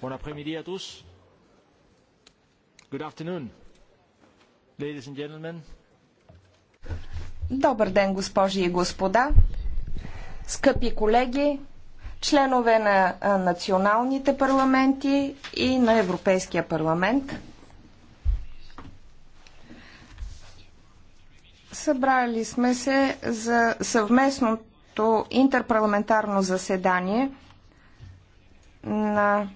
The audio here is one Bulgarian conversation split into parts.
Bon après-midi à tous. Good afternoon, ladies and gentlemen. Добър ден, госпожи и господа, скъпи колеги, членове на националните парламенти и на Европейския парламент. Събрали сме се за съвместното интерпарламентарно заседание на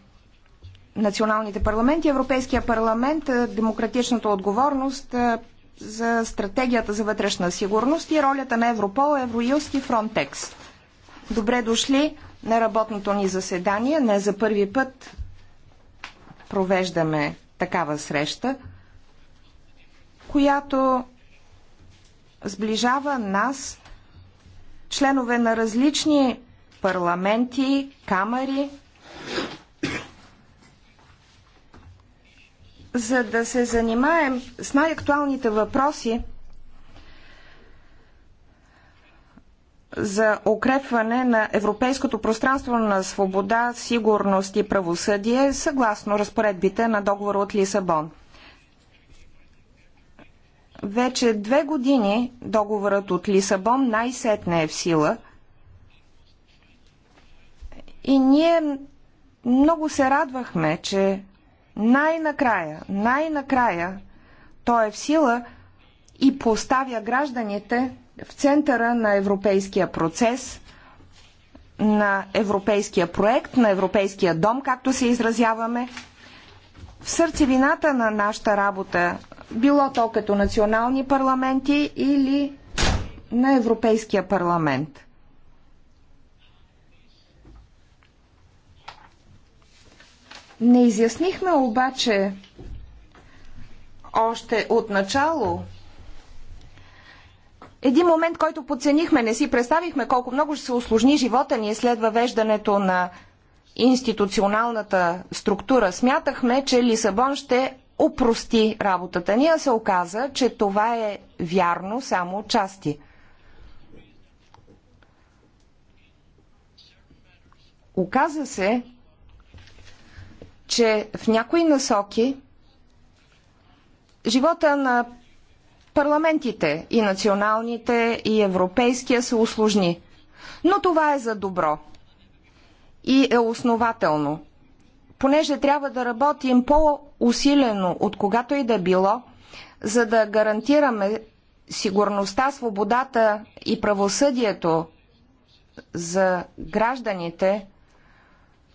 националните парламенти, Европейския парламент, е, демократичната отговорност е, за стратегията за вътрешна сигурност и ролята на Европол, Евроюст и Фронтекс. Добре дошли на работното ни заседание. Не за първи път провеждаме такава среща, която сближава нас, членове на различни парламенти, камери, за да се занимаем с най-актуалните въпроси за укрепване на европейското пространство на свобода, сигурност и правосъдие, съгласно разпоредбите на договора от Лисабон. Вече две години договорът от Лисабон най-сетне е в сила и ние много се радвахме, че най-накрая, най-накрая, той е в сила и поставя гражданите в центъра на европейския процес, на европейския проект, на европейския дом, както се изразяваме, в сърцевината на нашата работа, било то като национални парламенти или на Европейския парламент – Не изяснихме обаче още от начало един момент, който подценихме, не си представихме колко много ще се осложни живота ни след въвеждането на институционалната структура. Смятахме, че Лисабон ще опрости работата ни, а се оказа, че това е вярно само части. Оказа се, че в някои насоки живота на парламентите и националните и европейския се усложни. Но това е за добро и е основателно, понеже трябва да работим по-усилено от когато и да било, за да гарантираме сигурността, свободата и правосъдието за гражданите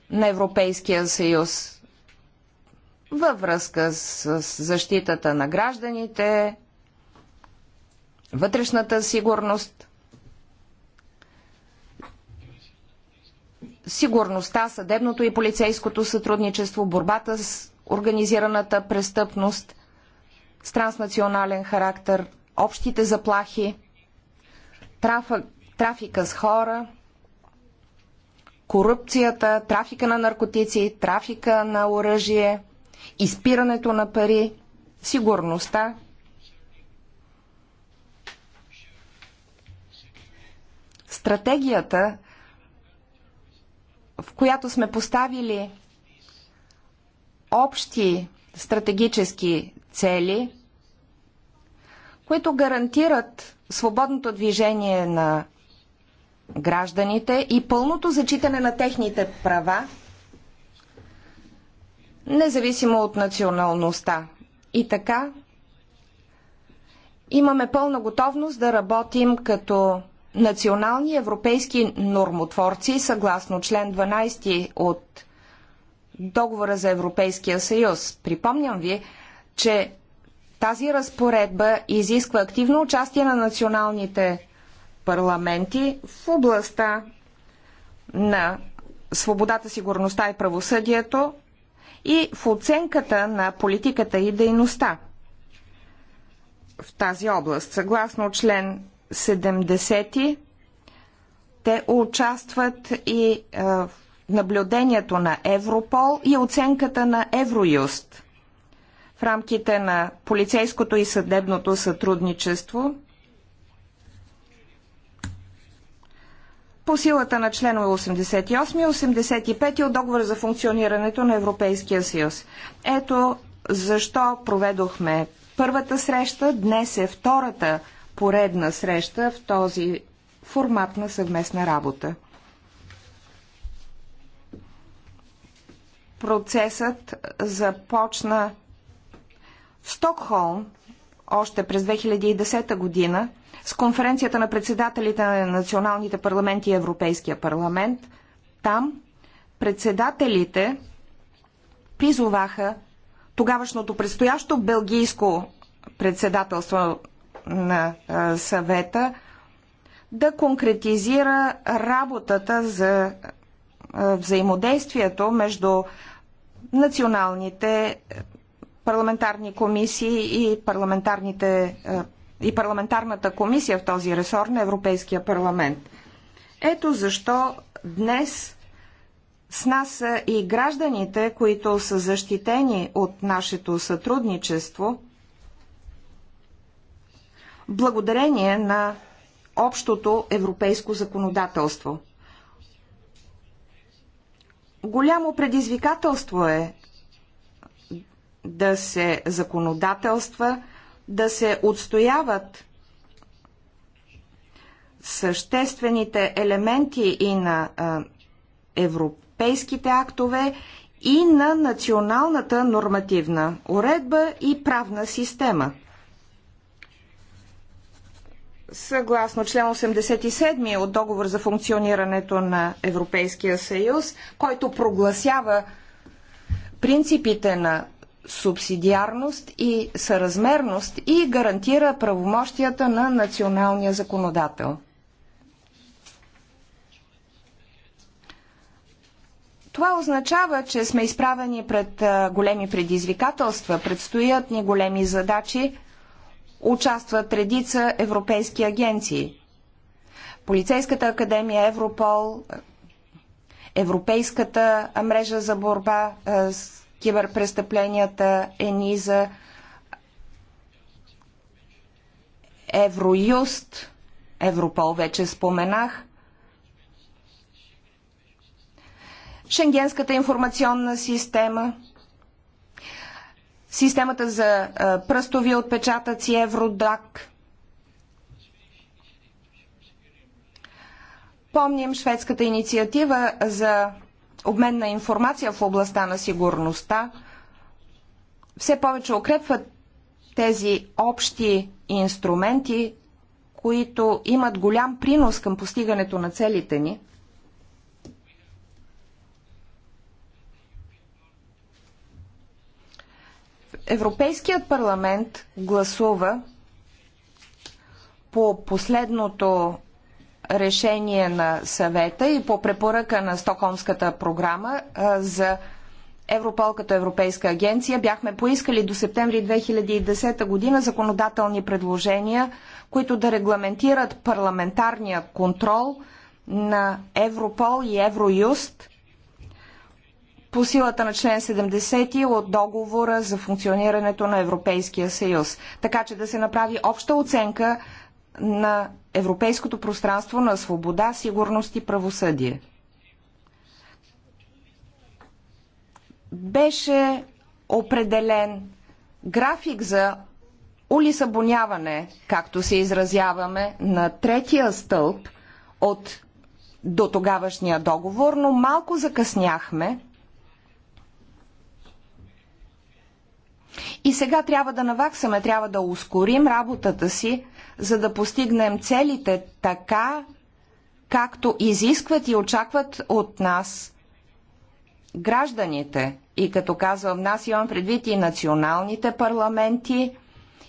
на Европейския съюз във връзка с, с защитата на гражданите, вътрешната сигурност, сигурността, съдебното и полицейското сътрудничество, борбата с организираната престъпност с транснационален характер, общите заплахи, трафа, трафика с хора, корупцията, трафика на наркотици, трафика на оръжие – изпирането на пари, сигурността, стратегията, в която сме поставили общи стратегически цели, които гарантират свободното движение на гражданите и пълното зачитане на техните права независимо от националността. И така имаме пълна готовност да работим като национални европейски нормотворци съгласно член 12 от Договора за Европейския съюз. Припомням ви, че тази разпоредба изисква активно участие на националните парламенти в областта на свободата, сигурността и правосъдието, и в оценката на политиката и дейността в тази област. Съгласно член 70, те участват и е, в наблюдението на Европол и оценката на Евроюст в рамките на полицейското и съдебното сътрудничество – по силата на членове 88 и 85 от договора за функционирането на Европейския съюз. Ето защо проведохме първата среща, днес е втората поредна среща в този формат на съвместна работа. Процесът започна в Стокхолм още през 2010 година – с конференцията на председателите на националните парламенти и Европейския парламент. Там председателите призоваха тогавашното предстоящо белгийско председателство на съвета да конкретизира работата за взаимодействието между националните парламентарни комисии и парламентарните и парламентарната комисия в този ресор на Европейския парламент. Ето защо днес с нас са и гражданите, които са защитени от нашето сътрудничество, благодарение на общото европейско законодателство. Голямо предизвикателство е да се законодателства – да се отстояват съществените елементи и на европейските актове, и на националната нормативна уредба и правна система. Съгласно член 87 от договор за функционирането на Европейския съюз, който прогласява принципите на субсидиарност и съразмерност и гарантира правомощията на националния законодател. Това означава, че сме изправени пред големи предизвикателства, предстоят ни големи задачи, участват редица европейски агенции. Полицейската академия Европол, Европейската мрежа за борба с киберпрестъпленията, ЕНИЗА, Евроюст, Европол вече споменах, Шенгенската информационна система, системата за пръстови отпечатъци Евродак. Помним шведската инициатива за обмен на информация в областта на сигурността, все повече укрепват тези общи инструменти, които имат голям принос към постигането на целите ни. Европейският парламент гласува по последното решение на съвета и по препоръка на Стокхолмската програма за Европол като Европейска агенция бяхме поискали до септември 2010 година законодателни предложения, които да регламентират парламентарния контрол на Европол и Евроюст по силата на член 70 от договора за функционирането на Европейския съюз. Така че да се направи обща оценка на европейското пространство на свобода, сигурност и правосъдие. Беше определен график за улисабоняване, както се изразяваме, на третия стълб от до тогавашния договор, но малко закъсняхме И сега трябва да наваксаме, трябва да ускорим работата си, за да постигнем целите така, както изискват и очакват от нас гражданите. И като казвам нас, имам предвид и националните парламенти,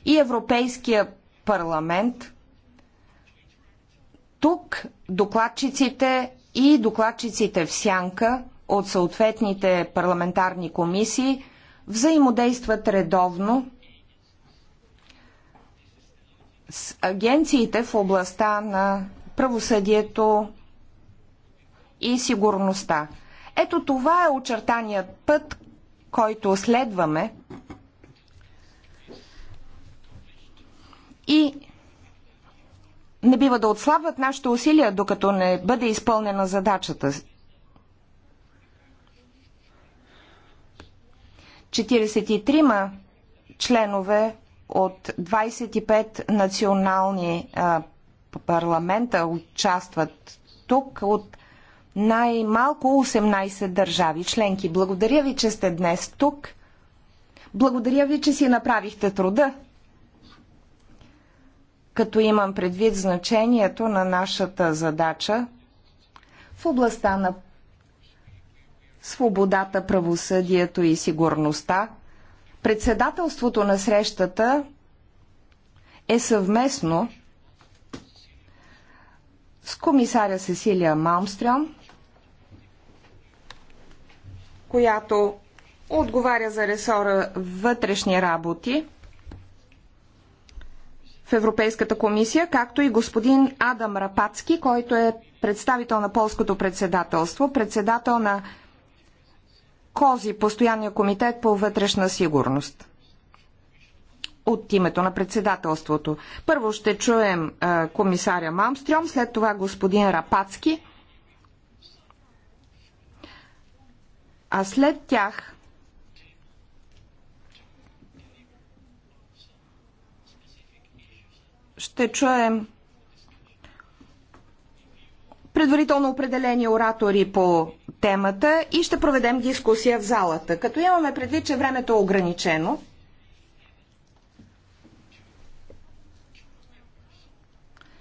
и Европейския парламент. Тук докладчиците и докладчиците в сянка от съответните парламентарни комисии – взаимодействат редовно с агенциите в областта на правосъдието и сигурността. Ето това е очертаният път, който следваме и не бива да отслабват нашите усилия, докато не бъде изпълнена задачата 43 членове от 25 национални а, парламента участват тук от най-малко 18 държави членки. Благодаря ви, че сте днес тук. Благодаря ви, че си направихте труда. Като имам предвид значението на нашата задача в областта на свободата, правосъдието и сигурността. Председателството на срещата е съвместно с комисаря Сесилия Малмстрем, която отговаря за ресора вътрешни работи в Европейската комисия, както и господин Адам Рапацки, който е представител на полското председателство, председател на Кози, постоянния комитет по вътрешна сигурност. От името на председателството. Първо ще чуем е, комисаря Малмстрём, след това господин Рапацки. А след тях ще чуем предварително определени оратори по темата и ще проведем дискусия в залата. Като имаме предвид, че времето е ограничено,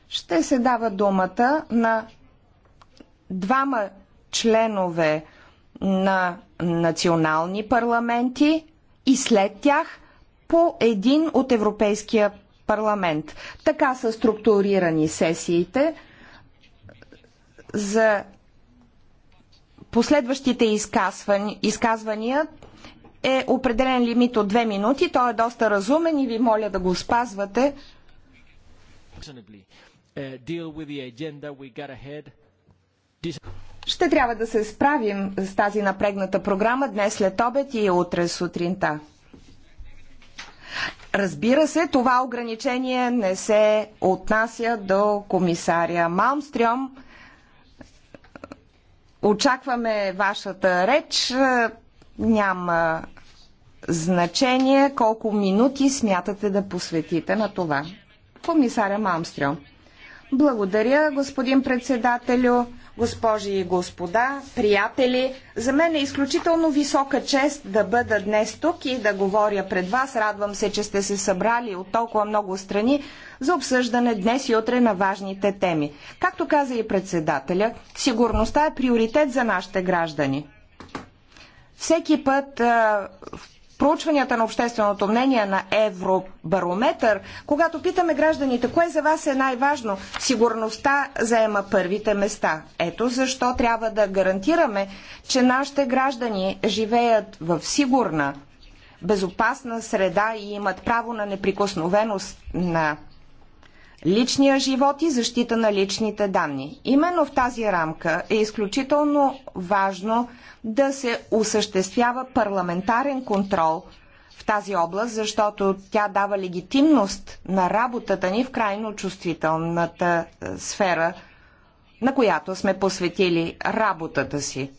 ще се дава думата на двама членове на национални парламенти и след тях по един от Европейския парламент. Така са структурирани сесиите – за последващите изказвания, е определен лимит от 2 минути. Той е доста разумен и ви моля да го спазвате. Ще трябва да се справим с тази напрегната програма днес след обед и утре сутринта. Разбира се, това ограничение не се отнася до комисаря Малмстрём Очакваме вашата реч. Няма значение колко минути смятате да посветите на това. Комисаря Малмстрем. Благодаря, господин председателю госпожи и господа, приятели. За мен е изключително висока чест да бъда днес тук и да говоря пред вас. Радвам се, че сте се събрали от толкова много страни за обсъждане днес и утре на важните теми. Както каза и председателя, сигурността е приоритет за нашите граждани. Всеки път в проучванията на общественото мнение на Евробарометър, когато питаме гражданите, кое за вас е най-важно, сигурността заема първите места. Ето защо трябва да гарантираме, че нашите граждани живеят в сигурна, безопасна среда и имат право на неприкосновеност на личния живот и защита на личните данни. Именно в тази рамка е изключително важно да се осъществява парламентарен контрол в тази област, защото тя дава легитимност на работата ни в крайно чувствителната е, сфера, на която сме посветили работата си.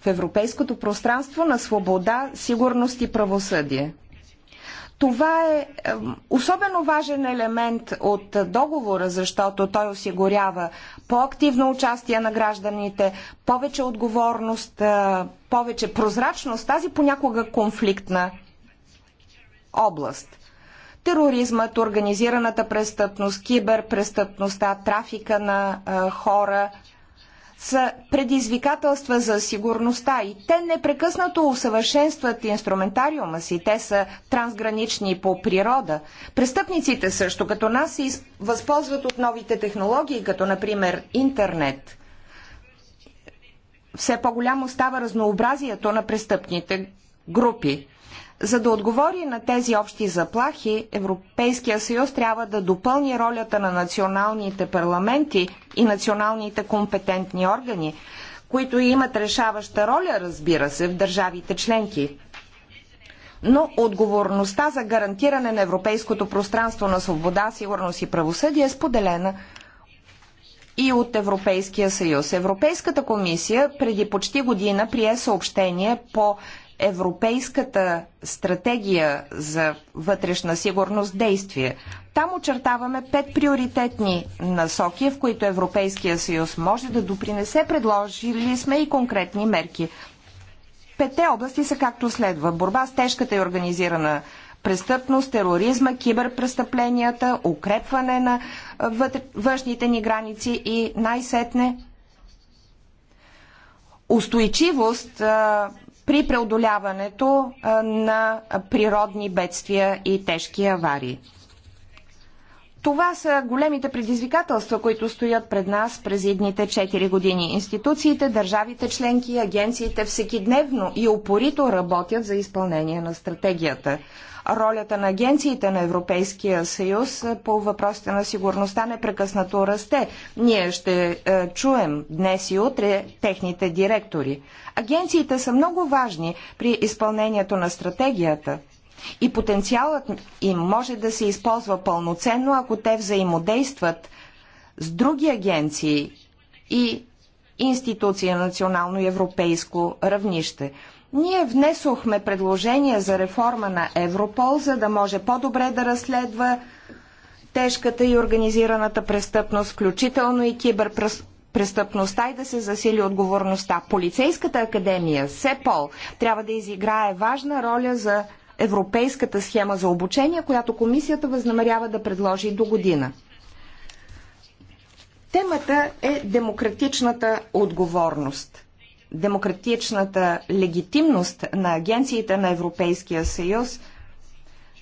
В европейското пространство на свобода, сигурност и правосъдие. Това е особено важен елемент от договора, защото той осигурява по-активно участие на гражданите, повече отговорност, е, повече прозрачност, тази понякога конфликтна област. Тероризмът, организираната престъпност, киберпрестъпността, трафика на е, хора – са предизвикателства за сигурността и те непрекъснато усъвършенстват инструментариума си. Те са трансгранични по природа. Престъпниците също като нас се възползват от новите технологии, като например интернет. Все по-голямо става разнообразието на престъпните групи. За да отговори на тези общи заплахи, Европейския съюз трябва да допълни ролята на националните парламенти и националните компетентни органи, които имат решаваща роля, разбира се, в държавите членки. Но отговорността за гарантиране на европейското пространство на свобода, сигурност и правосъдие е споделена и от Европейския съюз. Европейската комисия преди почти година прие съобщение по Европейската стратегия за вътрешна сигурност действие. Там очертаваме пет приоритетни насоки, в които Европейския съюз може да допринесе. Предложили сме и конкретни мерки. Пете области са както следва. Борба с тежката и организирана престъпност, тероризма, киберпрестъпленията, укрепване на външните ни граници и най-сетне устойчивост а, при преодоляването на природни бедствия и тежки аварии. Това са големите предизвикателства, които стоят пред нас през едните 4 години. Институциите, държавите членки, агенциите всекидневно и упорито работят за изпълнение на стратегията. Ролята на агенциите на Европейския съюз е, по въпросите на сигурността непрекъснато расте. Ние ще е, чуем днес и утре техните директори. Агенциите са много важни при изпълнението на стратегията. И потенциалът им може да се използва пълноценно, ако те взаимодействат с други агенции и институции на национално и европейско равнище. Ние внесохме предложение за реформа на Европол, за да може по-добре да разследва тежката и организираната престъпност, включително и киберпрестъпността и да се засили отговорността. Полицейската академия, СЕПОЛ, трябва да изиграе важна роля за европейската схема за обучение, която комисията възнамерява да предложи до година. Темата е демократичната отговорност демократичната легитимност на агенциите на Европейския съюз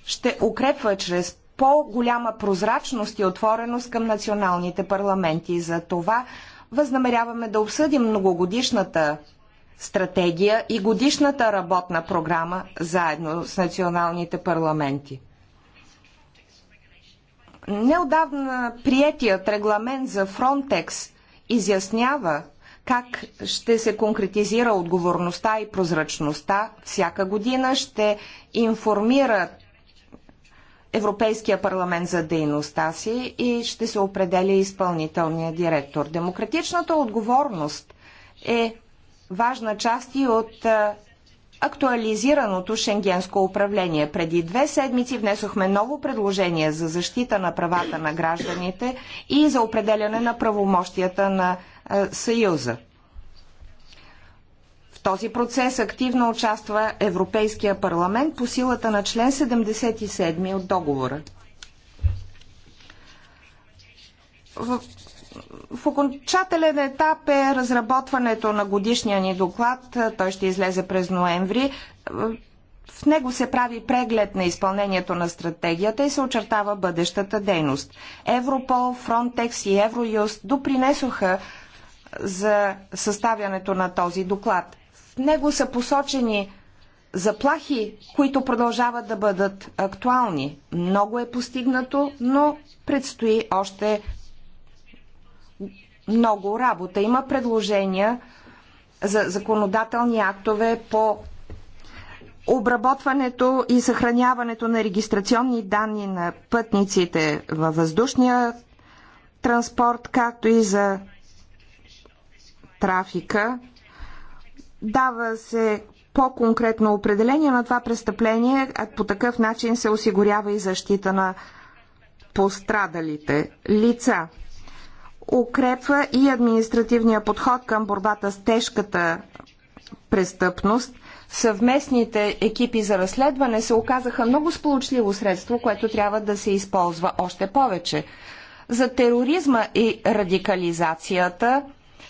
ще укрепва чрез по-голяма прозрачност и отвореност към националните парламенти. За това възнамеряваме да обсъдим многогодишната стратегия и годишната работна програма заедно с националните парламенти. Неодавна приетият регламент за Фронтекс изяснява как ще се конкретизира отговорността и прозрачността. Всяка година ще информира Европейския парламент за дейността си и ще се определя изпълнителния директор. Демократичната отговорност е важна част и от актуализираното шенгенско управление. Преди две седмици внесохме ново предложение за защита на правата на гражданите и за определяне на правомощията на е, Съюза. В този процес активно участва Европейския парламент по силата на член 77 от договора. В в окончателен етап е разработването на годишния ни доклад. Той ще излезе през ноември. В него се прави преглед на изпълнението на стратегията и се очертава бъдещата дейност. Европол, Фронтекс и Евроюст допринесоха за съставянето на този доклад. В него са посочени заплахи, които продължават да бъдат актуални. Много е постигнато, но предстои още много работа. Има предложения за законодателни актове по обработването и съхраняването на регистрационни данни на пътниците във въздушния транспорт, както и за трафика. Дава се по-конкретно определение на това престъпление, а по такъв начин се осигурява и защита на пострадалите лица укрепва и административния подход към борбата с тежката престъпност. Съвместните екипи за разследване се оказаха много сполучливо средство, което трябва да се използва още повече. За тероризма и радикализацията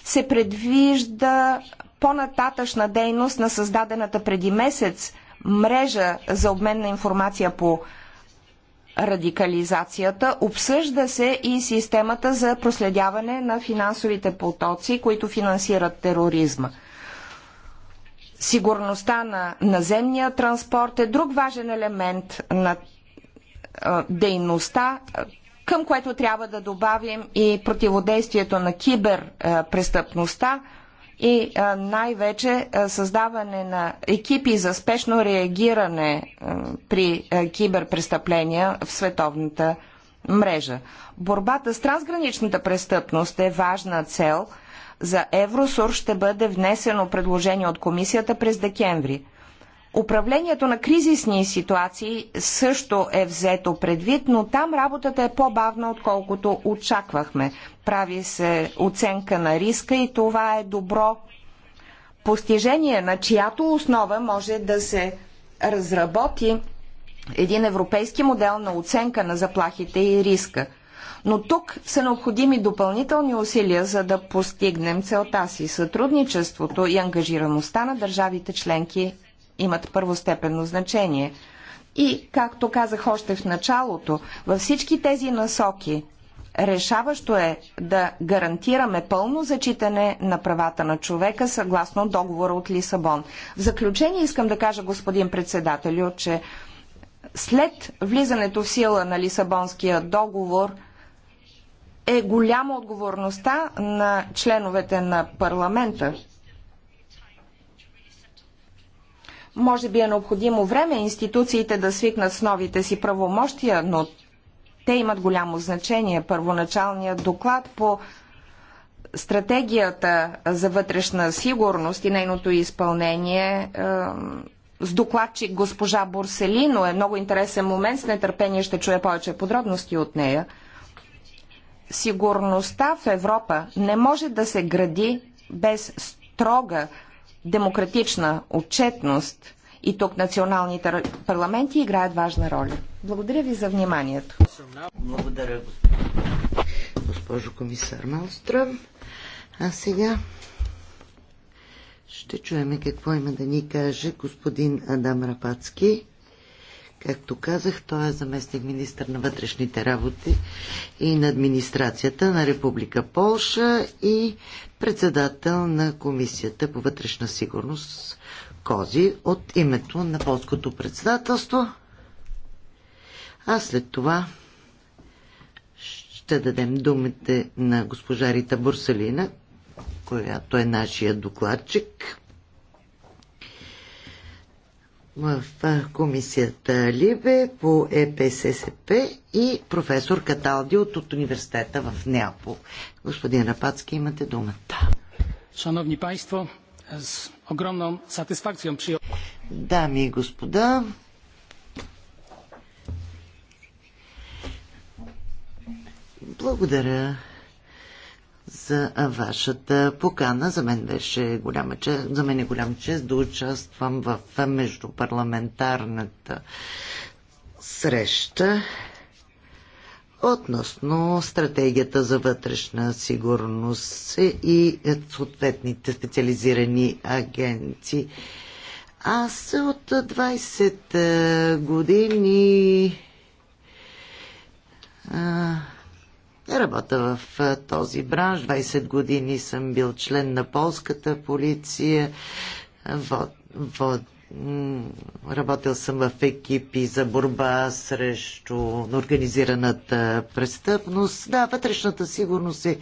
се предвижда по-нататъчна дейност на създадената преди месец мрежа за обмен на информация по радикализацията, обсъжда се и системата за проследяване на финансовите потоци, които финансират тероризма. Сигурността на наземния транспорт е друг важен елемент на а, дейността, към което трябва да добавим и противодействието на киберпрестъпността, и най-вече създаване на екипи за спешно реагиране при киберпрестъпления в световната мрежа. Борбата с трансграничната престъпност е важна цел. За Евросур ще бъде внесено предложение от комисията през декември. Управлението на кризисни ситуации също е взето предвид, но там работата е по-бавна, отколкото очаквахме. Прави се оценка на риска и това е добро постижение, на чиято основа може да се разработи един европейски модел на оценка на заплахите и риска. Но тук са необходими допълнителни усилия, за да постигнем целта си. Сътрудничеството и ангажираността на държавите членки имат първостепенно значение. И, както казах още в началото, във всички тези насоки решаващо е да гарантираме пълно зачитане на правата на човека съгласно договора от Лисабон. В заключение искам да кажа, господин председателю, че след влизането в сила на Лисабонския договор е голяма отговорността на членовете на парламента Може би е необходимо време институциите да свикнат с новите си правомощия, но те имат голямо значение. Първоначалният доклад по стратегията за вътрешна сигурност и нейното изпълнение с докладчик госпожа Борселино е много интересен момент. С нетърпение ще чуя повече подробности от нея. Сигурността в Европа не може да се гради без строга демократична отчетност и тук националните парламенти играят важна роля. Благодаря ви за вниманието. Благодаря, госпожо комисар Малстръм. А сега ще чуем какво има да ни каже господин Адам Рапацки. Както казах, той е заместник министр на вътрешните работи и на администрацията на Република Полша и председател на Комисията по вътрешна сигурност Кози от името на полското председателство. А след това ще дадем думите на госпожа Рита Бурсалина, която е нашия докладчик в комисията Либе по ЕПССП и професор Каталди от, от университета в Неапол. Господин Рапацки, имате думата. Шановни Państwo, с огромна сатисфакция при... Дами и господа, благодаря за вашата покана. За мен беше голяма чест, за мен е голям чест да участвам в междупарламентарната среща относно стратегията за вътрешна сигурност и съответните специализирани агенции. Аз от 20 години а, Работя в този бранш. 20 години съм бил член на полската полиция. Во, во, работил съм в екипи за борба срещу организираната престъпност. Да, вътрешната сигурност е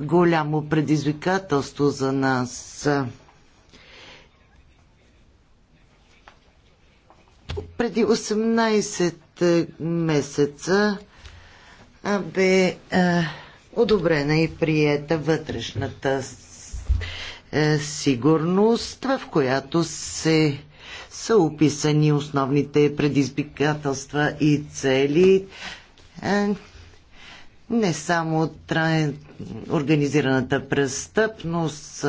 голямо предизвикателство за нас. Преди 18 месеца бе одобрена и приета вътрешната е, сигурност, в която се са описани основните предизвикателства и цели е, не само организираната престъпност,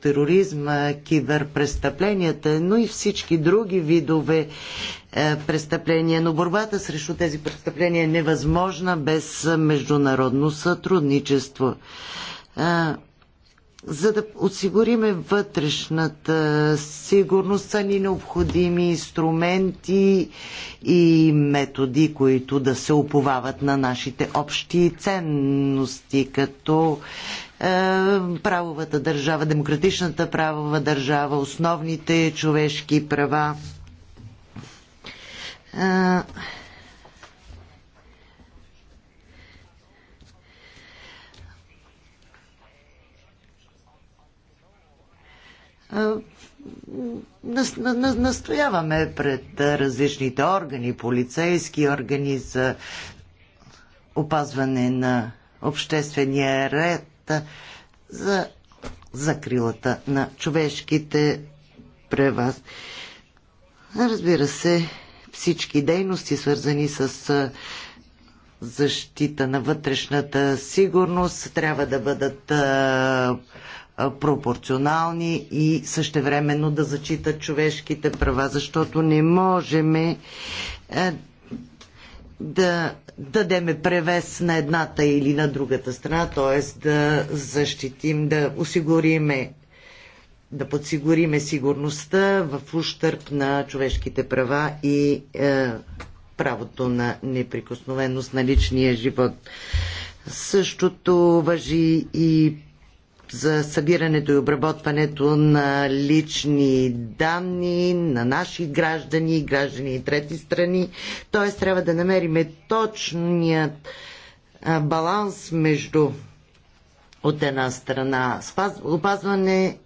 тероризма, киберпрестъпленията, но и всички други видове е, престъпления. Но борбата срещу тези престъпления е невъзможна без международно сътрудничество. За да осигуриме вътрешната сигурност са ни необходими инструменти и методи, които да се уповават на нашите общи ценности, като е, правовата държава, демократичната правова държава, основните човешки права. Е, настояваме пред различните органи, полицейски органи за опазване на обществения ред, за закрилата на човешките права. Разбира се, всички дейности, свързани с защита на вътрешната сигурност, трябва да бъдат пропорционални и същевременно да зачитат човешките права, защото не можем е, да дадеме превес на едната или на другата страна, т.е. да защитим, да осигуриме да подсигуриме сигурността в ущърп на човешките права и е, правото на неприкосновеност на личния живот. Същото въжи и за събирането и обработването на лични данни на наши граждани, граждани и трети страни. Тоест трябва да намерим точният баланс между от една страна спаз, опазване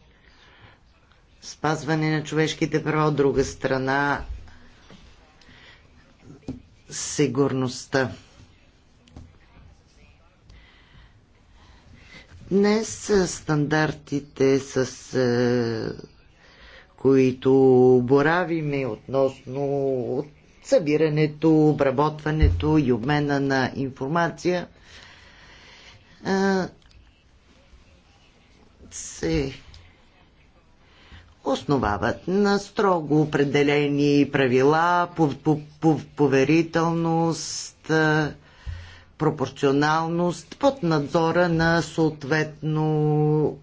спазване на човешките права, от друга страна сигурността. Днес стандартите, с които боравиме относно от събирането, обработването и обмена на информация, се основават на строго определени правила, поверителност, пропорционалност под надзора на съответно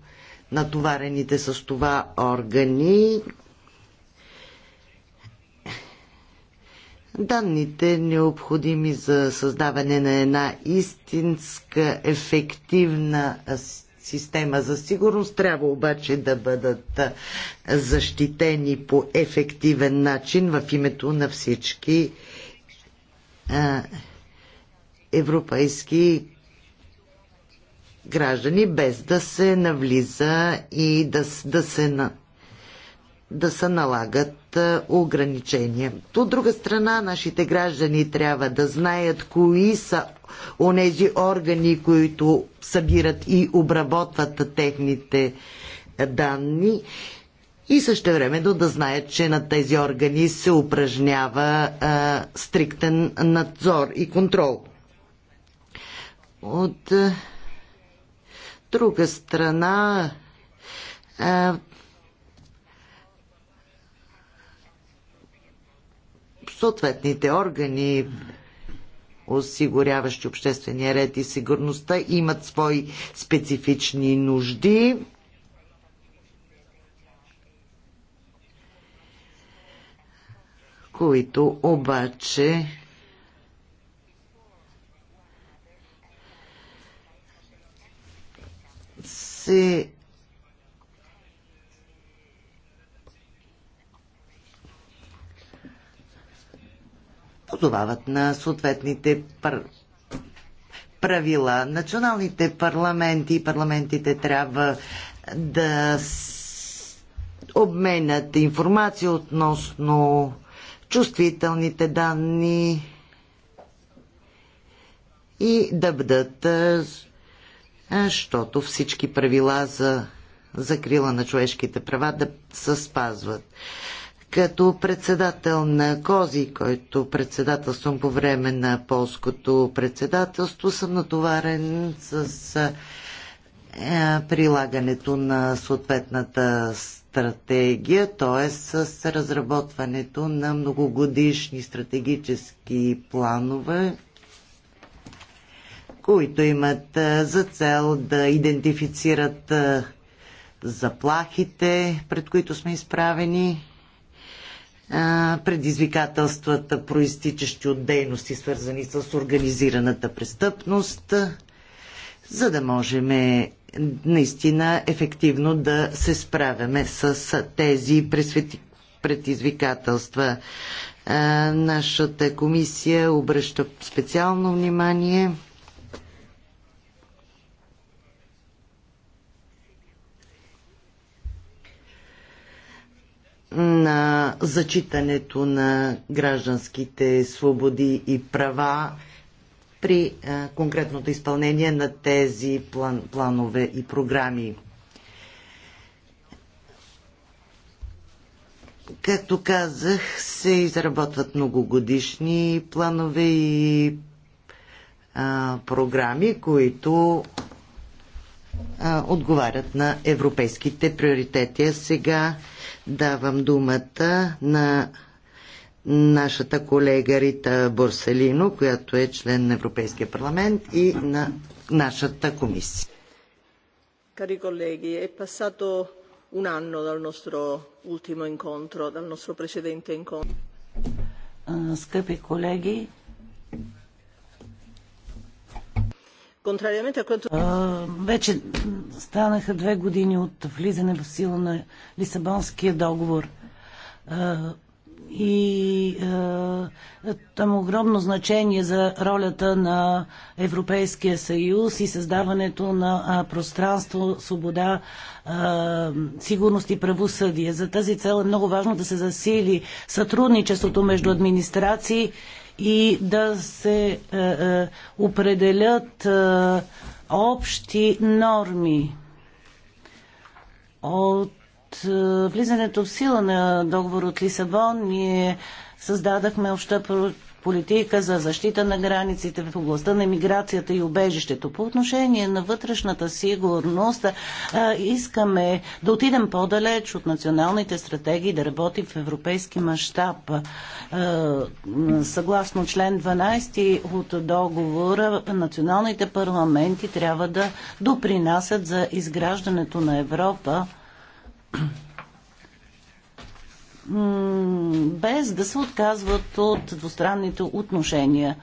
натоварените с това органи. Данните, необходими за създаване на една истинска, ефективна система за сигурност, трябва обаче да бъдат защитени по ефективен начин в името на всички европейски граждани, без да се навлиза и да, да се на да се налагат ограничения. От друга страна, нашите граждани трябва да знаят кои са онези органи, които събират и обработват техните данни и също времено да знаят, че на тези органи се упражнява а, стриктен надзор и контрол. От е, друга страна, е, съответните органи, осигуряващи обществения ред и сигурността, имат свои специфични нужди. които обаче се позовават на съответните пар... правила. Националните парламенти и парламентите трябва да обменят информация относно чувствителните данни и да бъдат защото всички правила за закрила на човешките права да се спазват. Като председател на Кози, който председателствам по време на полското председателство, съм натоварен с е, прилагането на съответната стратегия, т.е. с разработването на многогодишни стратегически планове които имат за цел да идентифицират заплахите, пред които сме изправени, предизвикателствата, проистичащи от дейности, свързани с организираната престъпност, за да можем е, наистина ефективно да се справяме с тези предизвикателства. Нашата комисия обръща специално внимание на зачитането на гражданските свободи и права при конкретното изпълнение на тези план, планове и програми. Както казах, се изработват многогодишни планове и а, програми, които а, отговарят на европейските приоритети. А сега Давам думата на нашата колега Рита Борселино, която е член на Европейския парламент и на нашата комисия. Cari colleghi, è passato un anno dal nostro ultimo incontro, dal nostro precedente incontro. Скъпи колеги, Е вече станаха две години от влизане в сила на Лисабонския договор. И там огромно значение за ролята на Европейския съюз и създаването на пространство, свобода, сигурност и правосъдие. За тази цел е много важно да се засили сътрудничеството между администрации и да се е, е, определят е, общи норми. От е, влизането в сила на договор от Лисабон ние създадахме обща политика за защита на границите в областта на миграцията и убежището. По отношение на вътрешната сигурност искаме да отидем по-далеч от националните стратегии да работи в европейски мащаб. Съгласно член 12 от договора, националните парламенти трябва да допринасят за изграждането на Европа без да се отказват от двустранните отношения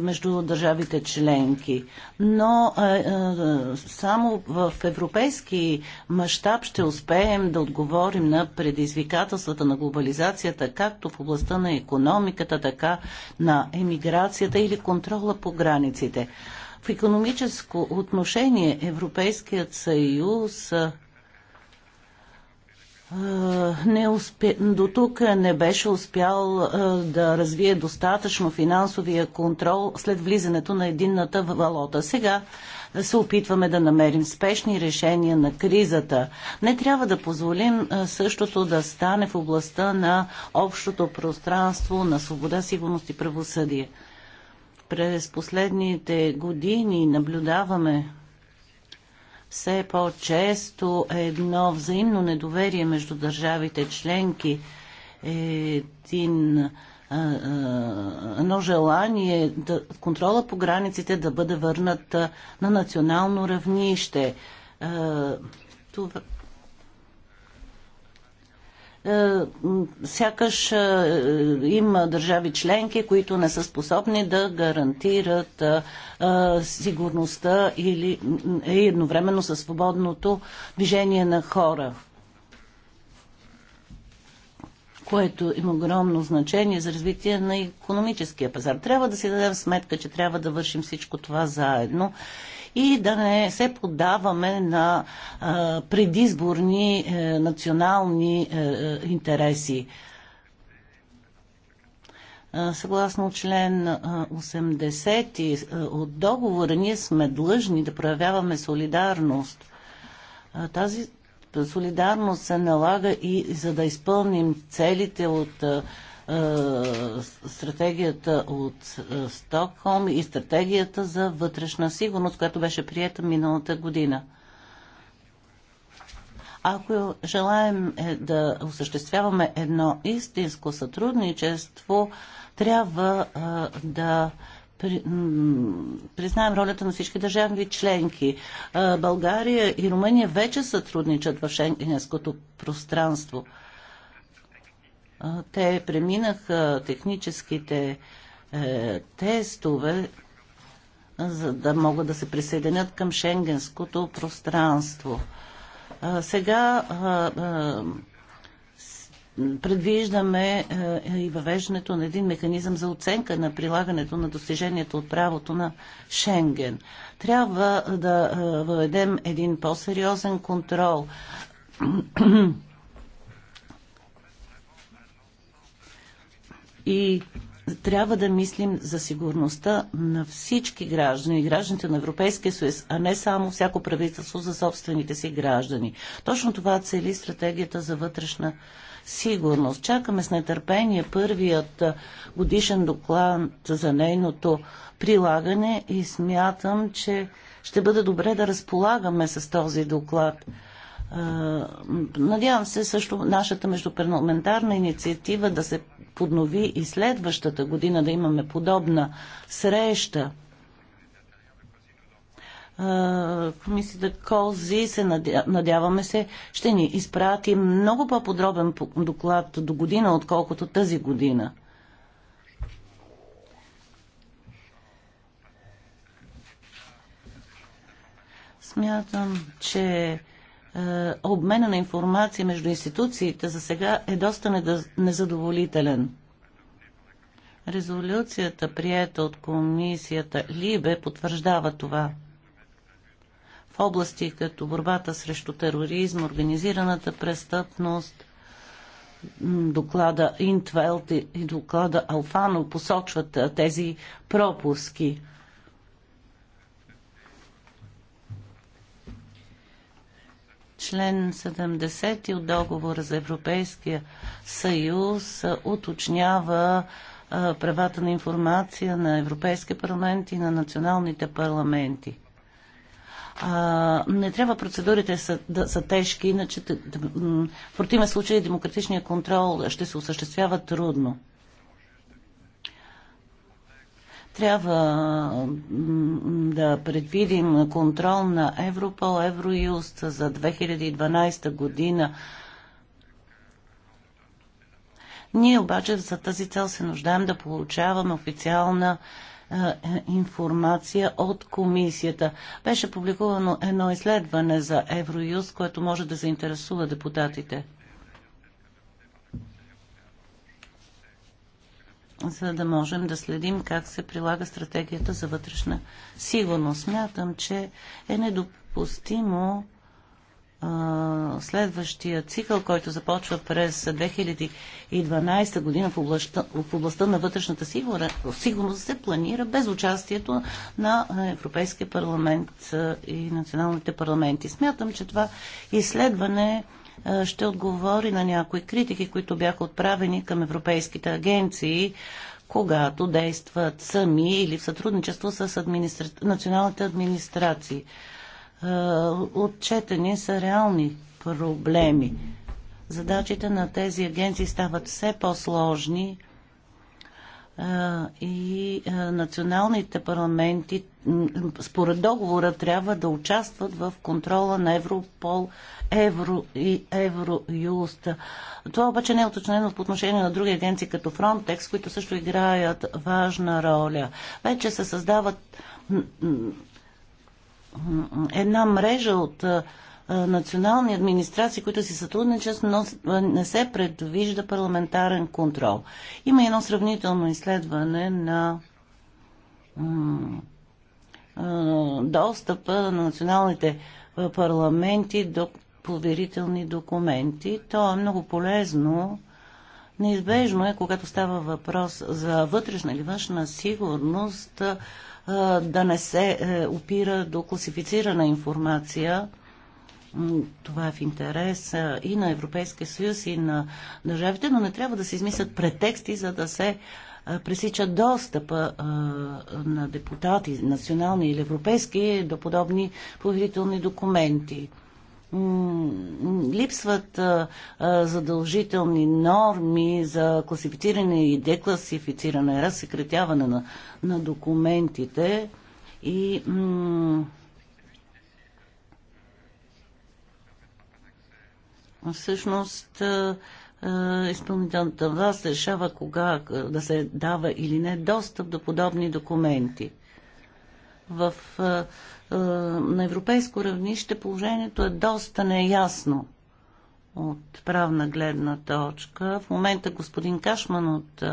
между държавите членки. Но а, а, само в европейски мащаб ще успеем да отговорим на предизвикателствата на глобализацията, както в областта на економиката, така на емиграцията или контрола по границите. В економическо отношение Европейският съюз не успе, до тук не беше успял да развие достатъчно финансовия контрол след влизането на единната валота. Сега се опитваме да намерим спешни решения на кризата. Не трябва да позволим същото да стане в областта на общото пространство на свобода, сигурност и правосъдие. През последните години наблюдаваме все по-често едно взаимно недоверие между държавите членки, един, а, а, едно желание да, контрола по границите да бъде върната на национално равнище. А, това, е, сякаш е, има държави членки, които не са способни да гарантират е, сигурността или едновременно със свободното движение на хора което има огромно значение за развитие на економическия пазар. Трябва да си дадем сметка, че трябва да вършим всичко това заедно и да не се подаваме на предизборни е, национални е, е, интереси. Съгласно член 80 от договора, ние сме длъжни да проявяваме солидарност. Тази солидарност се налага и за да изпълним целите от е, стратегията от е, Стокхолм и стратегията за вътрешна сигурност, която беше приета миналата година. Ако желаем е, да осъществяваме едно истинско сътрудничество, трябва да признаем ролята на всички държавни членки. България и Румъния вече сътрудничат в шенгенското пространство. Те преминаха техническите е, тестове, за да могат да се присъединят към шенгенското пространство. А, сега а, а, предвиждаме е, и въвеждането на един механизъм за оценка на прилагането на достижението от правото на Шенген. Трябва да е, въведем един по-сериозен контрол и трябва да мислим за сигурността на всички граждани, гражданите на Европейския съюз, а не само всяко правителство за собствените си граждани. Точно това цели стратегията за вътрешна сигурност. Чакаме с нетърпение първият годишен доклад за нейното прилагане и смятам, че ще бъде добре да разполагаме с този доклад Надявам се също нашата междупарламентарна инициатива да се поднови и следващата година да имаме подобна среща. Комисията Кози се надяваме се ще ни изпрати много по-подробен доклад до година, отколкото тази година. Смятам, че е, обмена на информация между институциите за сега е доста незадоволителен. Резолюцията, приета от комисията Либе, потвърждава това. В области като борбата срещу тероризм, организираната престъпност, доклада Интвелт и доклада Алфано посочват е, тези пропуски. Член 70 от договора за Европейския съюз уточнява правата на информация на Европейския парламент и на националните парламенти. А, не трябва процедурите са, да са тежки, иначе в противен случай демократичния контрол ще се осъществява трудно. Трябва да предвидим контрол на Европол, Евроюст за 2012 година. Ние обаче за тази цел се нуждаем да получаваме официална е, информация от комисията. Беше публикувано едно изследване за Евроюст, което може да заинтересува депутатите. за да можем да следим как се прилага стратегията за вътрешна сигурност. Смятам, че е недопустимо следващия цикъл, който започва през 2012 година в областта, в областта на вътрешната сигурност, се планира без участието на Европейския парламент и националните парламенти. Смятам, че това изследване ще отговори на някои критики, които бяха отправени към европейските агенции, когато действат сами или в сътрудничество с администра... националните администрации. Отчетени са реални проблеми. Задачите на тези агенции стават все по-сложни, и националните парламенти според договора трябва да участват в контрола на Европол, Евро и Евроюст. Това обаче не е уточнено по отношение на други агенции като Frontex, които също играят важна роля. Вече се създават една мрежа от национални администрации, които си сътрудничат, но не се предвижда парламентарен контрол. Има едно сравнително изследване на достъпа на националните парламенти до поверителни документи. То е много полезно. Неизбежно е, когато става въпрос за вътрешна или външна сигурност, да не се е, опира до класифицирана информация, това е в интерес и на Европейския съюз, и на държавите, но не трябва да се измислят претексти, за да се пресича достъпа а, на депутати, национални или европейски, до подобни поверителни документи. липсват а, задължителни норми за класифициране и декласифициране, разсекретяване на, на документите и всъщност изпълнителната власт решава кога да се дава или не достъп до подобни документи. В, на европейско равнище положението е доста неясно от правна гледна точка. В момента господин Кашман от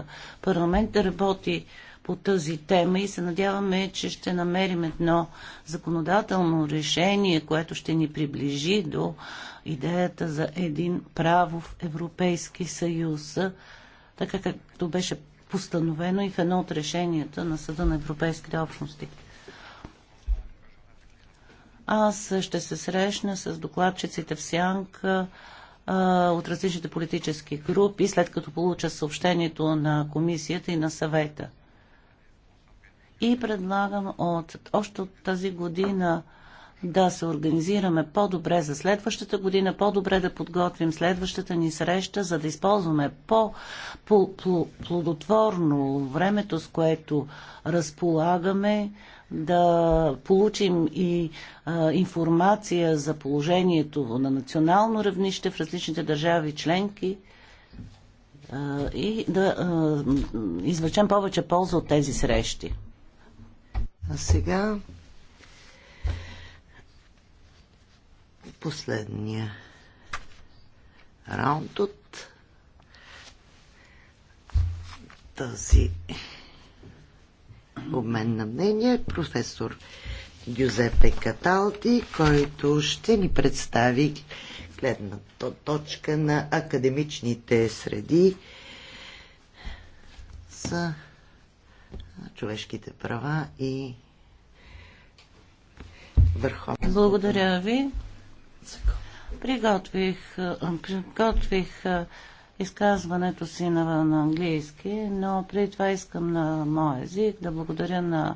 парламента работи по тази тема и се надяваме, че ще намерим едно законодателно решение, което ще ни приближи до идеята за един правов Европейски съюз, така както беше постановено и в едно от решенията на Съда на Европейските общности. Аз ще се срещна с докладчиците в Сянка от различните политически групи, след като получа съобщението на комисията и на съвета и предлагам от, още от тази година да се организираме по-добре за следващата година, по-добре да подготвим следващата ни среща, за да използваме по-плодотворно времето, с което разполагаме, да получим и а, информация за положението на национално равнище в различните държави членки а, и да а, извлечем повече полза от тези срещи. А сега последния раунд от този обмен на мнение професор Гюзепе Каталти, който ще ни представи гледната точка на академичните среди за човешките права и върховен. Благодаря ви. Приготвих, приготвих изказването си на, на английски, но преди това искам на моя език да благодаря на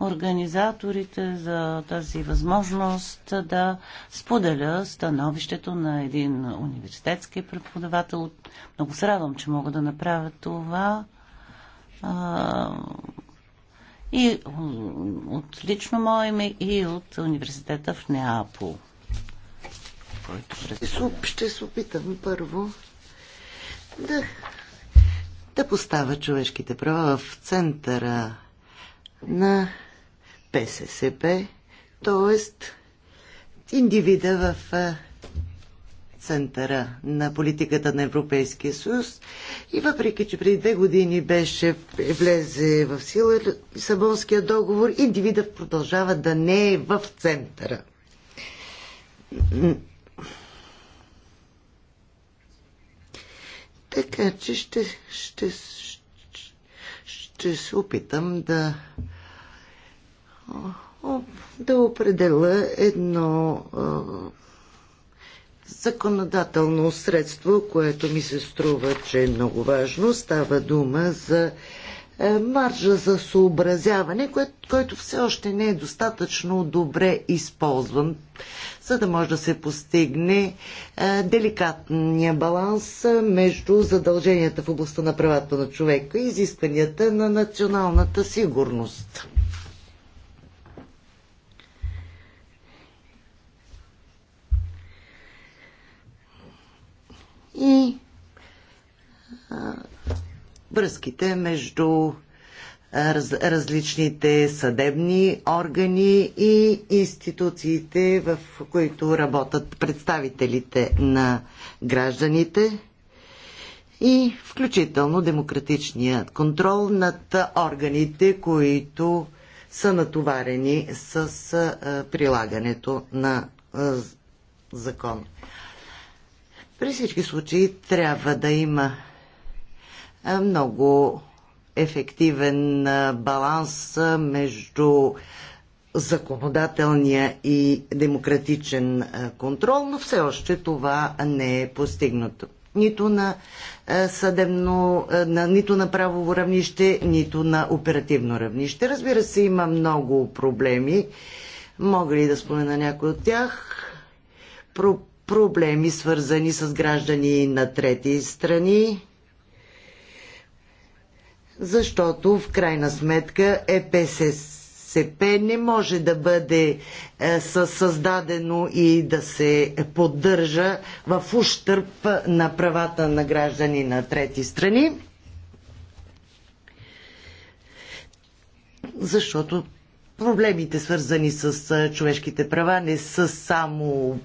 организаторите за тази възможност да споделя становището на един университетски преподавател. Много се радвам, че мога да направя това и от лично мое име и от университета в Неапол. Който ще се опитам първо да, да поставя човешките права в центъра на ПССП, т.е. индивида в центъра на политиката на Европейския съюз и въпреки, че преди две години беше влезе в сила Лисабонския договор, индивидът продължава да не е в центъра. Така че ще, ще, ще се опитам да да определя едно законодателно средство, което ми се струва, че е много важно. Става дума за е, маржа за съобразяване, който все още не е достатъчно добре използван, за да може да се постигне е, деликатния баланс между задълженията в областта на правата на човека и изискванията на националната сигурност. и а, връзките между раз, различните съдебни органи и институциите, в които работят представителите на гражданите и включително демократичният контрол над органите, които са натоварени с прилагането на закон. При всички случаи трябва да има много ефективен баланс между законодателния и демократичен контрол, но все още това не е постигнато. Нито на съдебно, нито на правово равнище, нито на оперативно равнище. Разбира се, има много проблеми. Мога ли да спомена някой от тях? проблеми, свързани с граждани на трети страни, защото в крайна сметка ЕПССП не може да бъде е, създадено и да се поддържа в ущърп на правата на граждани на трети страни. Защото проблемите, свързани с е, човешките права, не са само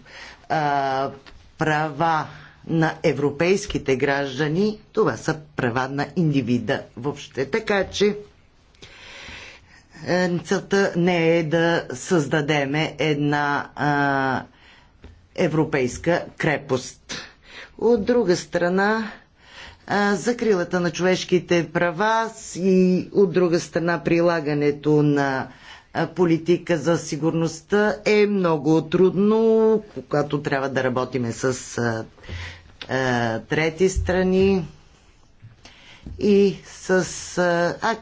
а, права на европейските граждани, това са права на индивида въобще. Така че е, целта не е да създадеме една а, европейска крепост. От друга страна, закрилата на човешките права и от друга страна прилагането на политика за сигурността е много трудно, когато трябва да работиме с а, трети страни и с. А,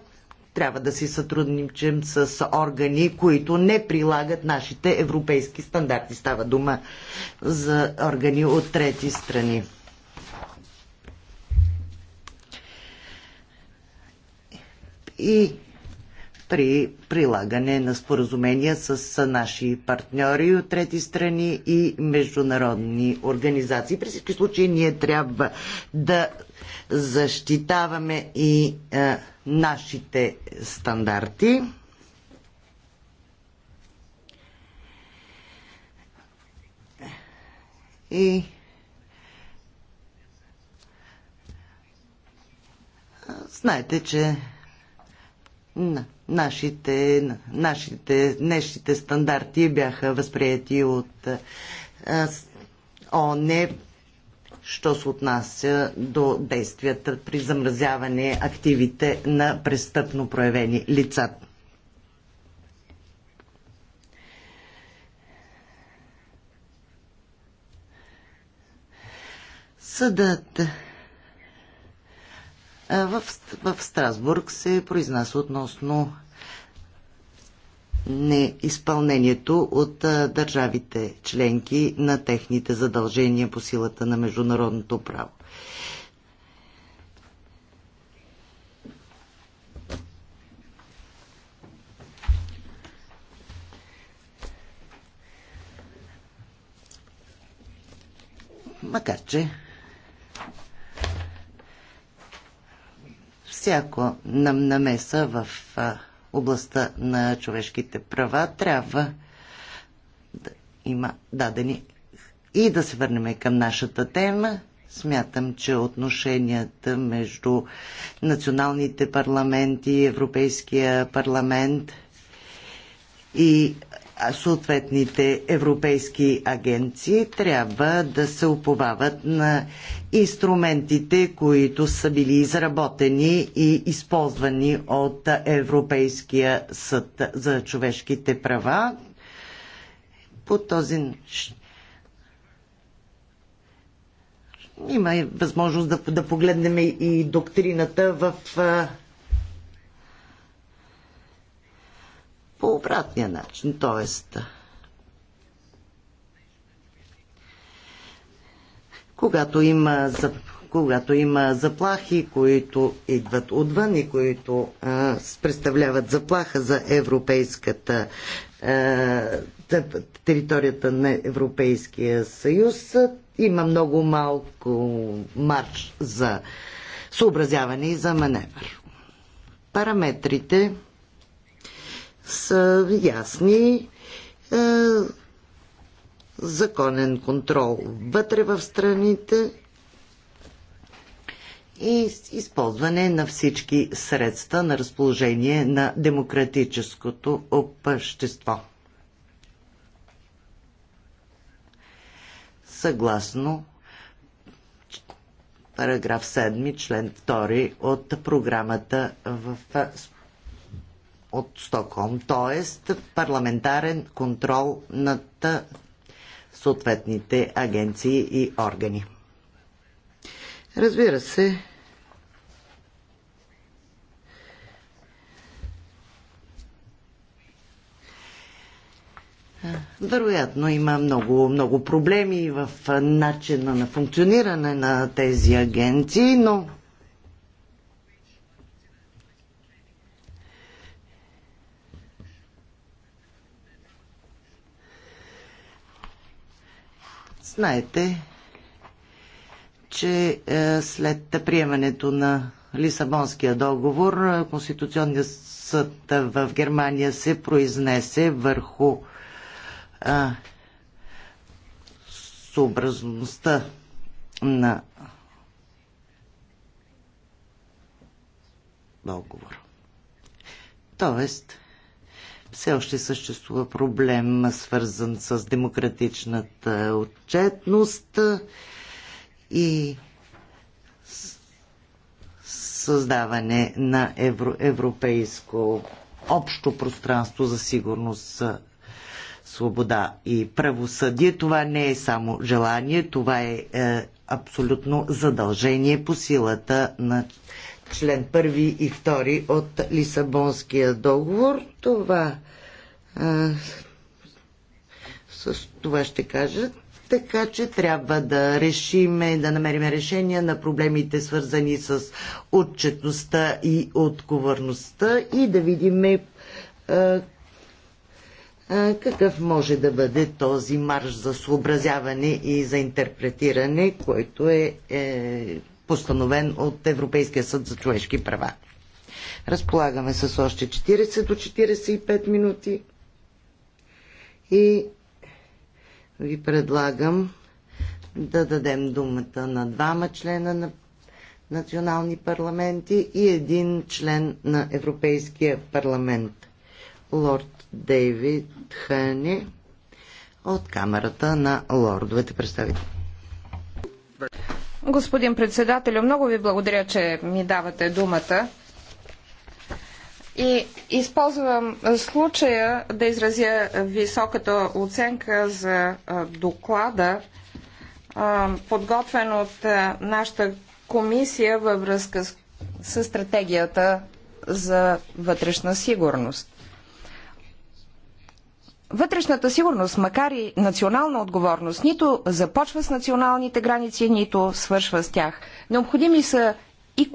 трябва да си сътрудничим с органи, които не прилагат нашите европейски стандарти. Става дума за органи от трети страни. И при прилагане на споразумения с наши партньори от трети страни и международни организации. При всички случаи ние трябва да защитаваме и е, нашите стандарти. И знаете, че нашите, нашите днешните стандарти бяха възприяти от ООН, що се отнася до действията при замразяване активите на престъпно проявени лица. Съдът в, в Страсбург се произнася относно неизпълнението от държавите членки на техните задължения по силата на международното право. Макар че всяко нам намеса в областта на човешките права трябва да има дадени и да се върнем към нашата тема. Смятам, че отношенията между националните парламенти, Европейския парламент и съответните европейски агенции трябва да се уповават на инструментите, които са били изработени и използвани от Европейския съд за човешките права. По този има възможност да, да погледнем и доктрината в по обратния начин, т.е. когато има, когато има заплахи, които идват отвън и които а, представляват заплаха за европейската а, територията на Европейския съюз, има много малко марш за съобразяване и за маневър. Параметрите са ясни. Е, законен контрол вътре в страните и използване на всички средства на разположение на демократическото общество. Съгласно параграф 7, член 2 от програмата в от Стокхолм, т.е. парламентарен контрол над съответните агенции и органи. Разбира се, Вероятно има много, много проблеми в начина на функциониране на тези агенции, но Знаете, че е, след приемането на Лисабонския договор, е, Конституционният съд в Германия се произнесе върху а, е, съобразността на договор. Тоест, все още съществува проблем, свързан с демократичната отчетност и създаване на евро, европейско общо пространство за сигурност, свобода и правосъдие. Това не е само желание, това е, е абсолютно задължение по силата на член 1 и 2 от Лисабонския договор. Това а, с това ще кажа. Така че трябва да решиме, да намерим решение на проблемите свързани с отчетността и отговорността и да видим какъв може да бъде този марш за съобразяване и за интерпретиране, който е, е постановен от Европейския съд за човешки права. Разполагаме с още 40 до 45 минути и ви предлагам да дадем думата на двама члена на национални парламенти и един член на Европейския парламент. Лорд Дейвид Хъни от Камерата на лордовете представители. Господин председателю, много ви благодаря, че ми давате думата. И използвам случая да изразя високата оценка за доклада, подготвен от нашата комисия във връзка с стратегията за вътрешна сигурност. Вътрешната сигурност, макар и национална отговорност, нито започва с националните граници, нито свършва с тях. Необходими са и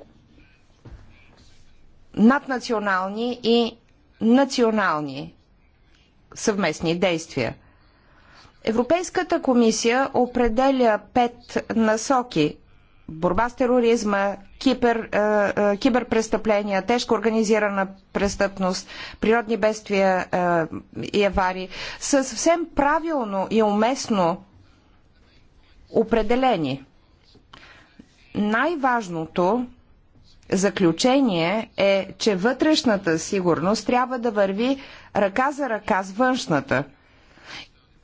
наднационални и национални съвместни действия. Европейската комисия определя пет насоки борба с тероризма, кибер, е, е, киберпрестъпления, тежко организирана престъпност, природни бедствия е, и аварии, са съвсем правилно и уместно определени. Най-важното заключение е, че вътрешната сигурност трябва да върви ръка за ръка с външната.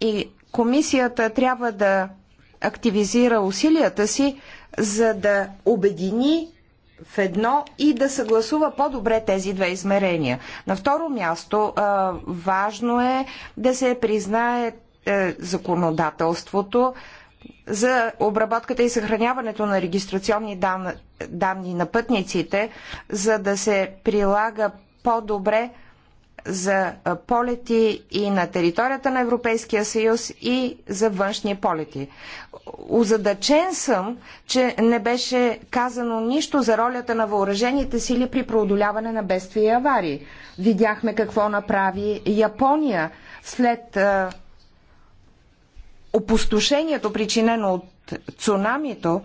И комисията трябва да активизира усилията си за да обедини в едно и да съгласува по-добре тези две измерения. На второ място, важно е да се признае е, законодателството за обработката и съхраняването на регистрационни данни на пътниците, за да се прилага по-добре за полети и на територията на Европейския съюз и за външни полети. Озадачен съм, че не беше казано нищо за ролята на въоръжените сили при преодоляване на бедствия и аварии. Видяхме какво направи Япония след а, опустошението, причинено от цунамито.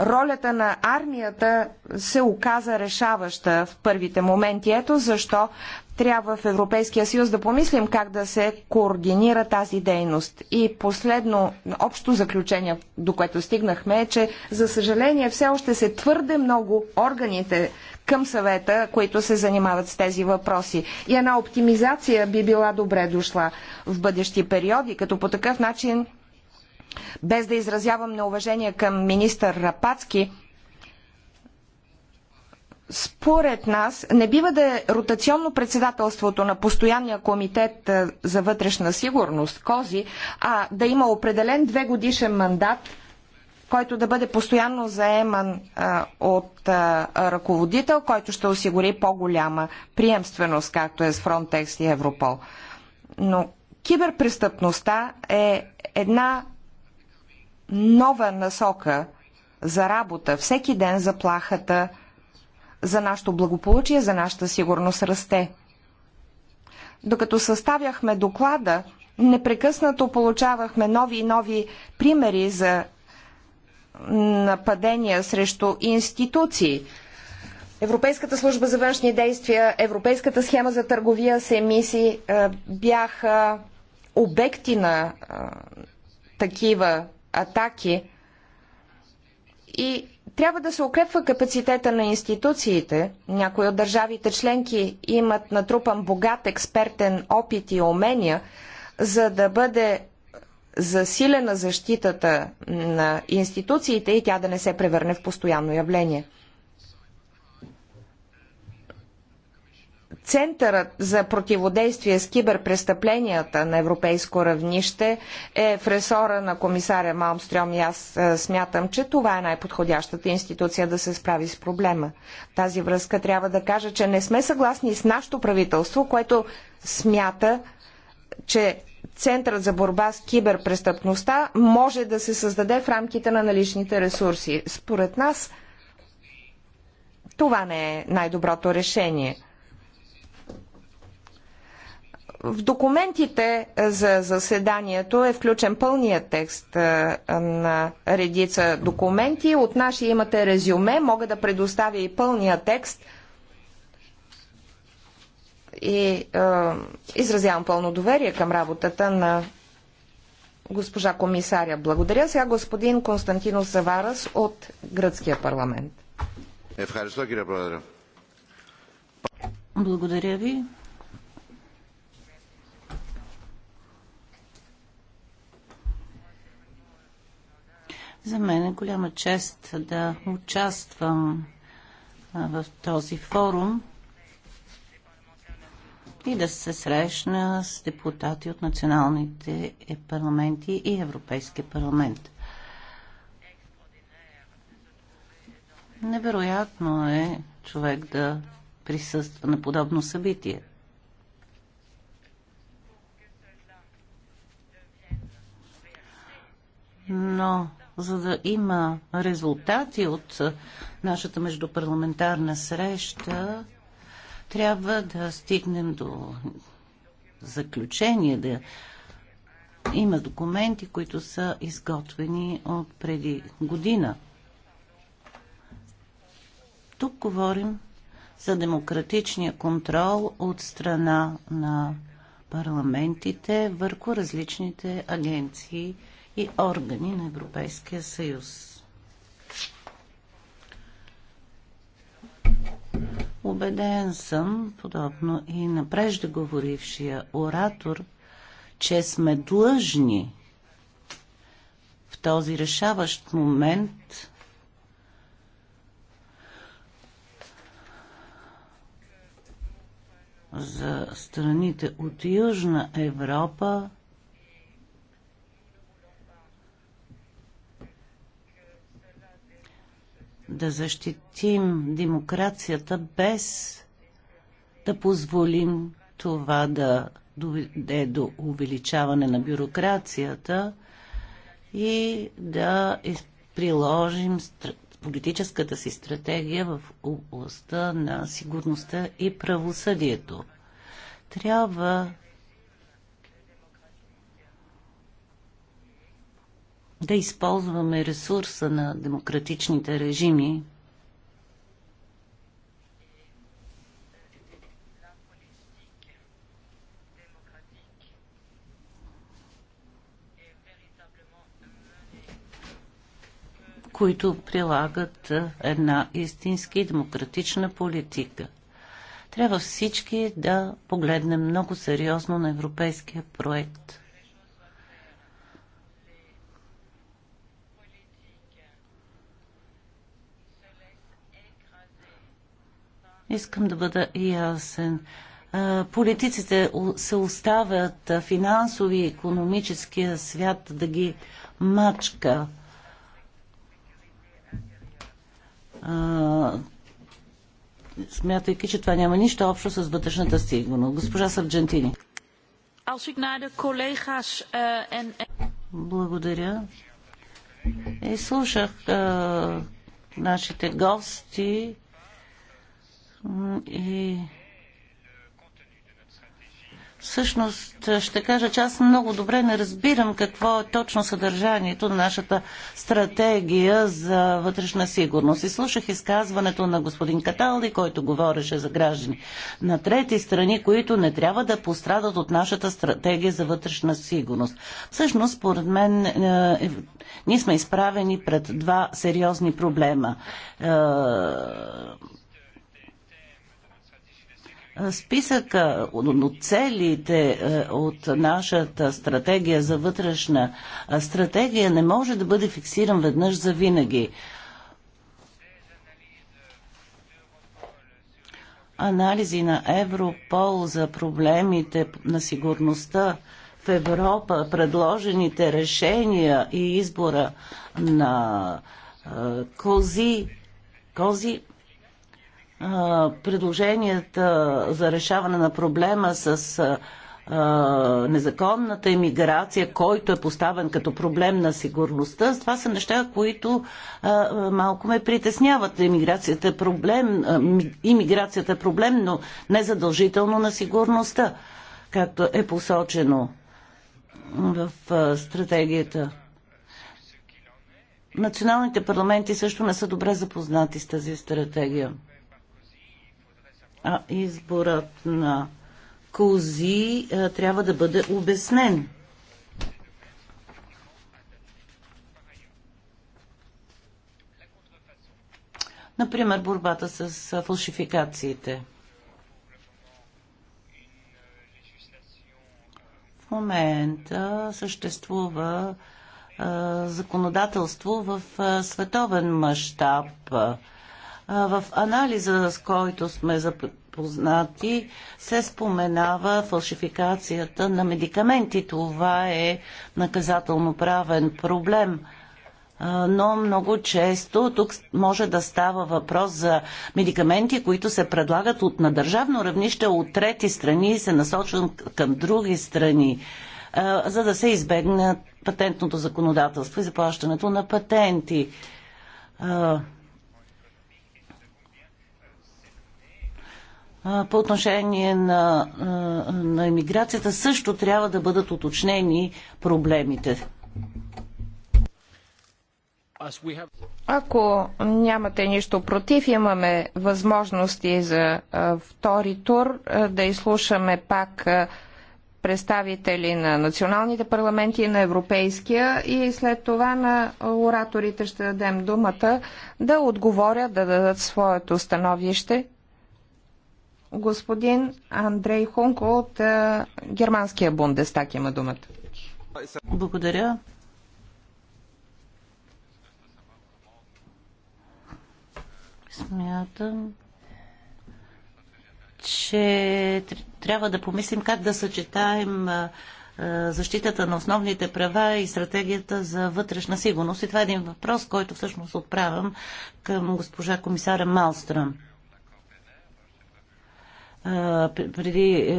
Ролята на армията се оказа решаваща в първите моменти. Ето защо трябва в Европейския съюз да помислим как да се координира тази дейност. И последно общо заключение, до което стигнахме е, че за съжаление все още се твърде много органите към съвета, които се занимават с тези въпроси. И една оптимизация би била добре дошла в бъдещи периоди, като по такъв начин без да изразявам неуважение към министър Рапацки, според нас не бива да е ротационно председателството на постоянния комитет е, за вътрешна сигурност, КОЗИ, а да има определен две годишен мандат, който да бъде постоянно заеман а, е, от а, е, ръководител, който ще осигури по-голяма приемственост, както е с Frontex и Европол. Но киберпрестъпността е една нова насока за работа. Всеки ден заплахата – за нашето благополучие, за нашата сигурност расте. Докато съставяхме доклада, непрекъснато получавахме нови и нови примери за нападения срещу институции. Европейската служба за външни действия, Европейската схема за търговия с емисии е, бяха обекти на е, такива атаки и трябва да се укрепва капацитета на институциите. Някои от държавите членки имат натрупан богат експертен опит и умения, за да бъде засилена защитата на институциите и тя да не се превърне в постоянно явление. Центърът за противодействие с киберпрестъпленията на европейско равнище е в ресора на комисаря Малмстрём и аз е, смятам, че това е най-подходящата институция да се справи с проблема. В тази връзка трябва да кажа, че не сме съгласни с нашето правителство, което смята, че Центърът за борба с киберпрестъпността може да се създаде в рамките на наличните ресурси. Според нас това не е най-доброто решение – в документите за заседанието е включен пълният текст е, на редица документи. От наши имате резюме, мога да предоставя и пълния текст. И е, изразявам пълно доверие към работата на госпожа комисаря. Благодаря сега господин Константинос Саварас от Гръцкия парламент. Е, благодаря ви. За мен е голяма чест да участвам в този форум и да се срещна с депутати от националните е, парламенти и Европейския парламент. Невероятно е човек да присъства на подобно събитие. Но за да има резултати от нашата междупарламентарна среща, трябва да стигнем до заключение, да има документи, които са изготвени от преди година. Тук говорим за демократичния контрол от страна на парламентите върху различните агенции и органи на Европейския съюз. Обеден съм, подобно и на преждеговорившия оратор, че сме длъжни в този решаващ момент за страните от Южна Европа да защитим демокрацията без да позволим това да доведе до увеличаване на бюрокрацията и да приложим политическата си стратегия в областта на сигурността и правосъдието. Трябва да използваме ресурса на демократичните режими, които прилагат е, една истински демократична политика. Трябва всички да погледнем много сериозно на европейския проект. Искам да бъда ясен. Политиците се оставят финансови и економическия свят да ги мачка. Смятайки, че това няма нищо общо с вътрешната сигурност. Госпожа Сърджентини. Eh, Благодаря. И слушах нашите гости и Всъщност ще кажа, че аз много добре не разбирам какво е точно съдържанието на нашата стратегия за вътрешна сигурност. И слушах изказването на господин Каталди, който говореше за граждани на трети страни, които не трябва да пострадат от нашата стратегия за вътрешна сигурност. Всъщност, според мен, е, е, ние сме изправени пред два сериозни проблема. Е, Списъка от целите е, от нашата стратегия за вътрешна е, стратегия не може да бъде фиксиран веднъж за винаги. Анализи на Европол за проблемите на сигурността в Европа, предложените решения и избора на е, кози, кози предложенията за решаване на проблема с незаконната имиграция, който е поставен като проблем на сигурността. Това са неща, които малко ме притесняват. Емиграцията е проблем, имиграцията е проблем, но не задължително на сигурността, както е посочено в стратегията. Националните парламенти също не са добре запознати с тази стратегия а изборът на кози а, трябва да бъде обяснен. Например, борбата с фалшификациите. В момента съществува а, законодателство в а, световен мащаб. А, в анализа, с който сме запознати, се споменава фалшификацията на медикаменти. Това е наказателно-правен проблем но много често тук може да става въпрос за медикаменти, които се предлагат от, на държавно равнище от трети страни и се насочват към други страни, за да се избегне патентното законодателство и заплащането на патенти. по отношение на, на иммиграцията също трябва да бъдат уточнени проблемите. Ако нямате нищо против, имаме възможности за втори тур да изслушаме пак представители на националните парламенти и на европейския и след това на ораторите ще дадем думата да отговорят, да дадат своето становище Господин Андрей Хунко от а, германския Бундестаг има думата. Благодаря. Смятам, че трябва да помислим как да съчетаем защитата на основните права и стратегията за вътрешна сигурност. И това е един въпрос, който всъщност отправям към госпожа комисаря Малстрън преди е,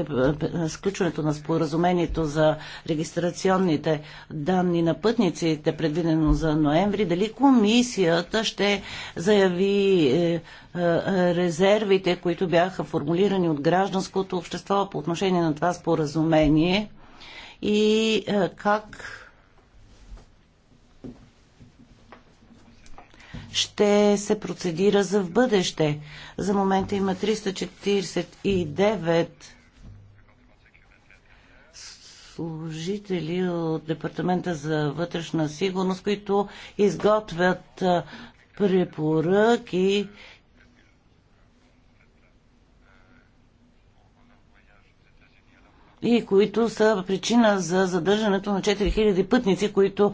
сключването на споразумението за регистрационните данни на пътниците, предвидено за ноември, дали комисията ще заяви е, е, резервите, които бяха формулирани от гражданското общество по отношение на това споразумение и как ще се процедира за в бъдеще. За момента има 349 служители от Департамента за вътрешна сигурност, които изготвят препоръки и които са причина за задържането на 4000 пътници, които е,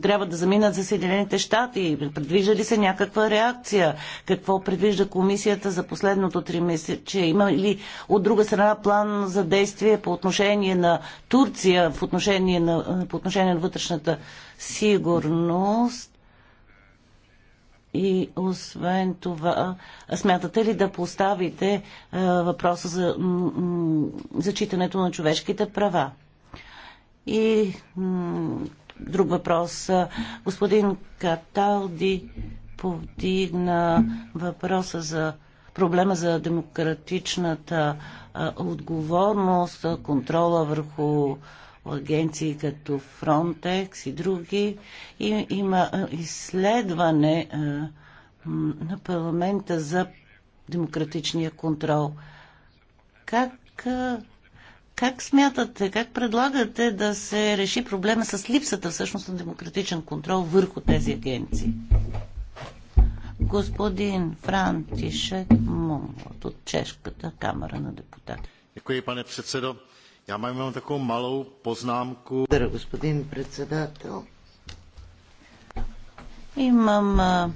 трябва да заминат за Съединените щати. Предвижда ли се някаква реакция? Какво предвижда комисията за последното три Че Има ли от друга страна план за действие по отношение на Турция, в отношение на, по отношение на вътрешната сигурност? И освен това, смятате ли да поставите е, въпроса за зачитането на човешките права? И друг въпрос. Господин Каталди повдигна въпроса за проблема за демократичната е, отговорност, контрола върху агенции като Frontex и други. И, има изследване а, на парламента за демократичния контрол. Как, а, как смятате, как предлагате да се реши проблема с липсата всъщност на демократичен контрол върху тези агенции? господин Франтишек Мумлот от Чешката камера на депутати. Děkuji, pane předsedo. Я имам такова малу познамку. Благодаря, господин председател. Имам а,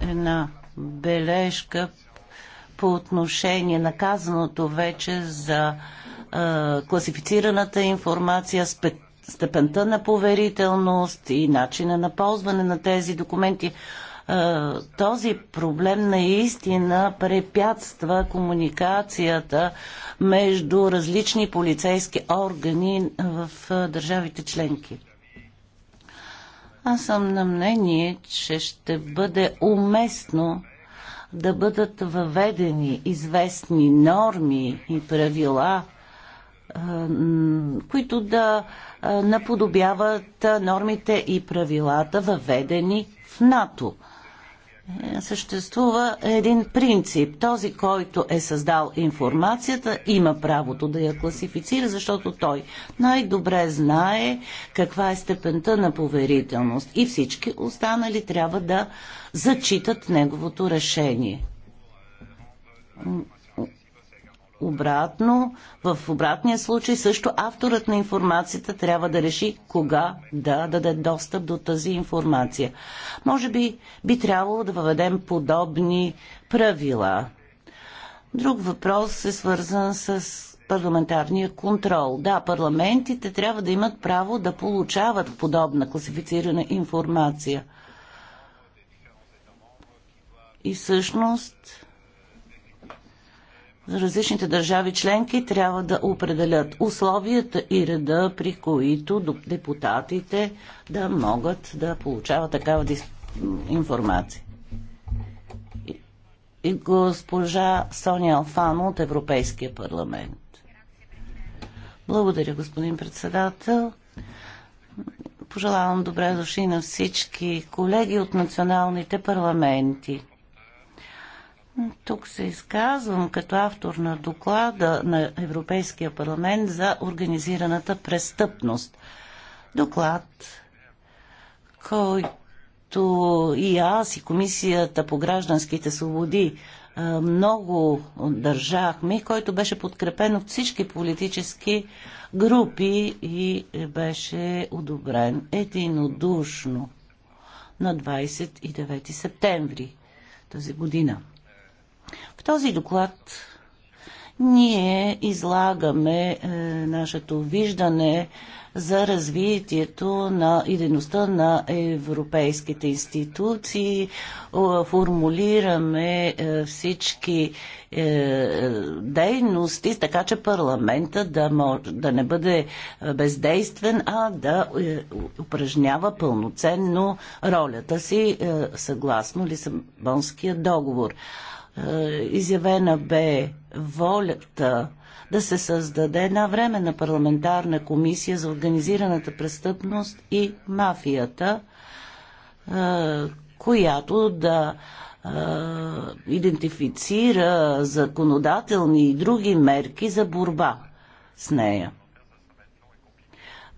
една бележка по отношение на казаното вече за а, класифицираната информация, спе, степента на поверителност и начина на ползване на тези документи. Е, този проблем наистина препятства комуникацията между различни полицейски органи в е, държавите членки. Аз съм на мнение, че ще бъде уместно да бъдат въведени известни норми и правила, е, които да наподобяват нормите и правилата въведени в НАТО съществува един принцип. Този, който е създал информацията, има правото да я класифицира, защото той най-добре знае каква е степента на поверителност и всички останали трябва да зачитат неговото решение обратно, в обратния случай също авторът на информацията трябва да реши кога да даде достъп до тази информация. Може би би трябвало да въведем подобни правила. Друг въпрос е свързан с парламентарния контрол. Да, парламентите трябва да имат право да получават подобна класифицирана информация. И всъщност различните държави членки трябва да определят условията и реда, при които депутатите да могат да получават такава информация. И госпожа Соня Алфано от Европейския парламент. Благодаря, господин председател. Пожелавам добре души на всички колеги от националните парламенти. Тук се изказвам като автор на доклада на Европейския парламент за организираната престъпност. Доклад, който и аз, и Комисията по гражданските свободи много държахме, който беше подкрепен от всички политически групи и беше одобрен единодушно на 29 септември тази година. В този доклад ние излагаме е, нашето виждане за развитието на и дейността на европейските институции. Формулираме е, всички е, дейности, така че парламента да, може, да не бъде е, бездействен, а да упражнява пълноценно ролята си съгласно Лисабонския договор. Е, изявена бе волята да се създаде една временна парламентарна комисия за организираната престъпност и мафията, е, която да е, идентифицира законодателни и други мерки за борба с нея.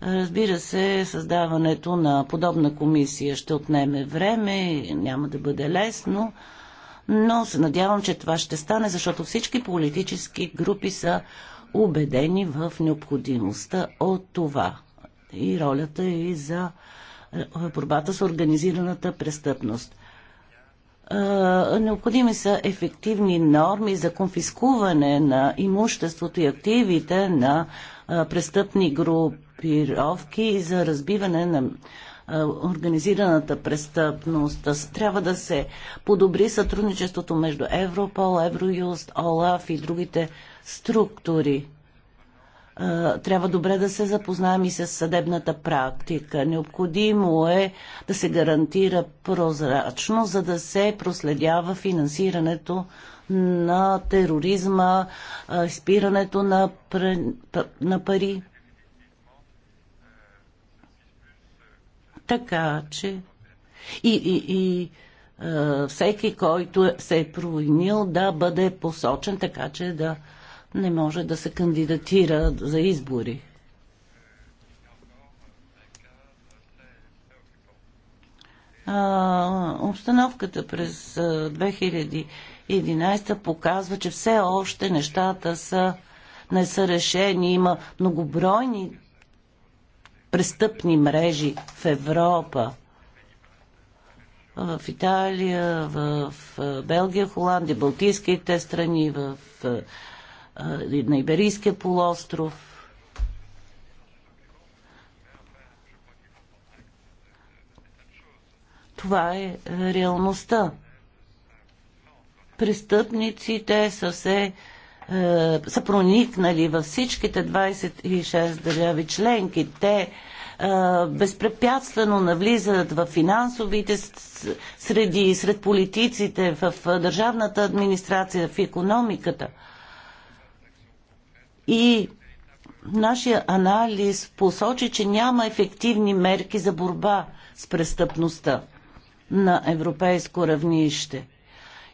Разбира се, създаването на подобна комисия ще отнеме време, няма да бъде лесно, но се надявам, че това ще стане, защото всички политически групи са убедени в необходимостта от това и ролята е и за е, борбата с организираната престъпност. Е, необходими са ефективни норми за конфискуване на имуществото и активите на престъпни групировки и за разбиване на е, организираната престъпност. Трябва да се подобри сътрудничеството между Европол, Евроюст, ОЛАФ и другите структури. Е, трябва добре да се запознаем и с съдебната практика. Необходимо е да се гарантира прозрачно, за да се проследява финансирането на тероризма, спирането е, на пари Така че и, и, и а, всеки, който се е провинил, да бъде посочен, така че да не може да се кандидатира за избори. А, обстановката през 2011 показва, че все още нещата са, не са решени. Има многобройни престъпни мрежи в Европа. В Италия, в Белгия, Холандия, Балтийските страни, в, на Иберийския полуостров. Това е реалността. Престъпниците са се е, са проникнали във всичките 26 държави членки. Те е, безпрепятствено навлизат в финансовите среди, сред политиците, в държавната администрация, в економиката. И нашия анализ посочи, че няма ефективни мерки за борба с престъпността на европейско равнище.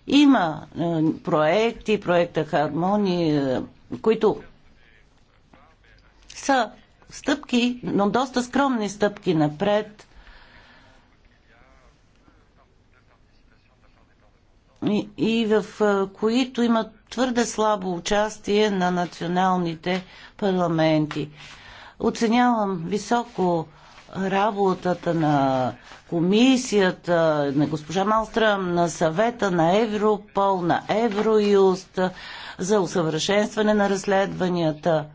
Има е, проекти, проекта хармони, е, които са стъпки, но доста скромни стъпки напред. И, и в е, които има твърде слабо участие на националните парламенти. Оценявам високо работата на комисията, на госпожа Малстрам, на съвета, на Европол, на Евроюст, за усъвършенстване на разследванията.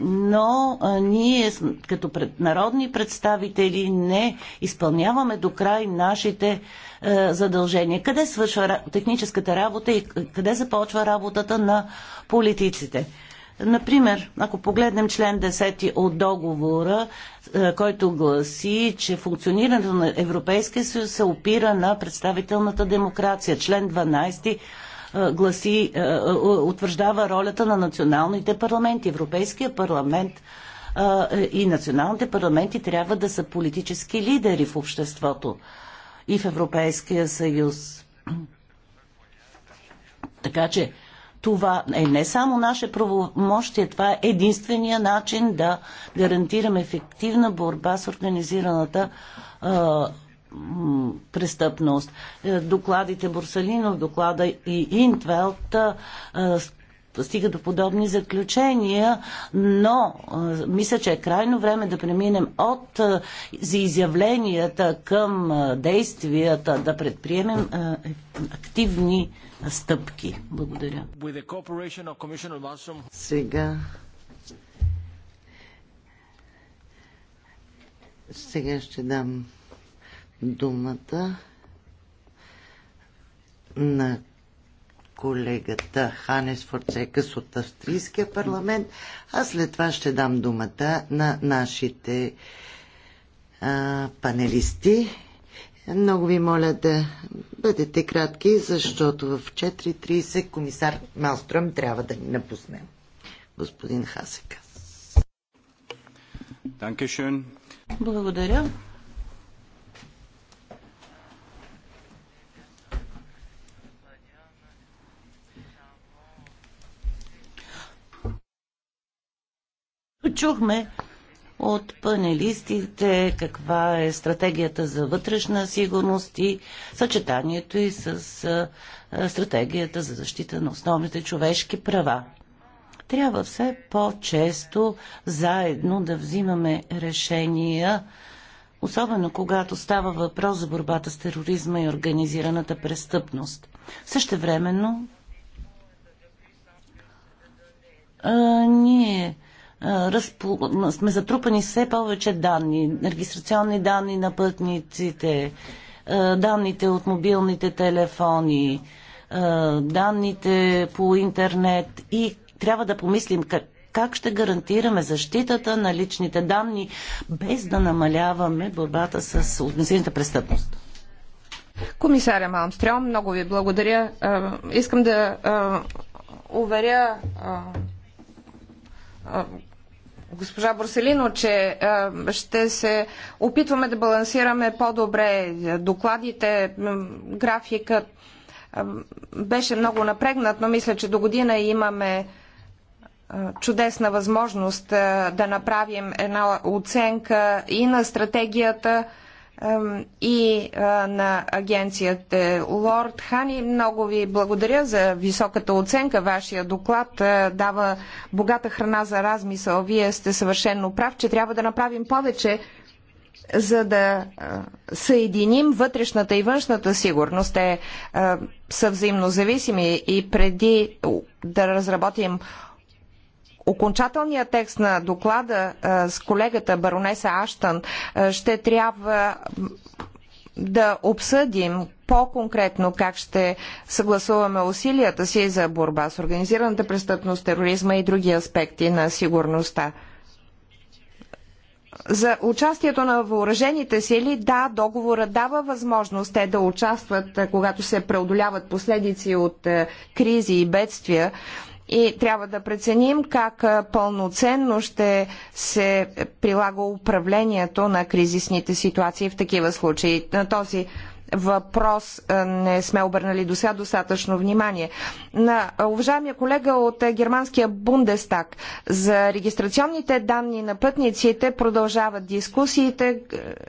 Но ние като народни представители не изпълняваме до край нашите е, задължения. Къде свършва техническата работа и къде започва работата на политиците? Например, ако погледнем член 10 от договора, е, който гласи, че функционирането на Европейския съюз се опира на представителната демокрация. Член 12 е, гласи, е, утвърждава ролята на националните парламенти. Европейския парламент и националните парламенти трябва да са политически лидери в обществото и в Европейския съюз. Така че това е не само наше правомощие, това е единствения начин да гарантираме ефективна борба с организираната а, престъпност. Е, докладите Борсалинов, доклада и Интвелт стига до подобни заключения, но мисля, че е крайно време да преминем от за изявленията към действията, да предприемем активни стъпки. Благодаря. Сега Сега ще дам думата на колегата Ханес Форцекас от Австрийския парламент, а след това ще дам думата на нашите а, панелисти. Много ви моля да бъдете кратки, защото в 4.30 комисар Малстром трябва да ни напусне. Господин Хасекас. Благодаря. Чухме от панелистите каква е стратегията за вътрешна сигурност и съчетанието и с стратегията за защита на основните човешки права. Трябва все по-често заедно да взимаме решения, особено когато става въпрос за борбата с тероризма и организираната престъпност. Същевременно а, ние сме затрупани все повече данни, регистрационни данни на пътниците, данните от мобилните телефони, данните по интернет и трябва да помислим как, как ще гарантираме защитата на личните данни, без да намаляваме борбата с отнесените престъпност. Комисаря Малмстрём, много ви благодаря. Искам да уверя госпожа Борселино, че ще се опитваме да балансираме по-добре докладите, графикът беше много напрегнат, но мисля, че до година имаме чудесна възможност да направим една оценка и на стратегията, и на агенцията Лорд Хани. Много ви благодаря за високата оценка. Вашия доклад дава богата храна за размисъл. Вие сте съвършенно прав, че трябва да направим повече за да съединим вътрешната и външната сигурност. Те са взаимно зависими и преди да разработим окончателният текст на доклада е, с колегата баронеса Аштън е, ще трябва да обсъдим по-конкретно как ще съгласуваме усилията си за борба с организираната престъпност, тероризма и други аспекти на сигурността. За участието на въоръжените сили, да, договора дава възможност те да участват, е, когато се преодоляват последици от кризи и бедствия, и трябва да преценим как пълноценно ще се прилага управлението на кризисните ситуации в такива случаи. На този въпрос не сме обърнали до сега достатъчно внимание. На уважаемия колега от германския Бундестаг за регистрационните данни на пътниците продължават дискусиите.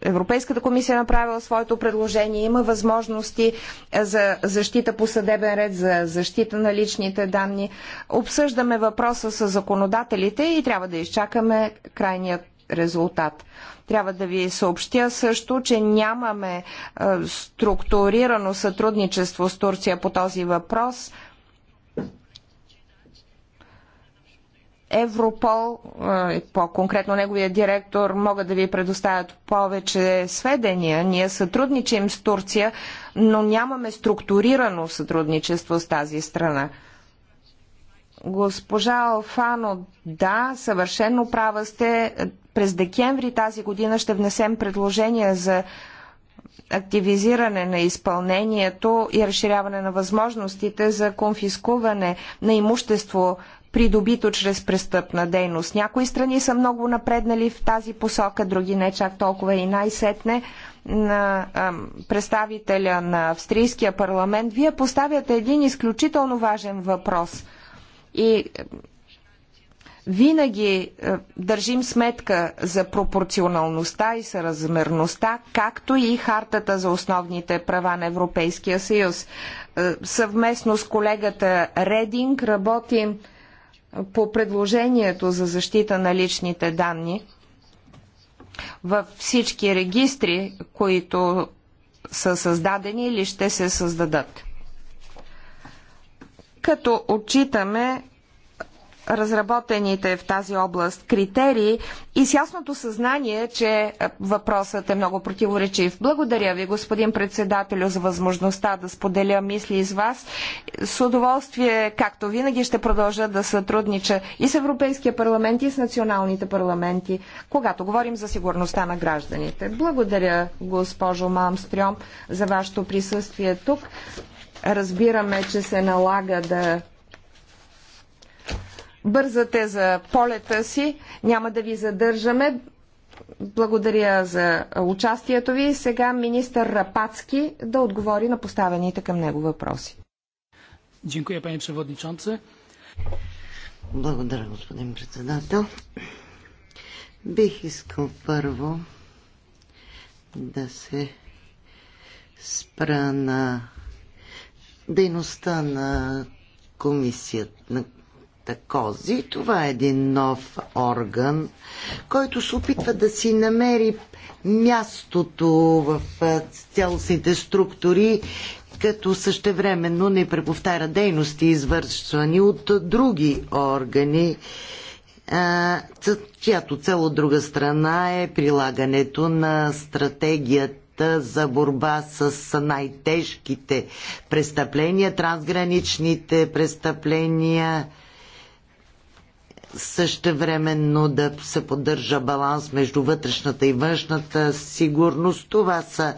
Европейската комисия е направила своето предложение. Има възможности за защита по съдебен ред, за защита на личните данни. Обсъждаме въпроса с законодателите и трябва да изчакаме крайният резултат. Трябва да ви съобщя също, че нямаме е, структурирано сътрудничество с Турция по този въпрос. Европол, е, по-конкретно неговия директор, могат да ви предоставят повече сведения. Ние сътрудничим с Турция, но нямаме структурирано сътрудничество с тази страна. Госпожа Алфано, да, съвършено права сте. През декември тази година ще внесем предложения за активизиране на изпълнението и разширяване на възможностите за конфискуване на имущество, придобито чрез престъпна дейност. Някои страни са много напреднали в тази посока, други не чак толкова и най-сетне на ам, представителя на австрийския парламент. Вие поставяте един изключително важен въпрос. И винаги е, държим сметка за пропорционалността и съразмерността, както и хартата за основните права на Европейския съюз. Е, съвместно с колегата Рединг работим е, по предложението за защита на личните данни във всички регистри, които са създадени или ще се създадат. Като отчитаме разработените в тази област критерии и с ясното съзнание, че е, въпросът е много противоречив. Благодаря ви, господин председателю, за възможността да споделя мисли с вас. С удоволствие, както винаги, ще продължа да сътруднича и с Европейския парламент, и с националните парламенти, когато говорим за сигурността на гражданите. Благодаря, госпожо Мамстрём, за вашето присъствие тук. Разбираме, че се налага да бързате за полета си. Няма да ви задържаме. Благодаря за участието ви. Сега министър Рапацки да отговори на поставените към него въпроси. Дякую, пани Преводничанце. Благодаря, господин председател. Бих искал първо да се спра на дейността на комисията, на Кози. Това е един нов орган, който се опитва да си намери мястото в цялостните структури, като същевременно не преповтаря дейности, извършвани от други органи, чиято цел от друга страна е прилагането на стратегията за борба с най-тежките престъпления, трансграничните престъпления, същевременно да се поддържа баланс между вътрешната и външната сигурност. Това са е,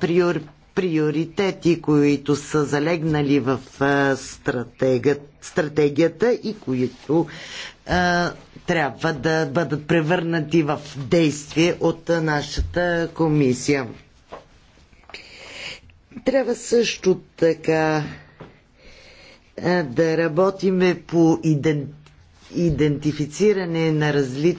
приор, приоритети, които са залегнали в е, стратегията, стратегията и които е, трябва да бъдат превърнати в действие от нашата комисия. Трябва също така е, да работиме по идентичност идентифициране на разли...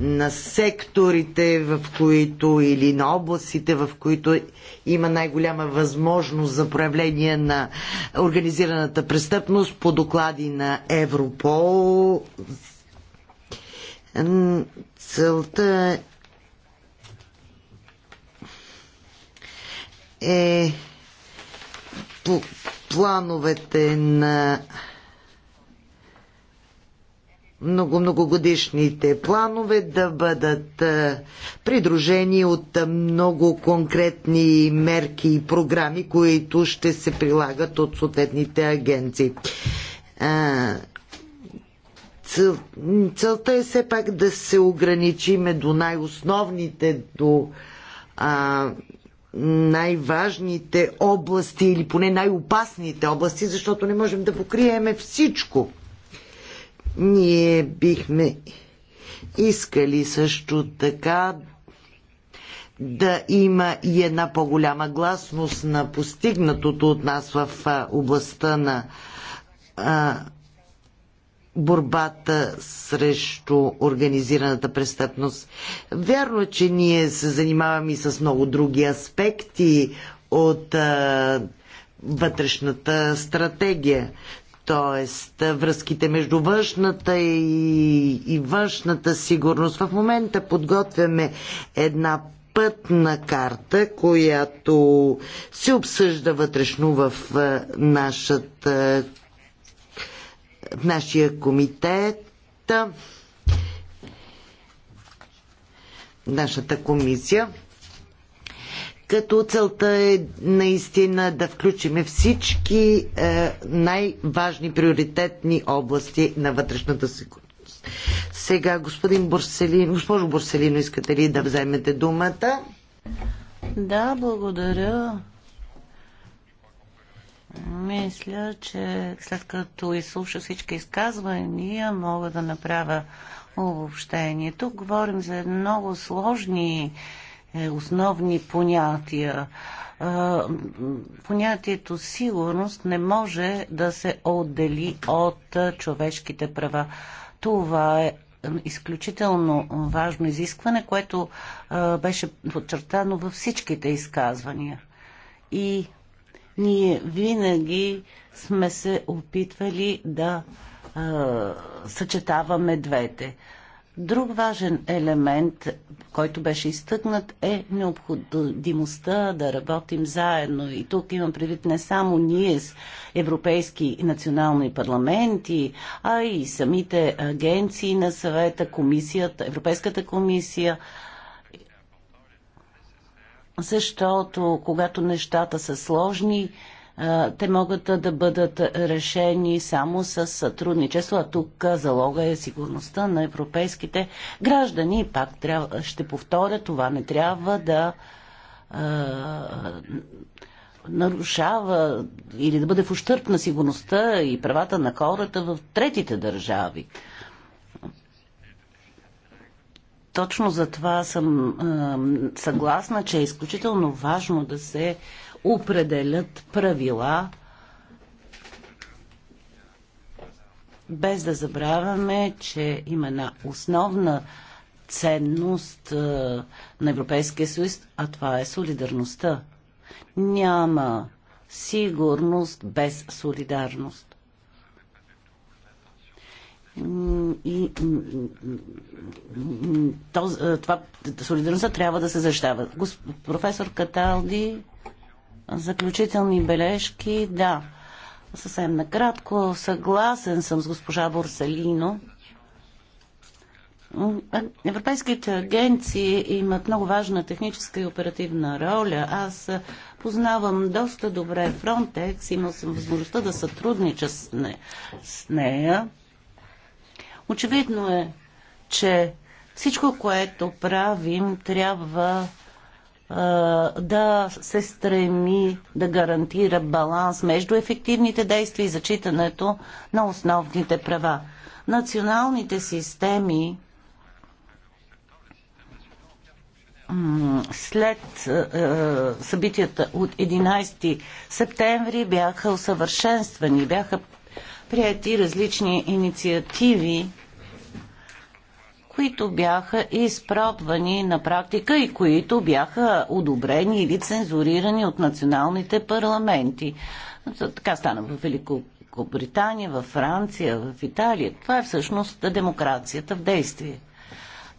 на секторите, в които или на областите, в които има най-голяма възможност за проявление на организираната престъпност по доклади на Европол. Целта е по плановете на много-многогодишните планове да бъдат придружени от много конкретни мерки и програми, които ще се прилагат от съответните агенции. Цел, целта е все пак да се ограничиме до най-основните, до а, най-важните области или поне най-опасните области, защото не можем да покриеме всичко. Ние бихме искали също така да има и една по-голяма гласност на постигнатото от нас в областта на а, борбата срещу организираната престъпност. Вярно е, че ние се занимаваме и с много други аспекти от а, вътрешната стратегия. Тоест, връзките между външната и, и външната сигурност. В момента подготвяме една пътна карта, която се обсъжда вътрешно в нашата в нашия комитет нашата комисия като целта е наистина да включим всички е, най-важни приоритетни области на вътрешната сигурност. Сега, господин Борселин, госпожо Борселино, искате ли да вземете думата? Да, благодаря. Мисля, че след като изслуша всички изказвания, мога да направя обобщението. говорим за много сложни е основни понятия. Е, понятието сигурност не може да се отдели от е, човешките права. Това е изключително важно изискване, което беше подчертано във всичките изказвания. И ние винаги сме се опитвали да съчетаваме двете. Друг важен елемент, който беше изтъкнат, е необходимостта да работим заедно. И тук имам предвид не само ние с европейски национални парламенти, а и самите агенции на съвета, комисията, Европейската комисия, защото когато нещата са сложни, те могат да бъдат решени само с сътрудничество, а тук залога е сигурността на европейските граждани. И пак трябва, ще повторя, това не трябва да нарушава или да бъде в ущърп на сигурността и правата на хората в третите държави. Точно за това съм а, съгласна, че е изключително важно да се определят правила, без да забравяме, че има една основна ценност на Европейския съюз, а това е солидарността. Няма сигурност без солидарност. И то, това, солидарността трябва да се защитава. Професор Каталди Заключителни бележки, да. Съвсем накратко, съгласен съм с госпожа Борселино. Европейските агенции имат много важна техническа и оперативна роля. Аз познавам доста добре Frontex, имал съм възможността да сътруднича с, не, с нея. Очевидно е, че всичко, което правим, трябва да се стреми да гарантира баланс между ефективните действия и зачитането на основните права. Националните системи след е, събитията от 11 септември бяха усъвършенствани, бяха прияти различни инициативи които бяха изпробвани на практика и които бяха одобрени или цензурирани от националните парламенти. Така стана в Великобритания, в Франция, в Италия. Това е всъщност демокрацията в действие.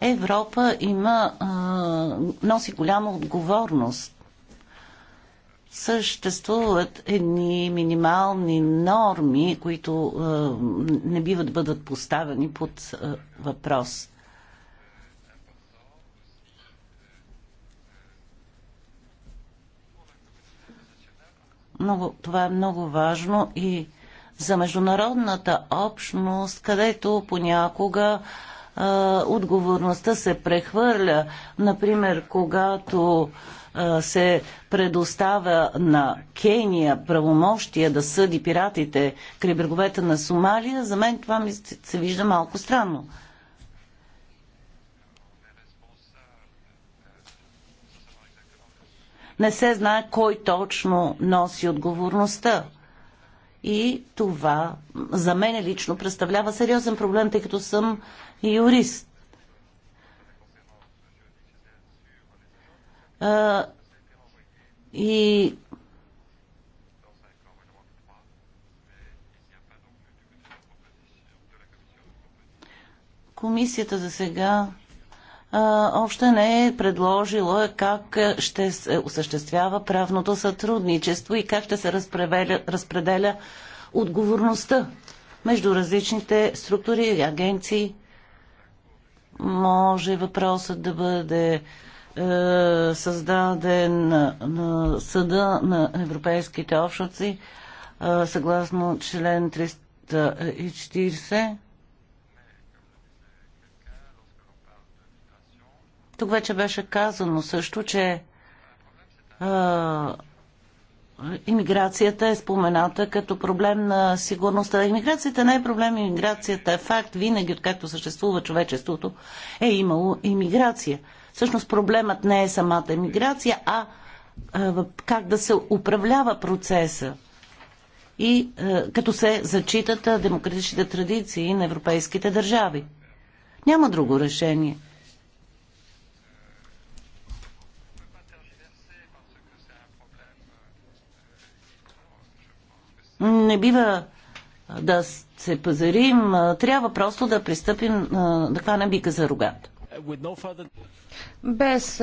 Европа има, носи голяма отговорност съществуват едни минимални норми, които е, не биват да бъдат поставени под е, въпрос. много, това е много важно и за международната общност, където понякога а, отговорността се прехвърля. Например, когато а, се предоставя на Кения правомощия да съди пиратите край бреговете на Сомалия, за мен това ми се вижда малко странно. не се знае кой точно носи отговорността. И това за мен лично представлява сериозен проблем, тъй като съм юрист. и комисията за сега още не е предложила как ще се осъществява правното сътрудничество и как ще се разпределя, разпределя отговорността между различните структури и агенции. Може въпросът да бъде е, създаден на, на съда на европейските общности е, съгласно член 340 Тук вече беше казано също, че а, иммиграцията е спомената като проблем на сигурността. Иммиграцията не е проблем, иммиграцията е факт. Винаги, откакто съществува човечеството, е имало иммиграция. Всъщност проблемът не е самата иммиграция, а, а как да се управлява процеса и а, като се зачитат демократичните традиции на европейските държави. Няма друго решение – Не бива да се пазарим, трябва просто да пристъпим, да хванем бика за рогат. Без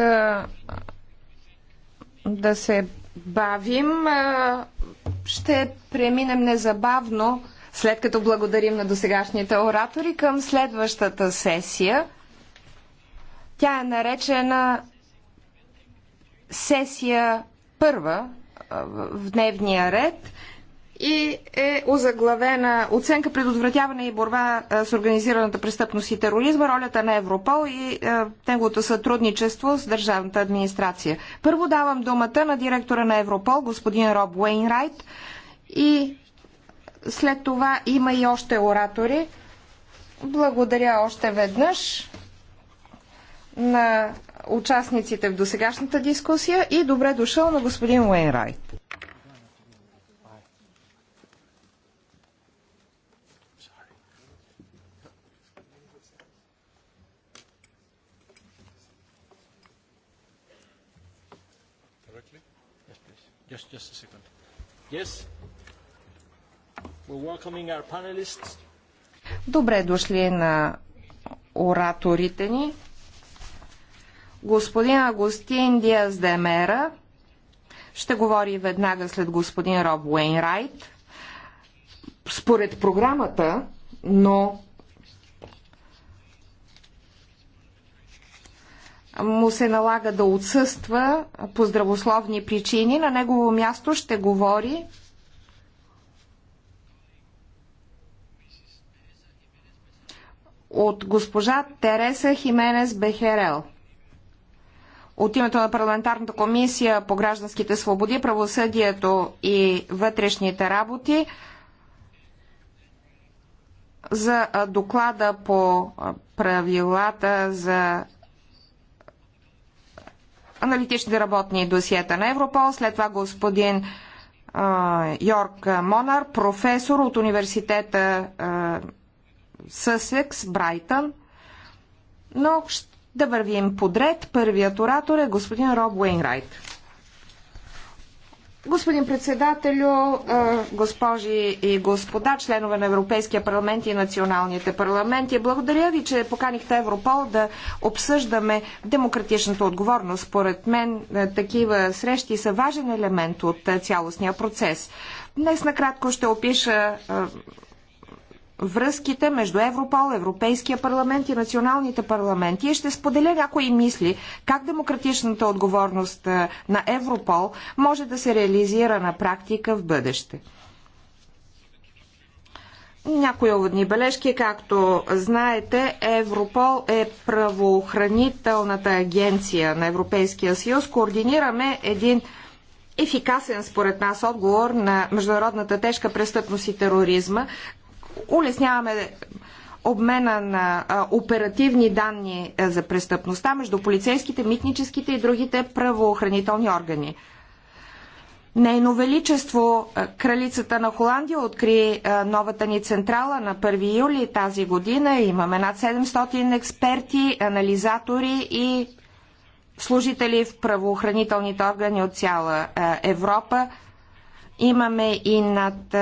да се бавим, ще преминем незабавно, след като благодарим на досегашните оратори, към следващата сесия. Тя е наречена сесия първа в дневния ред – и е озаглавена оценка предотвратяване и борба с организираната престъпност и тероризма, ролята на Европол и е, неговото сътрудничество с държавната администрация. Първо давам думата на директора на Европол, господин Роб Уейнрайт и след това има и още оратори. Благодаря още веднъж на участниците в досегашната дискусия и добре дошъл на господин Уейнрайт. Just, just a second. Yes? We're welcoming our panelists. Добре дошли на ораторите ни. Господин Агустин Диас Демера ще говори веднага след господин Роб Уейнрайт. Според програмата, но му се налага да отсъства по здравословни причини. На негово място ще говори от госпожа Тереса Хименес Бехерел. От името на парламентарната комисия по гражданските свободи, правосъдието и вътрешните работи за доклада по правилата за аналитични работни досиета на Европол, след това господин Йорк Монар, професор от университета Съсекс, Брайтън. Но да вървим подред. Първият оратор е господин Роб Уейнрайт. Господин председателю, госпожи и господа, членове на Европейския парламент и националните парламенти, благодаря ви, че поканихте Европол да обсъждаме демократичната отговорност. Според мен такива срещи са важен елемент от цялостния процес. Днес накратко ще опиша връзките между Европол, Европейския парламент и националните парламенти и ще споделя някои мисли как демократичната отговорност на Европол може да се реализира на практика в бъдеще. Някои уводни бележки, както знаете, Европол е правоохранителната агенция на Европейския съюз. Координираме един ефикасен според нас отговор на международната тежка престъпност и тероризма, улесняваме обмена на оперативни данни е, за престъпността между полицейските, митническите и другите правоохранителни органи. Нейно Величество, е, кралицата на Холандия, откри е, новата ни централа на 1 юли тази година. Имаме над 700 експерти, анализатори и служители в правоохранителните органи от цяла Европа. Имаме и над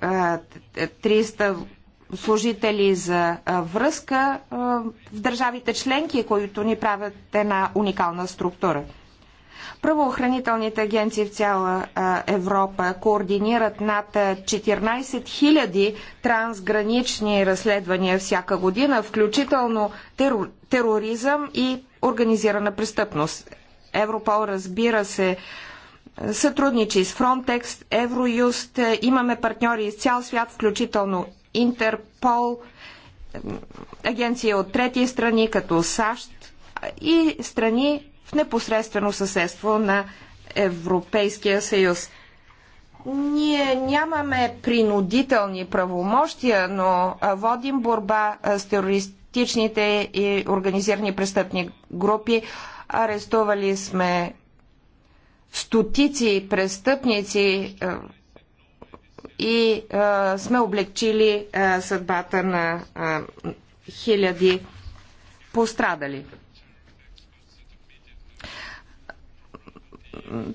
300 служители за връзка в държавите членки, които ни правят една уникална структура. Правоохранителните агенции в цяла Европа координират над 14 000 трансгранични разследвания всяка година, включително тероризъм и организирана престъпност. Европол, разбира се, сътрудничи с Frontex, Евроюст, е, имаме партньори из цял свят, включително Интерпол, е, агенция от трети страни, като САЩ и страни в непосредствено съседство на Европейския съюз. Ние нямаме принудителни правомощия, но водим борба с терористичните и организирани престъпни групи. Арестували сме стотици престъпници е, и е, сме облегчили е, съдбата на хиляди пострадали.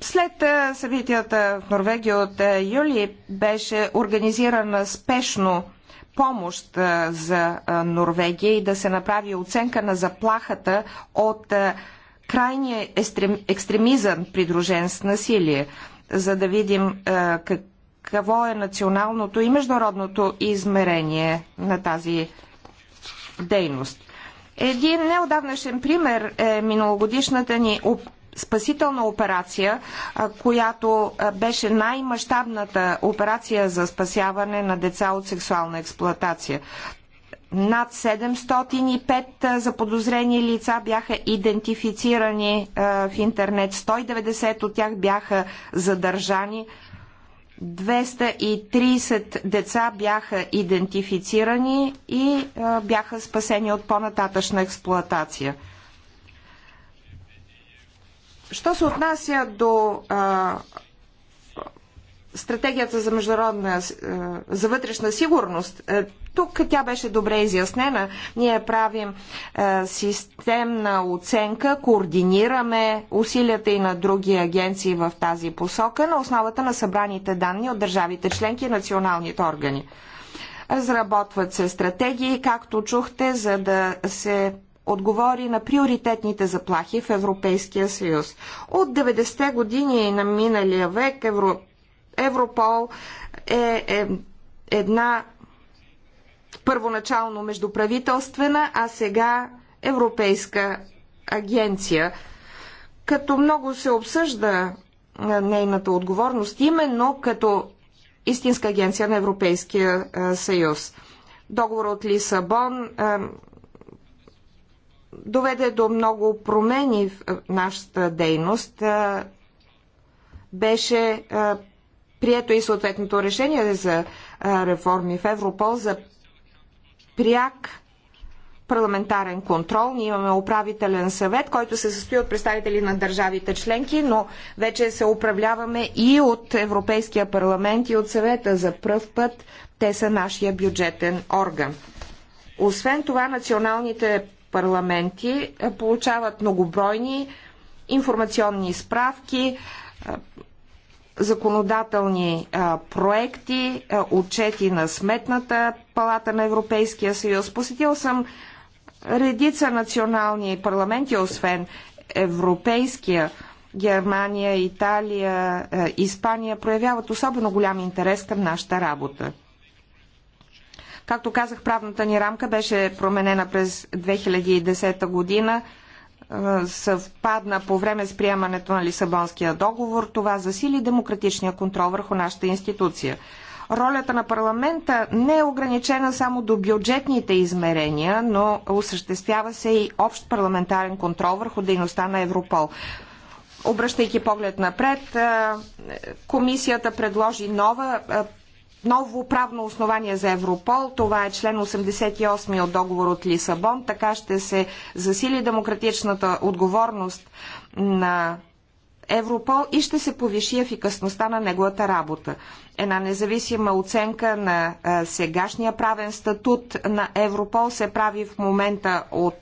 След събитията в Норвегия от юли беше организирана спешно помощ за Норвегия и да се направи оценка на заплахата от крайния естрем, екстремизъм, придружен с насилие, за да видим е, какво е националното и международното измерение на тази дейност. Един неодавнашен пример е миналогодишната ни спасителна операция, е, която е, беше най-мащабната операция за спасяване на деца от сексуална експлоатация над 705 заподозрени лица бяха идентифицирани в интернет. 190 от тях бяха задържани. 230 деца бяха идентифицирани и бяха спасени от по-нататъчна експлоатация. Що се отнася до а, стратегията за международна, е, за вътрешна сигурност. Е, тук тя беше добре изяснена. Ние правим е, системна оценка, координираме усилията и на други агенции в тази посока на основата на събраните данни от държавите членки и националните органи. Разработват се стратегии, както чухте, за да се отговори на приоритетните заплахи в Европейския съюз. От 90-те години на миналия век Европейския Европол е, е една първоначално междуправителствена, а сега европейска агенция. Като много се обсъжда нейната отговорност, именно като истинска агенция на Европейския съюз. Договор от Лисабон е, доведе до много промени в нашата дейност. Е, беше е, Прието и съответното решение за реформи в Европол за пряк парламентарен контрол. Ние имаме управителен съвет, който се състои от представители на държавите членки, но вече се управляваме и от Европейския парламент и от съвета. За пръв път те са нашия бюджетен орган. Освен това, националните парламенти получават многобройни информационни справки, законодателни проекти, отчети на Сметната палата на Европейския съюз. Посетил съм редица национални парламенти, освен Европейския. Германия, Италия, Испания проявяват особено голям интерес към нашата работа. Както казах, правната ни рамка беше променена през 2010 година съвпадна по време с приемането на Лисабонския договор, това засили демократичния контрол върху нашата институция. Ролята на парламента не е ограничена само до бюджетните измерения, но осъществява се и общ парламентарен контрол върху дейността на Европол. Обръщайки поглед напред, комисията предложи нова ново правно основание за Европол. Това е член 88 от договор от Лисабон. Така ще се засили демократичната отговорност на Европол и ще се повиши ефикасността на неговата работа. Една независима оценка на сегашния правен статут на Европол се прави в момента от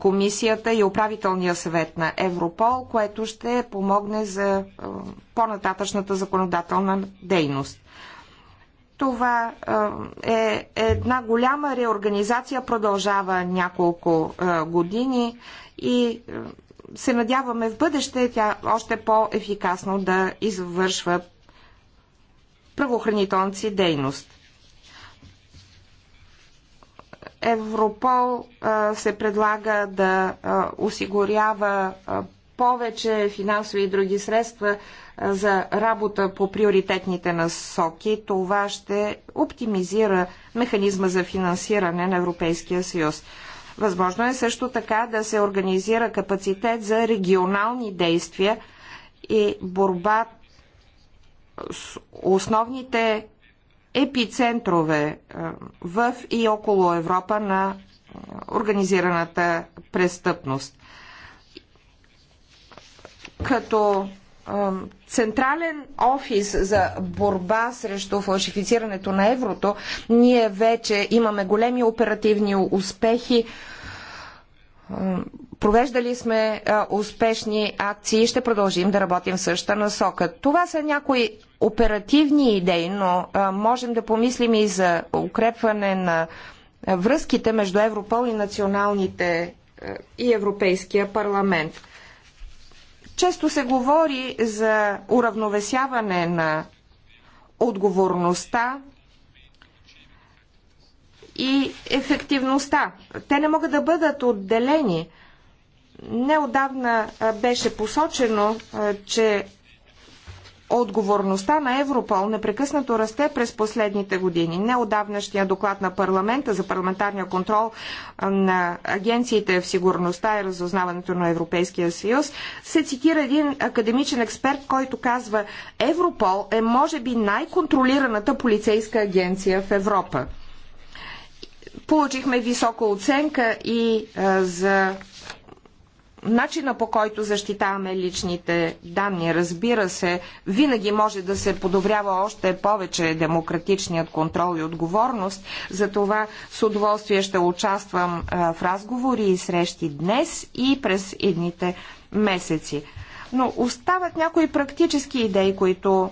комисията и управителния съвет на Европол, което ще помогне за по-нататъчната законодателна дейност. Това е една голяма реорганизация, продължава няколко години и се надяваме в бъдеще тя още по-ефикасно да извършва правоохранителната си дейност. Европол се предлага да осигурява повече финансови и други средства за работа по приоритетните насоки. Това ще оптимизира механизма за финансиране на Европейския съюз. Възможно е също така да се организира капацитет за регионални действия и борба с основните епицентрове в и около Европа на организираната престъпност като централен офис за борба срещу фалшифицирането на еврото, ние вече имаме големи оперативни успехи. Провеждали сме успешни акции и ще продължим да работим в същата насока. Това са някои оперативни идеи, но можем да помислим и за укрепване на връзките между Европол и националните и Европейския парламент. Често се говори за уравновесяване на отговорността и ефективността. Те не могат да бъдат отделени. Неодавна беше посочено, че отговорността на Европол непрекъснато расте през последните години. Неодавнашния доклад на парламента за парламентарния контрол на агенциите в сигурността и разузнаването на Европейския съюз се цитира един академичен експерт, който казва Европол е може би най-контролираната полицейска агенция в Европа. Получихме висока оценка и а, за начина по който защитаваме личните данни, разбира се, винаги може да се подобрява още повече демократичният контрол и отговорност. Затова с удоволствие ще участвам в разговори и срещи днес и през едните месеци. Но остават някои практически идеи, които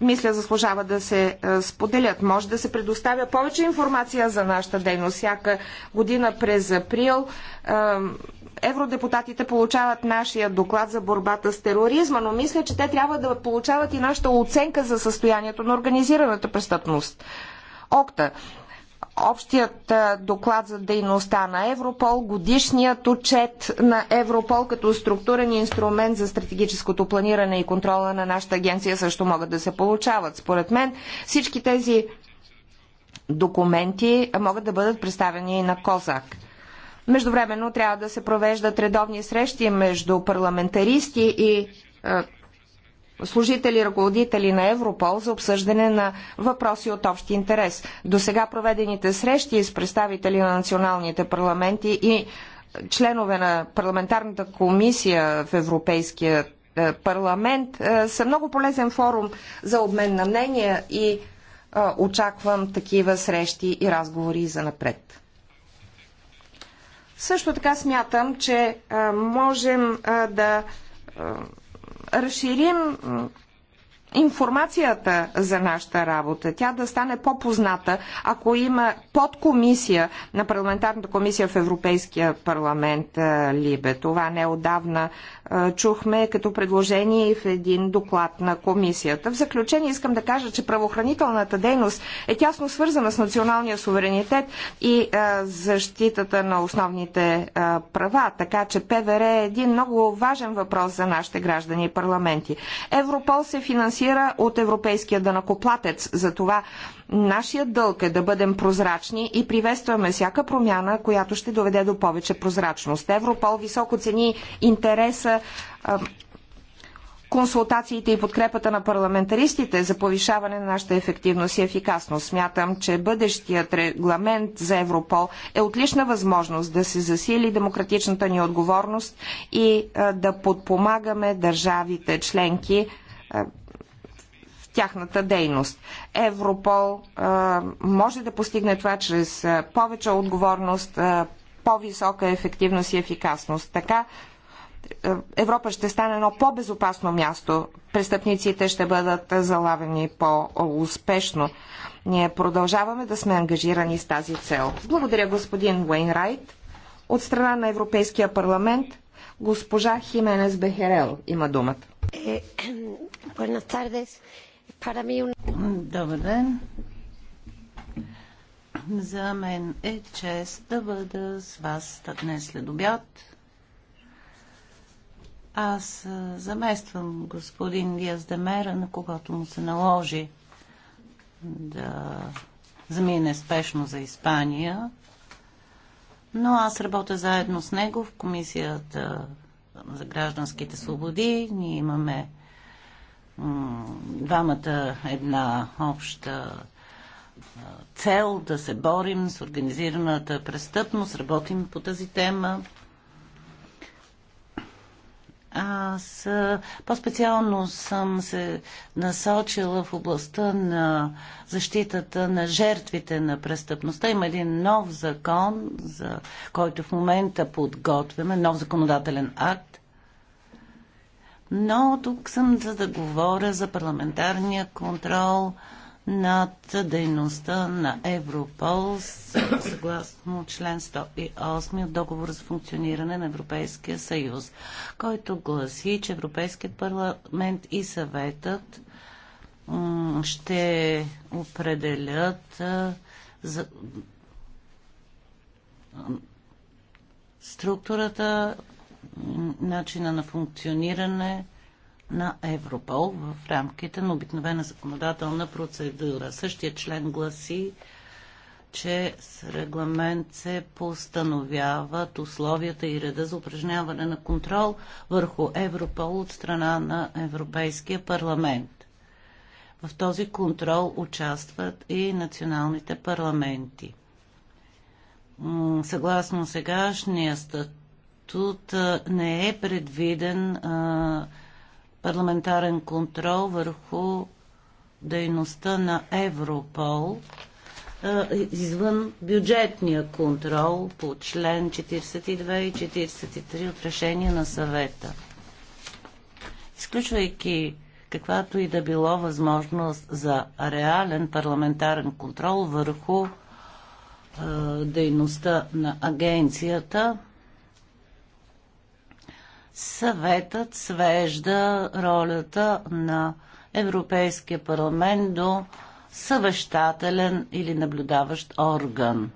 мисля, заслужава да се споделят. Може да се предоставя повече информация за нашата дейност. Всяка година през април евродепутатите получават нашия доклад за борбата с тероризма, но мисля, че те трябва да получават и нашата оценка за състоянието на организираната престъпност. Окта общият доклад за дейността на Европол, годишният отчет на Европол като структурен инструмент за стратегическото планиране и контрола на нашата агенция също могат да се получават. Според мен всички тези документи могат да бъдат представени на Козак. Междувременно трябва да се провеждат редовни срещи между парламентаристи и служители ръководители на Европол за обсъждане на въпроси от общ интерес. До сега проведените срещи с представители на националните парламенти и членове на парламентарната комисия в Европейския е, парламент е, са много полезен форум за обмен на мнения и е, очаквам такива срещи и разговори за напред. Също така смятам, че можем да разширим информацията за нашата работа, тя да стане по-позната, ако има подкомисия на парламентарната комисия в Европейския парламент е, Либе. Това неодавна е, чухме като предложение и в един доклад на комисията. В заключение искам да кажа, че правоохранителната дейност е тясно свързана с националния суверенитет и е, защитата на основните права, така че ПВР е един много важен въпрос за нашите граждани и парламенти. Европол се финансира финансира от европейския данакоплатец. Затова нашия дълг е да бъдем прозрачни и приветстваме всяка промяна, която ще доведе до повече прозрачност. Европол високо цени интереса консултациите и подкрепата на парламентаристите за повишаване на нашата ефективност и ефикасност. Смятам, че бъдещият регламент за Европол е отлична възможност да се засили демократичната ни отговорност и да подпомагаме държавите членки тяхната дейност. Европол а, може да постигне това чрез а, повече отговорност, а, по-висока ефективност и ефикасност. Така Европа ще стане едно по-безопасно място. Престъпниците ще бъдат залавени по-успешно. Ние продължаваме да сме ангажирани с тази цел. Благодаря господин Уейнрайт. От страна на Европейския парламент госпожа Хименес Бехерел има думата. Е, Добър ден. За мен е чест да бъда с вас днес след обяд. Аз замествам господин Диас Демера, на когато му се наложи да замине спешно за Испания. Но аз работя заедно с него в Комисията за гражданските свободи. Ние имаме двамата една обща цел да се борим с организираната престъпност, работим по тази тема. Аз по-специално съм се насочила в областта на защитата на жертвите на престъпността. Има един нов закон, за който в момента подготвяме, нов законодателен акт, но тук съм за да говоря за парламентарния контрол над дейността на Европол съгласно член 108 от договор за функциониране на Европейския съюз, който гласи, че Европейският парламент и съветът ще определят за структурата, начина на функциониране на Европол в рамките на обикновена законодателна процедура. Същия член гласи, че с регламент се постановяват условията и реда за упражняване на контрол върху Европол от страна на Европейския парламент. В този контрол участват и националните парламенти. Съгласно сегашния статут, Тут не е предвиден парламентарен контрол върху дейността на Европол извън бюджетния контрол по член 42 и 43 от решение на съвета. Изключвайки каквато и да било възможност за реален парламентарен контрол върху а, дейността на агенцията, съветът свежда ролята на Европейския парламент до съвещателен или наблюдаващ орган.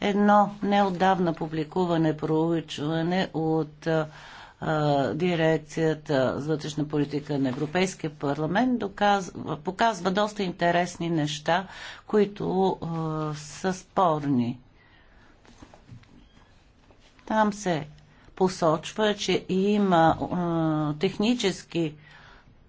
Едно неодавна публикуване проучване от а, дирекцията за вътрешна политика на Европейския парламент доказва, показва доста интересни неща, които а, са спорни. Там се посочва, че има а, технически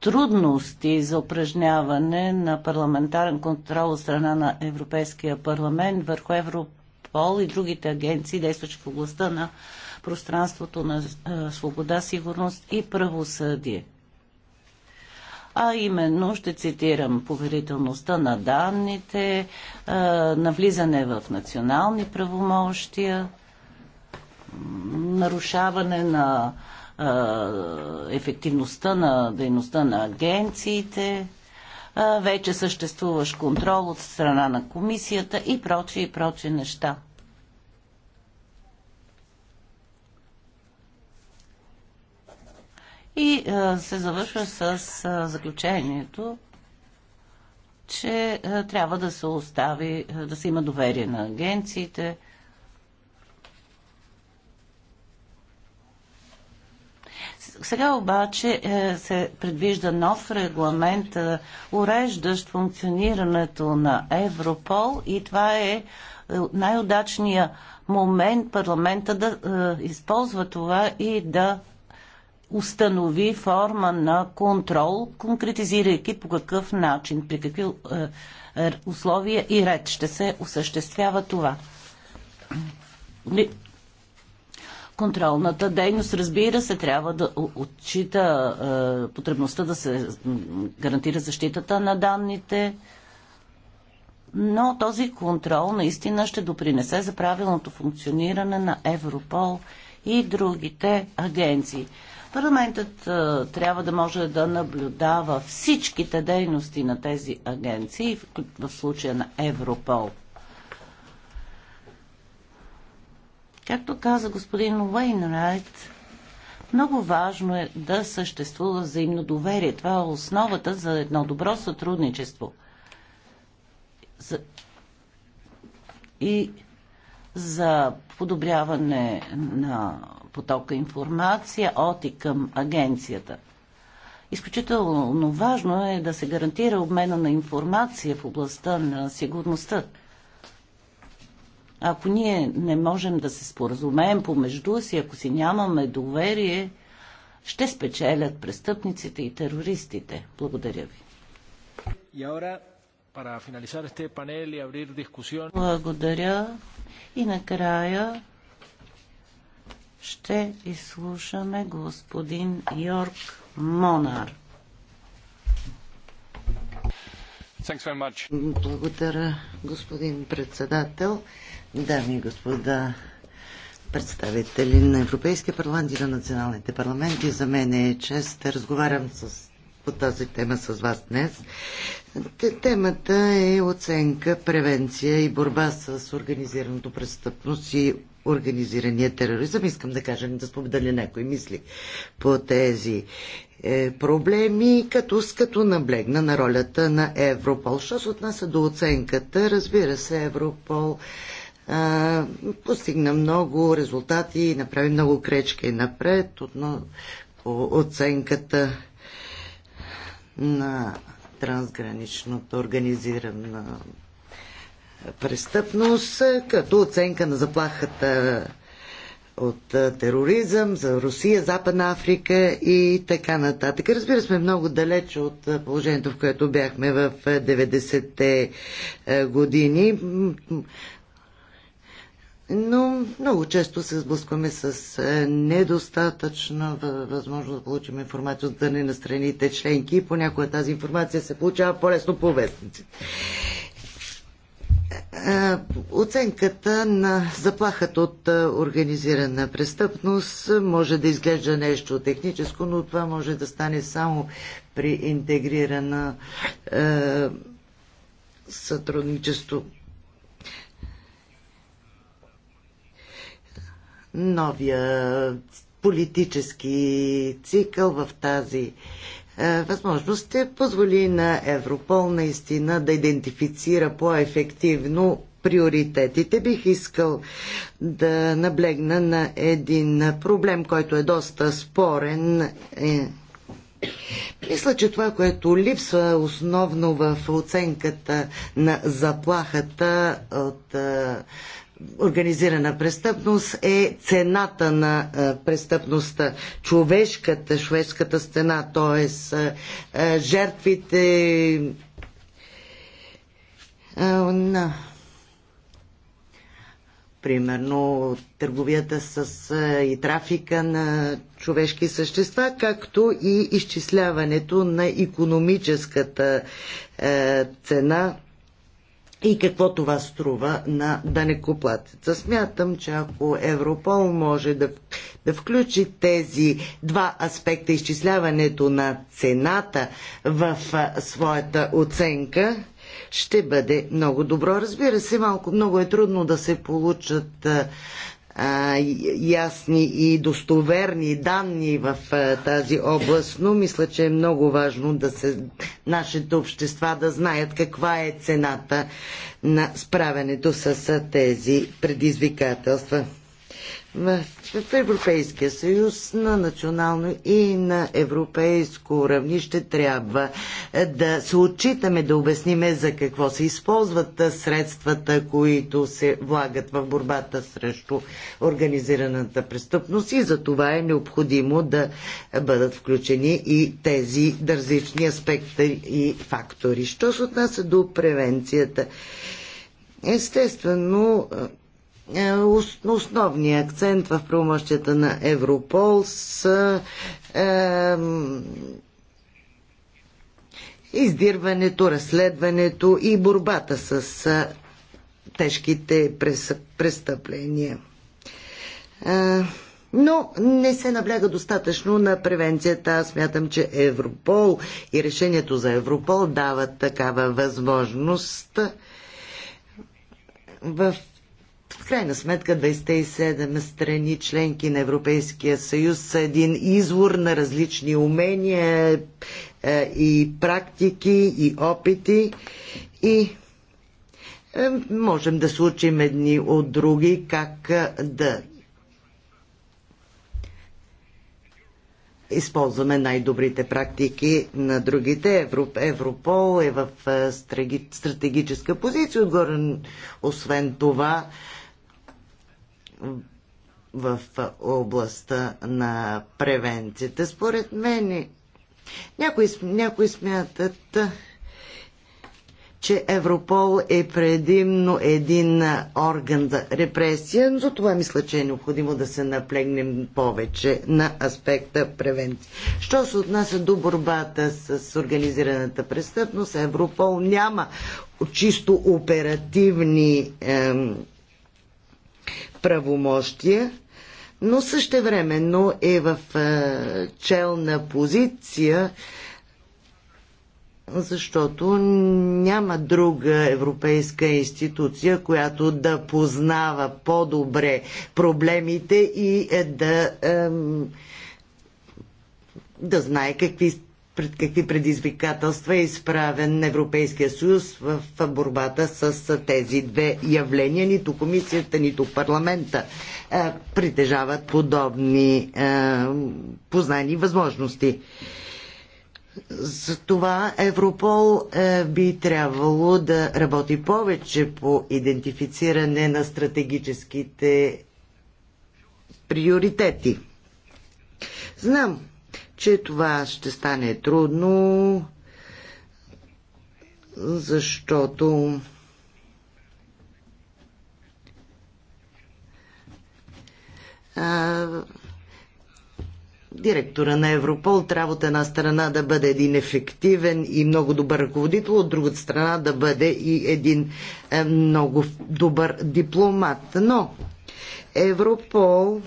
трудности за упражняване на парламентарен контрол от страна на Европейския парламент върху Европол и другите агенции, действащи в областта на пространството на а, свобода, сигурност и правосъдие. А именно, ще цитирам поверителността на данните, а, навлизане в национални правомощия, нарушаване на ефективността на дейността на агенциите, вече съществуващ контрол от страна на комисията и прочие и прочие неща. И се завършва с заключението, че трябва да се остави, да се има доверие на агенциите, Сега обаче е, се предвижда нов регламент, е, уреждащ функционирането на Европол и това е, е най-удачният момент парламента да използва това и да установи форма на контрол, конкретизирайки по какъв начин, при какви условия и ред ще се осъществява това. Контролната дейност, разбира се, трябва да отчита е, потребността да се гарантира защитата на данните, но този контрол наистина ще допринесе за правилното функциониране на Европол и другите агенции. Парламентът е, трябва да може да наблюдава всичките дейности на тези агенции, в, в случая на Европол. Както каза господин Уейнрайт, много важно е да съществува взаимно доверие. Това е основата за едно добро сътрудничество. За... И за подобряване на потока информация от и към агенцията. Изключително важно е да се гарантира обмена на информация в областта на сигурността. Ако ние не можем да се споразумеем помежду си, ако си нямаме доверие, ще спечелят престъпниците и терористите. Благодаря ви. Благодаря. И накрая ще изслушаме господин Йорк Монар. Благодаря, господин председател дами и господа представители на Европейския парламент и на националните парламенти. За мен е чест да разговарям с, по тази тема с вас днес. Темата е оценка, превенция и борба с организираното престъпност и организирания тероризъм. Искам да кажа, да споделя някои мисли по тези е, проблеми, като, като наблегна на ролята на Европол. Що се отнася до оценката, разбира се, Европол а, постигна много резултати и направи много кречки напред отно, по оценката на трансграничното организирана престъпност, като оценка на заплахата от тероризъм, за Русия, Западна Африка и така нататък. Разбира сме много далече от положението, в което бяхме в 90-те години но много често се сблъскваме с е, недостатъчна възможност да получим информация от дъни на страните членки и понякога тази информация се получава по-лесно по вестниците. Е, оценката на заплахата от е, организирана престъпност може да изглежда нещо техническо, но това може да стане само при интегрирана сътрудничество новия политически цикъл в тази е, възможност ще позволи на Европол наистина да идентифицира по-ефективно приоритетите. Бих искал да наблегна на един проблем, който е доста спорен. Е, мисля, че това, което липсва основно в оценката на заплахата от е, организирана престъпност е цената на е, престъпността, човешката, шведската стена, т.е. Е, жертвите е, на примерно търговията с и трафика на човешки същества, както и изчисляването на економическата цена и какво това струва на данекоплатеца. Смятам, че ако Европол може да, да включи тези два аспекта, изчисляването на цената в своята оценка, ще бъде много добро. Разбира се, малко много е трудно да се получат а, ясни и достоверни данни в а, тази област, но мисля, че е много важно да се нашите общества да знаят каква е цената на справянето с а, тези предизвикателства в Европейския съюз на национално и на европейско равнище трябва да се отчитаме, да обясниме за какво се използват средствата, които се влагат в борбата срещу организираната престъпност и за това е необходимо да бъдат включени и тези дързични аспекти и фактори. Що се отнася до превенцията? Естествено, е, Основният акцент в промощията на Европол са издирването, разследването и борбата с е, тежките престъпления. Е, но не се набляга достатъчно на превенцията. Аз мятам, че Европол и решението за Европол дават такава възможност в крайна сметка 27 страни, членки на Европейския съюз, са един извор на различни умения е, и практики и опити и е, можем да се учим едни от други как е, да използваме най-добрите практики на другите. Европол е в стратегическа позиция. Отгоре, освен това, в областта на превенцията. Според мен някои, някои смятат, че Европол е предимно един орган за репресия, но за това мисля, че е необходимо да се наплегнем повече на аспекта превенция. Що се отнася до борбата с организираната престъпност, Европол няма чисто оперативни ем, правомощия, но същевременно е в е, челна позиция, защото няма друга европейска институция, която да познава по-добре проблемите и е да, да знае какви пред какви предизвикателства е изправен Европейския съюз в борбата с тези две явления. Нито комисията, нито парламента е, притежават подобни е, познани и възможности. Затова Европол е, би трябвало да работи повече по идентифициране на стратегическите приоритети. Знам, че това ще стане трудно, защото а, директора на Европол трябва от една страна да бъде един ефективен и много добър ръководител, от другата страна да бъде и един е, много добър дипломат. Но Европол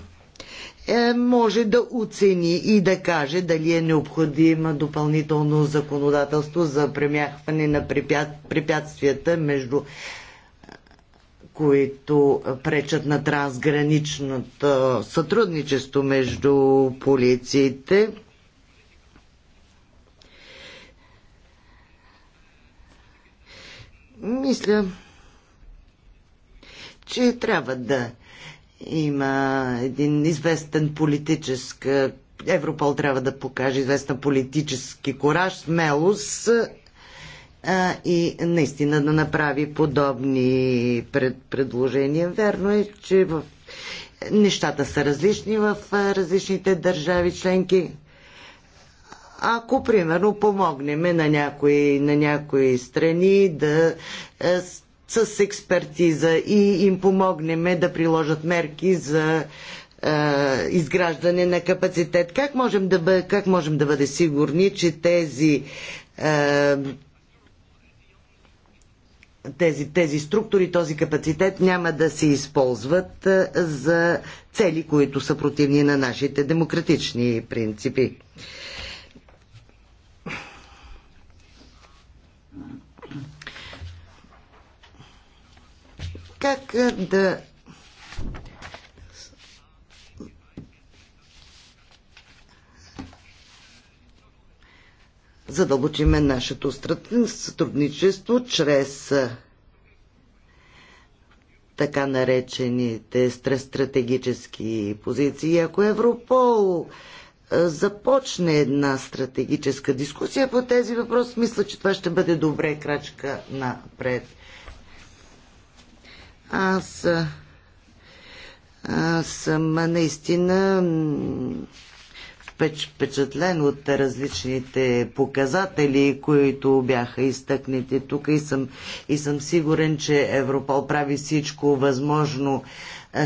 е, може да оцени и да каже дали е необходимо допълнително законодателство за премяхване на препятствията между които пречат на трансграничното сътрудничество между полициите. Мисля, че трябва да има един известен политически, е, Европол трябва да покаже известен политически кораж, смелост а, е, и наистина да направи подобни пред, предложения. Верно е, че в, нещата са различни в е, различните държави членки. Ако, примерно, помогнем на някои, на някои страни да с експертиза и им помогнем да приложат мерки за е, изграждане на капацитет. Как можем да, бъ, как можем да бъде сигурни, че тези, е, тези, тези структури, този капацитет няма да се използват е, за цели, които са противни на нашите демократични принципи? как да задълбочиме нашето сътрудничество чрез така наречените стратегически позиции. Ако Европол започне една стратегическа дискусия по тези въпроси, мисля, че това ще бъде добре крачка напред. Аз съм наистина впечатлен от различните показатели, които бяха изтъкнати тук и съм, и съм сигурен, че Европол прави всичко възможно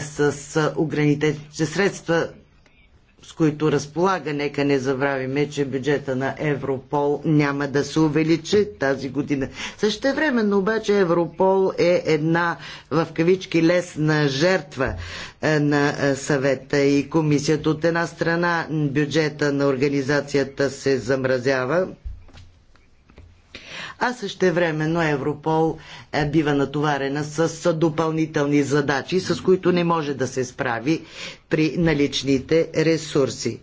с ограните средства които разполага. Нека не забравиме, че бюджета на Европол няма да се увеличи тази година. Същевременно обаче Европол е една в кавички лесна жертва е, на е, съвета и комисията. От една страна бюджета на организацията се замразява а същевременно Европол е, бива натоварена с допълнителни задачи, с които не може да се справи при наличните ресурси.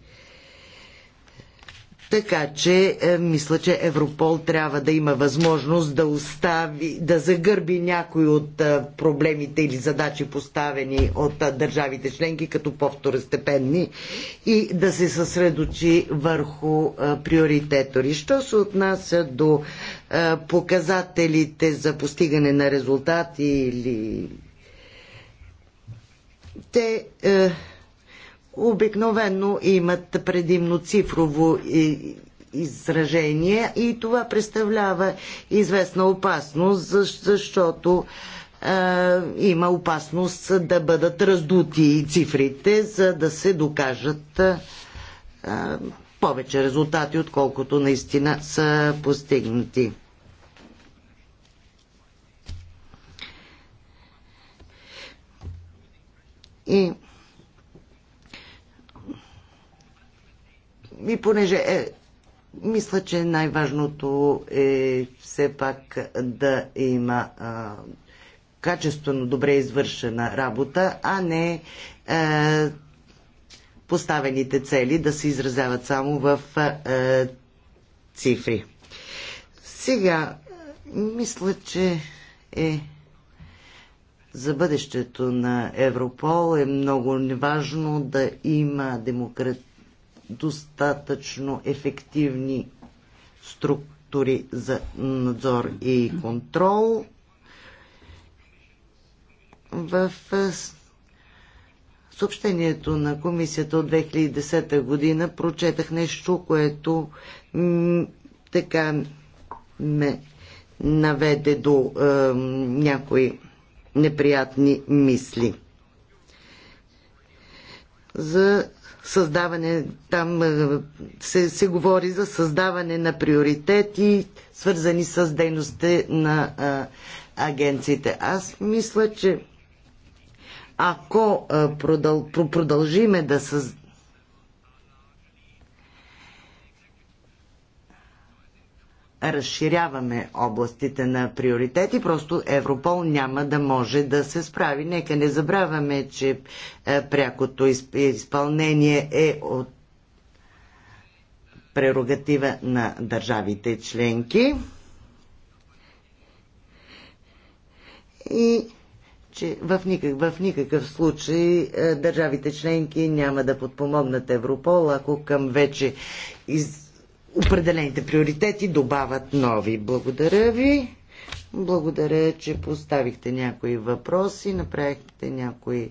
Така че е, мисля, че Европол трябва да има възможност да остави, да загърби някои от е, проблемите или задачи поставени от е, държавите членки като по-второстепенни и да се съсредочи върху приоритетори. Що се отнася до показателите за постигане на резултати или те обикновено имат предимно цифрово изражение и това представлява известна опасност, защото има опасност да бъдат раздути цифрите, за да се докажат повече резултати, отколкото наистина са постигнати. И и понеже е, мисля, че най-важното е все пак да има а, качествено добре извършена работа, а не а, е, поставените цели да се изразяват само в а, е, цифри. Сега, мисля, че е за бъдещето на Европол е много важно да има демократ достатъчно ефективни структури за надзор и контрол. В съобщението на комисията от 2010 година прочетах нещо, което така ме наведе до е, някои неприятни мисли. За създаване, там е, се, се говори за създаване на приоритети, свързани с дейността на а, е, агенциите. Аз мисля, че ако е, продъл, продължиме да, създаваме. разширяваме областите на приоритети, просто Европол няма да може да се справи. Нека не забравяме, че е, прякото изпълнение е от прерогатива на държавите членки и че в никакъв, в никакъв случай е, държавите членки няма да подпомогнат Европол, ако към вече из, определените приоритети добавят нови. Благодаря ви. Благодаря, че поставихте някои въпроси, направихте някои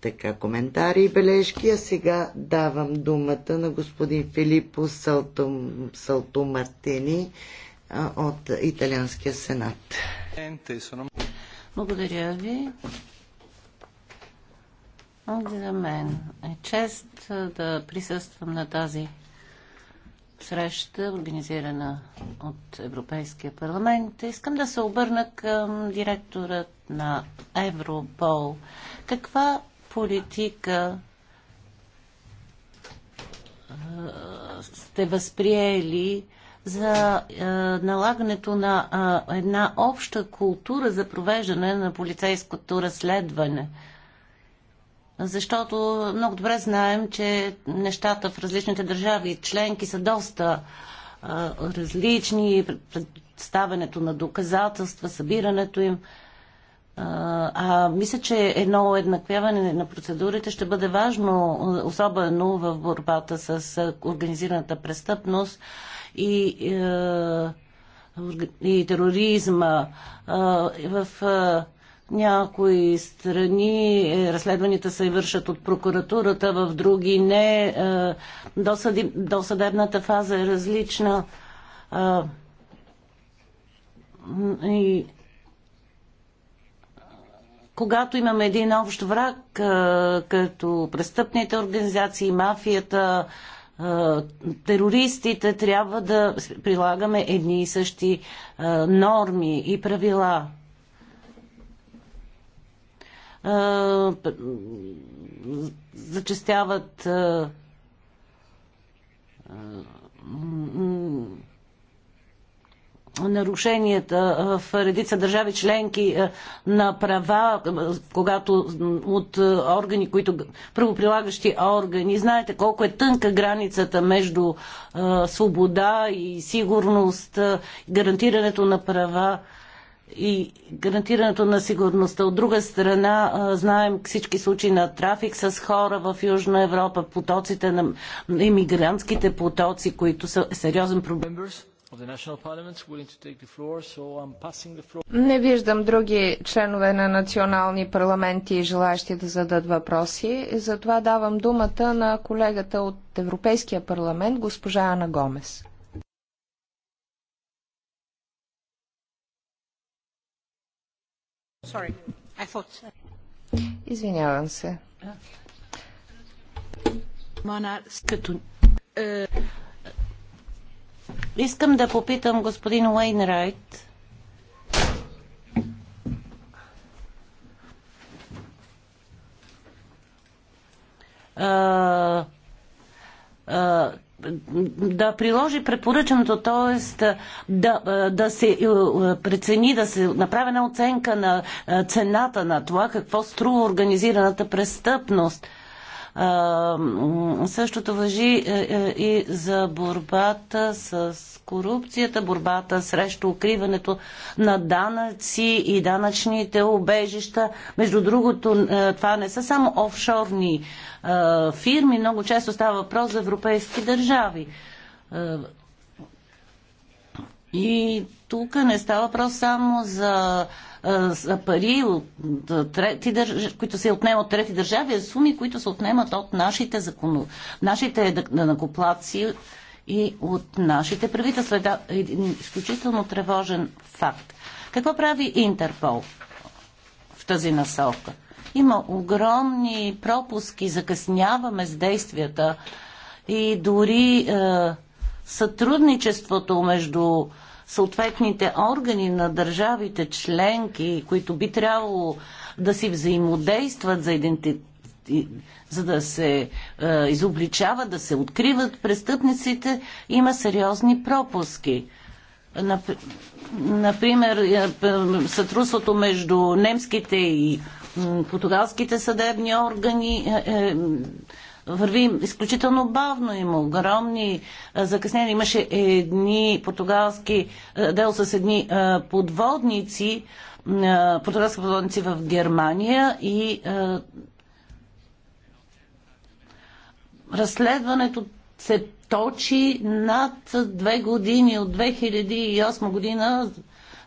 така коментари и бележки. А сега давам думата на господин Филипо Салто, Салто Мартини от Италианския сенат. Благодаря ви. За мен е чест да присъствам на тази среща, организирана от Европейския парламент. Искам да се обърна към директорът на Европол. Каква политика сте възприели за налагането на една обща култура за провеждане на полицейското разследване защото много добре знаем, че нещата в различните държави членки са доста а, различни. Представянето на доказателства, събирането им. А, а мисля, че едно еднаквяване на процедурите ще бъде важно, особено в борбата с организираната престъпност и, и, и тероризма. А, в някои страни е, разследванията се вършат от прокуратурата, в други не. Е, досъдебната фаза е различна. Е, и когато имаме един общ враг, като престъпните организации, мафията, терористите, трябва да прилагаме едни и същи норми и правила зачестяват нарушенията в редица държави членки на права, когато от органи, които правоприлагащи органи, знаете колко е тънка границата между свобода и сигурност, гарантирането на права и гарантирането на сигурността. От друга страна, знаем всички случаи на трафик с хора в Южна Европа, потоците на иммигрантските потоци, които са сериозен проблем. Не виждам други членове на национални парламенти, желаящи да зададат въпроси. Затова давам думата на колегата от Европейския парламент, госпожа Ана Гомес. Извинявам се. Е, искам да попитам господин Уейнрайт. Е, е, да приложи препоръчаното, т.е. Да, да се е, прецени, да се направи на оценка на е, цената на това, какво струва организираната престъпност – Същото въжи е, е, и за борбата с корупцията, борбата срещу укриването на данъци и данъчните обежища. Между другото, е, това не са само офшорни фирми, много често става въпрос за европейски държави. И тук не става въпрос само за са пари, от трети държ... които се отнемат от трети държави, суми, които се отнемат от нашите, закон... нашите накоплаци и от нашите правителства. Да, един изключително тревожен факт. Какво прави Интерпол в тази насока? Има огромни пропуски, закъсняваме с действията и дори е, сътрудничеството между е, съответните органи на държавите членки, които би трябвало да си взаимодействат за идентитет за да се е, изобличават, да се откриват престъпниците, има сериозни пропуски. Например, е, е, сътрудството между немските и португалските съдебни органи е, е, върви изключително бавно, има огромни закъснения. Имаше едни португалски дел с едни подводници, португалски подводници в Германия и разследването се точи над две години от 2008 година,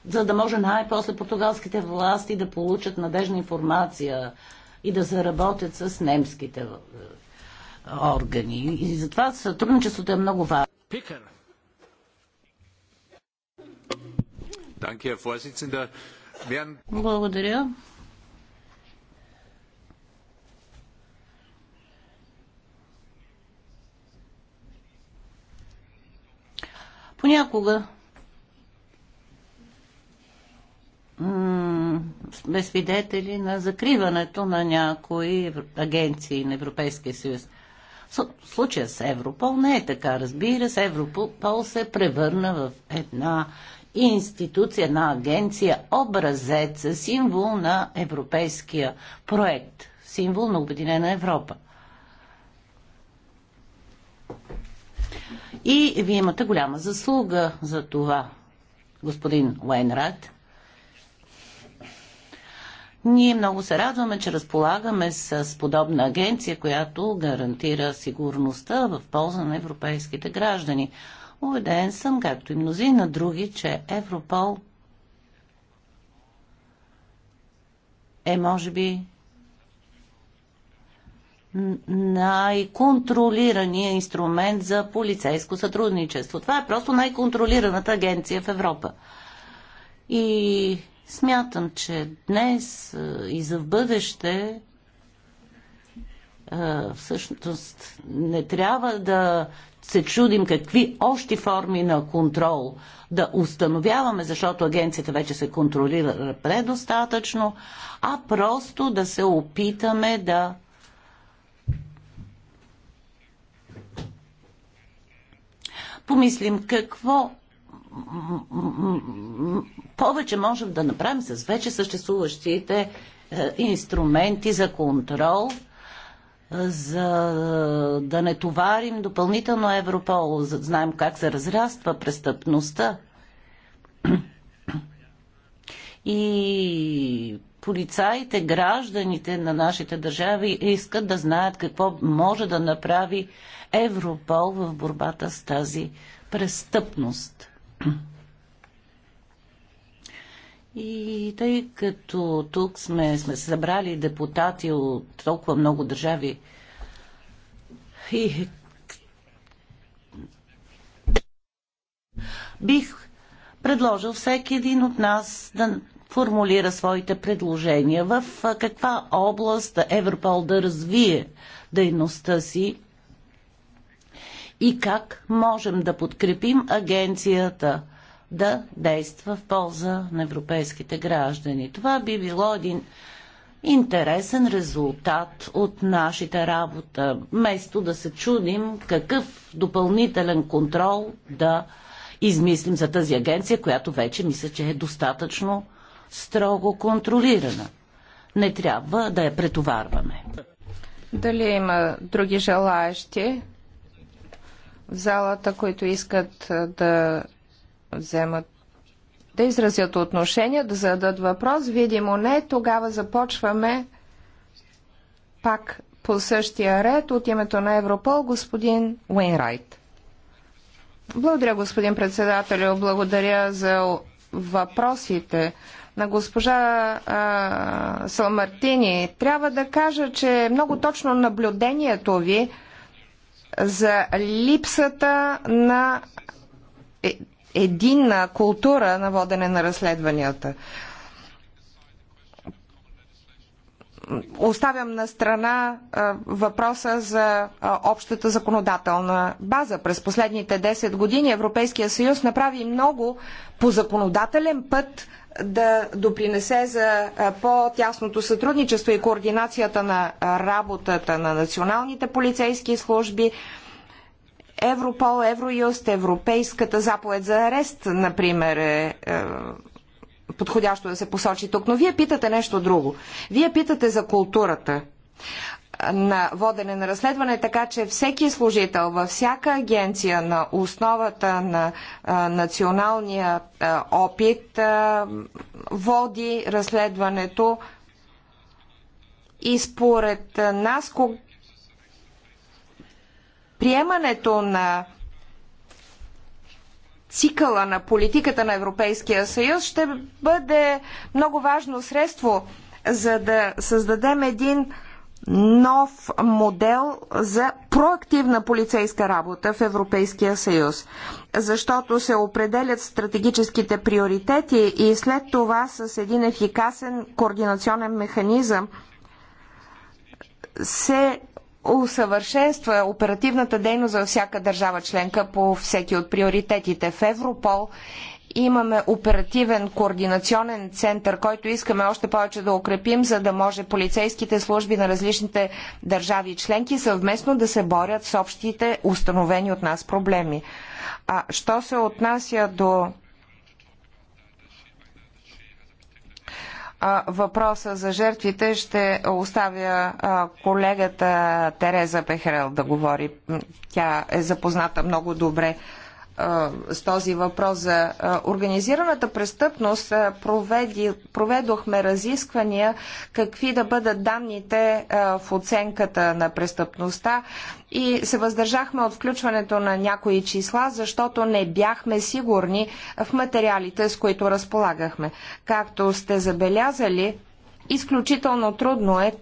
за да може най-после португалските власти да получат надежна информация и да заработят с немските власти органи. И затова сътрудничеството е много важно. Благодаря. Понякога сме свидетели на закриването на някои агенции на Европейския съюз. В случая с Европол не е така. Разбира се, Европол се превърна в една институция, една агенция, образец, символ на европейския проект, символ на Обединена Европа. И вие имате голяма заслуга за това, господин Уайнрат. Ние много се радваме, че разполагаме с подобна агенция, която гарантира сигурността в полза на европейските граждани. Убеден съм, както и мнозина други, че Европол е, може би, най-контролирания инструмент за полицейско сътрудничество. Това е просто най-контролираната агенция в Европа. И Смятам, че днес и за в бъдеще всъщност не трябва да се чудим какви още форми на контрол да установяваме, защото агенцията вече се контролира предостатъчно, а просто да се опитаме да помислим какво повече можем да направим с вече съществуващите е, инструменти за контрол, е, за да не товарим допълнително Европол. Знаем как се разраства престъпността. И полицаите, гражданите на нашите държави искат да знаят какво може да направи Европол в борбата с тази престъпност. И тъй като тук сме, сме събрали депутати от толкова много държави и бих предложил всеки един от нас да формулира своите предложения в каква област Европол да развие дейността си и как можем да подкрепим агенцията да действа в полза на европейските граждани. Това би било един интересен резултат от нашата работа, вместо да се чудим какъв допълнителен контрол да измислим за тази агенция, която вече мисля, че е достатъчно строго контролирана. Не трябва да я претоварваме. Дали има други желаящи? в залата, които искат да вземат да изразят отношение, да зададат въпрос. Видимо не, тогава започваме пак по същия ред от името на Европол господин Уейнрайт. Благодаря, господин председател, Благодаря за въпросите на госпожа а, Салмартини. Трябва да кажа, че е много точно наблюдението ви за липсата на е, единна култура на водене на разследванията. Оставям на страна въпроса за общата законодателна база. През последните 10 години Европейския съюз направи много по законодателен път да допринесе за по-тясното сътрудничество и координацията на работата на националните полицейски служби, Европол, Евроюст, Европейската заповед за арест, например, е, е подходящо да се посочи тук. Но вие питате нещо друго. Вие питате за културата на водене на разследване, така че всеки служител във всяка агенция на основата на а, националния а, опит а, води разследването и според нас ког... приемането на цикъла на политиката на Европейския съюз ще бъде много важно средство за да създадем един нов модел за проактивна полицейска работа в Европейския съюз, защото се определят стратегическите приоритети и след това с един ефикасен координационен механизъм се усъвършенства оперативната дейност за всяка държава членка по всеки от приоритетите в Европол имаме оперативен координационен център, който искаме още повече да укрепим, за да може полицейските служби на различните държави и членки съвместно да се борят с общите установени от нас проблеми. А що се отнася до въпроса за жертвите ще оставя колегата Тереза Пехрел да говори. Тя е запозната много добре с този въпрос за организираната престъпност, проведи, проведохме разисквания какви да бъдат данните в оценката на престъпността и се въздържахме от включването на някои числа, защото не бяхме сигурни в материалите, с които разполагахме. Както сте забелязали, изключително трудно е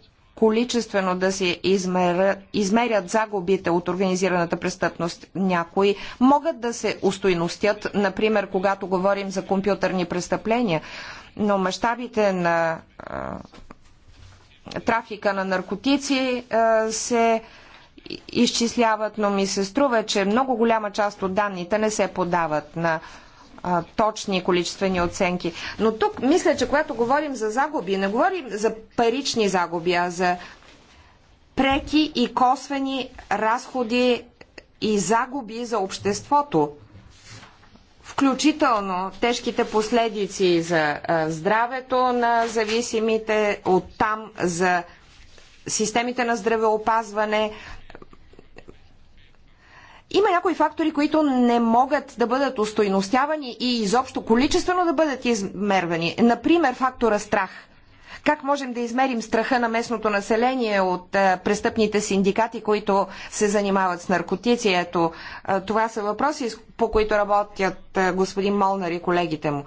количествено да се измерят, измерят загубите от организираната престъпност. Някои могат да се устойностят, например, когато говорим за компютърни престъпления, но мащабите на а, трафика на наркотици а, се изчисляват, но ми се струва, че много голяма част от данните не се подават на а, точни количествени оценки. Но тук мисля, че когато говорим за загуби, не говорим за парични загуби, а за преки и косвени разходи и загуби за обществото, включително тежките последици за здравето на зависимите, оттам за системите на здравеопазване, има някои фактори, които не могат да бъдат устойностявани и изобщо количествено да бъдат измервани. Например, фактора страх. Как можем да измерим страха на местното население от а, е, престъпните синдикати, които се занимават с наркотици? Ето, а, е, това са въпроси, по които работят а, е, господин Молнар и колегите му.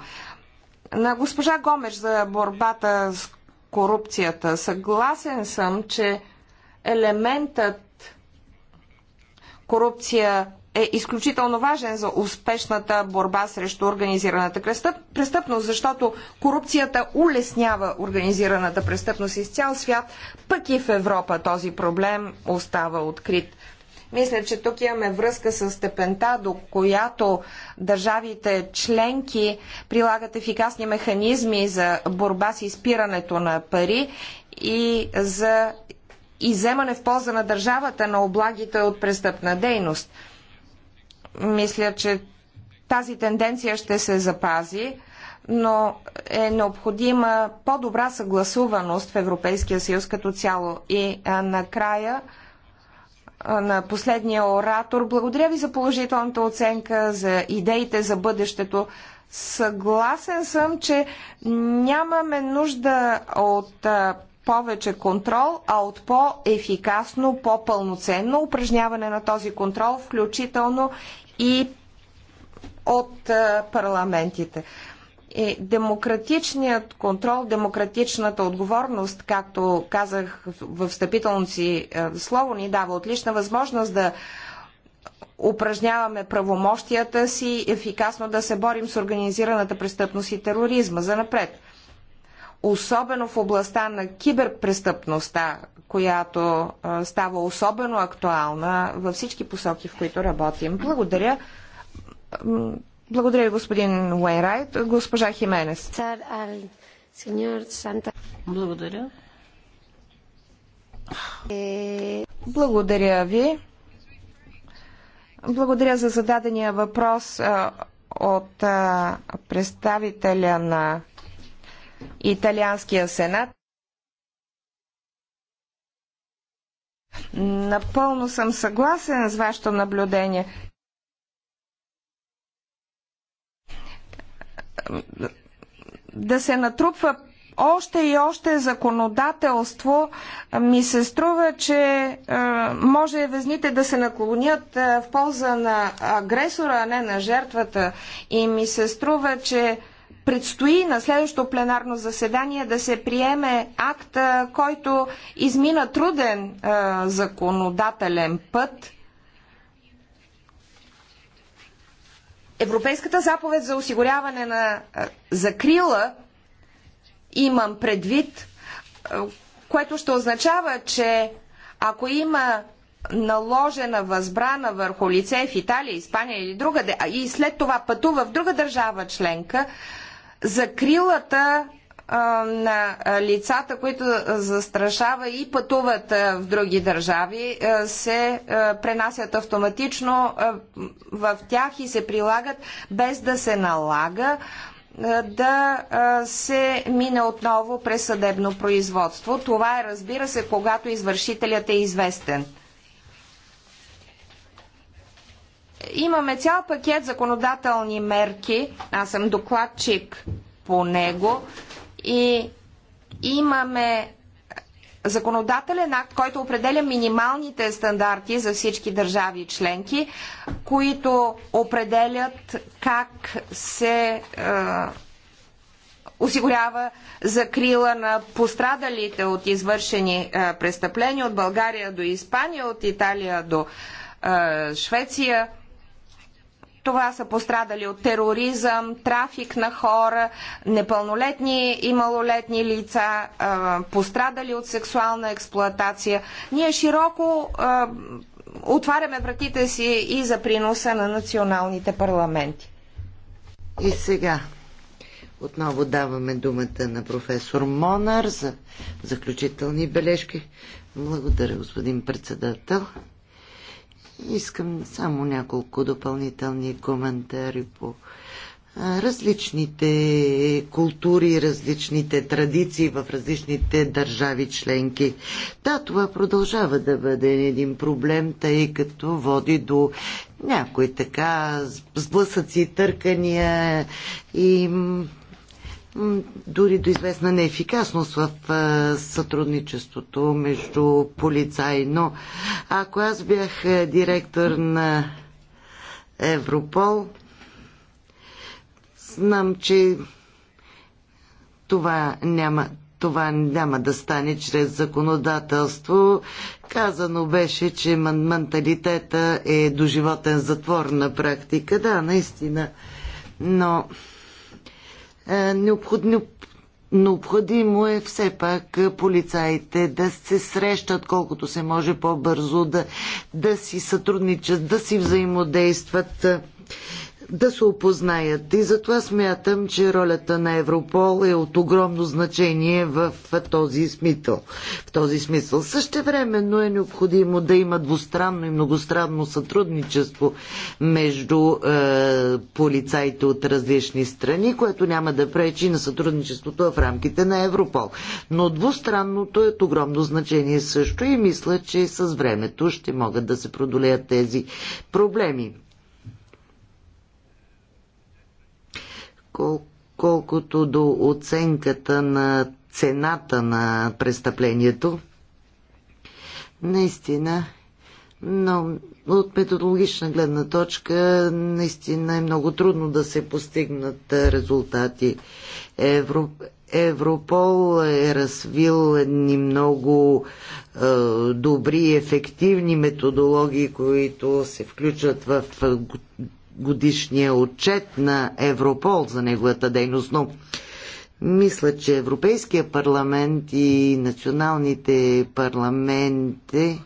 На госпожа Гомеш за борбата с корупцията. Съгласен съм, че елементът корупция е изключително важен за успешната борба срещу организираната престъпност, защото корупцията улеснява организираната престъпност из цял свят, пък и в Европа този проблем остава открит. Мисля, че тук имаме връзка с степента, до която държавите членки прилагат ефикасни механизми за борба с изпирането на пари и за и вземане в полза на държавата на облагите от престъпна дейност. Мисля, че тази тенденция ще се запази, но е необходима по-добра съгласуваност в Европейския съюз като цяло. И накрая на последния оратор. Благодаря ви за положителната оценка, за идеите за бъдещето. Съгласен съм, че нямаме нужда от повече контрол, а от по-ефикасно, по-пълноценно упражняване на този контрол, включително и от е, парламентите. И демократичният контрол, демократичната отговорност, както казах в встъпителното си е, слово, ни дава отлична възможност да упражняваме правомощията си, ефикасно да се борим с организираната престъпност и тероризма за напред особено в областта на киберпрестъпността, която става особено актуална във всички посоки, в които работим. Благодаря. Благодаря господин Уейнрайт. Госпожа Хименес. Благодаря. Е, благодаря ви. Благодаря за зададения въпрос от представителя на Италианския сенат. Напълно съм съгласен с вашето наблюдение. Да се натрупва още и още законодателство, ми се струва, че е, може везните да се наклонят е, в полза на агресора, а не на жертвата. И ми се струва, че Предстои на следващото пленарно заседание да се приеме акт, който измина труден а, законодателен път. Европейската заповед за осигуряване на закрила, имам предвид, което ще означава, че ако има наложена възбрана върху лице в Италия, Испания или другаде, и след това пътува в друга държава членка, закрилата на лицата, които застрашава и пътуват в други държави, се пренасят автоматично в тях и се прилагат без да се налага да се мине отново през съдебно производство. Това е, разбира се, когато извършителят е известен. Имаме цял пакет законодателни мерки. Аз съм докладчик по него. И имаме законодателен акт, който определя минималните стандарти за всички държави и членки, които определят как се е, осигурява закрила на пострадалите от извършени е, престъпления от България до Испания, от Италия до е, Швеция. Това са пострадали от тероризъм, трафик на хора, непълнолетни и малолетни лица, пострадали от сексуална експлоатация. Ние широко отваряме вратите си и за приноса на националните парламенти. И сега отново даваме думата на професор Монар за заключителни бележки. Благодаря, господин председател. Искам само няколко допълнителни коментари по различните култури, различните традиции в различните държави членки. Да, това продължава да бъде един проблем, тъй като води до някои така сблъсъци, търкания и дори до известна неефикасност в сътрудничеството между полицаи. Но ако аз бях директор на Европол, знам, че това няма, това няма да стане чрез законодателство. Казано беше, че менталитета е доживотен затвор на практика. Да, наистина. Но е, необходимо, необходимо е все пак е, полицаите да се срещат колкото се може по-бързо, да, да си сътрудничат, да си взаимодействат да се опознаят. И затова смятам, че ролята на Европол е от огромно значение в този смисъл. В този смисъл. Същевременно е необходимо да има двустранно и многостранно сътрудничество между е, полицаите от различни страни, което няма да пречи на сътрудничеството в рамките на Европол. Но двустранното е от огромно значение също и мисля, че с времето ще могат да се продолеят тези проблеми. Кол- колкото до оценката на цената на престъплението, наистина, но от методологична гледна точка, наистина е много трудно да се постигнат резултати. Евро... Европол е развил едни много е, добри, ефективни методологии, които се включват в годишния отчет на Европол за неговата дейност, но мисля, че Европейския парламент и националните парламенти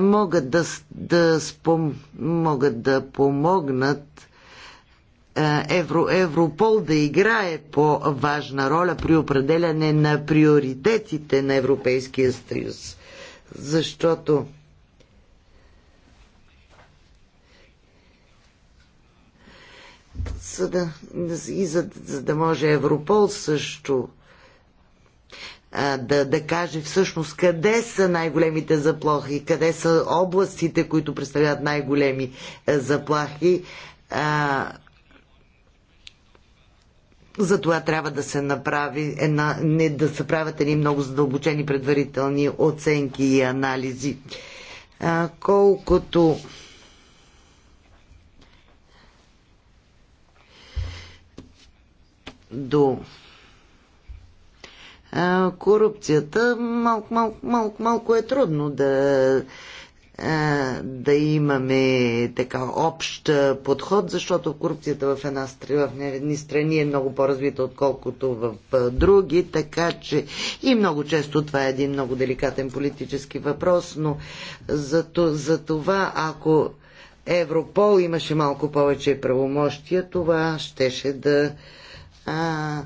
могат да, да, спом, могат да помогнат Евро, Европол да играе по-важна роля при определяне на приоритетите на Европейския съюз. Защото да, и за, за да може Европол също да, да каже всъщност къде са най-големите заплахи, къде са областите, които представляват най-големи е, заплахи. А, за това трябва да се направи една, не, да се правят едни много задълбочени предварителни оценки и анализи. А, колкото до а, корупцията, малко, малко, малко, малко е трудно да, а, да имаме така общ подход, защото корупцията в една в едни страни е много по-развита, отколкото в други, така че и много често това е един много деликатен политически въпрос, но за, за това, ако Европол имаше малко повече правомощия, това щеше да а,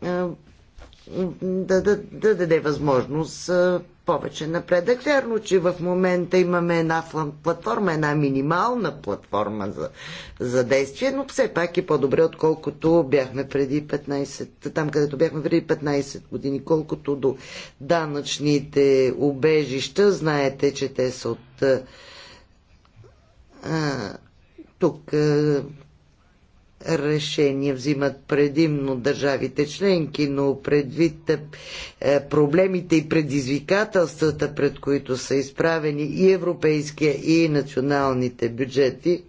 да, да, да даде възможност а, повече напредък. Вярно, че в момента имаме една платформа, една минимална платформа за, за действие, но все пак е по-добре, отколкото бяхме преди 15, там където бяхме преди 15 години, колкото до данъчните убежища. Знаете, че те са от а, тук а, решения взимат предимно държавите членки, но предвид е, проблемите и предизвикателствата, пред които са изправени и европейския, и националните бюджети,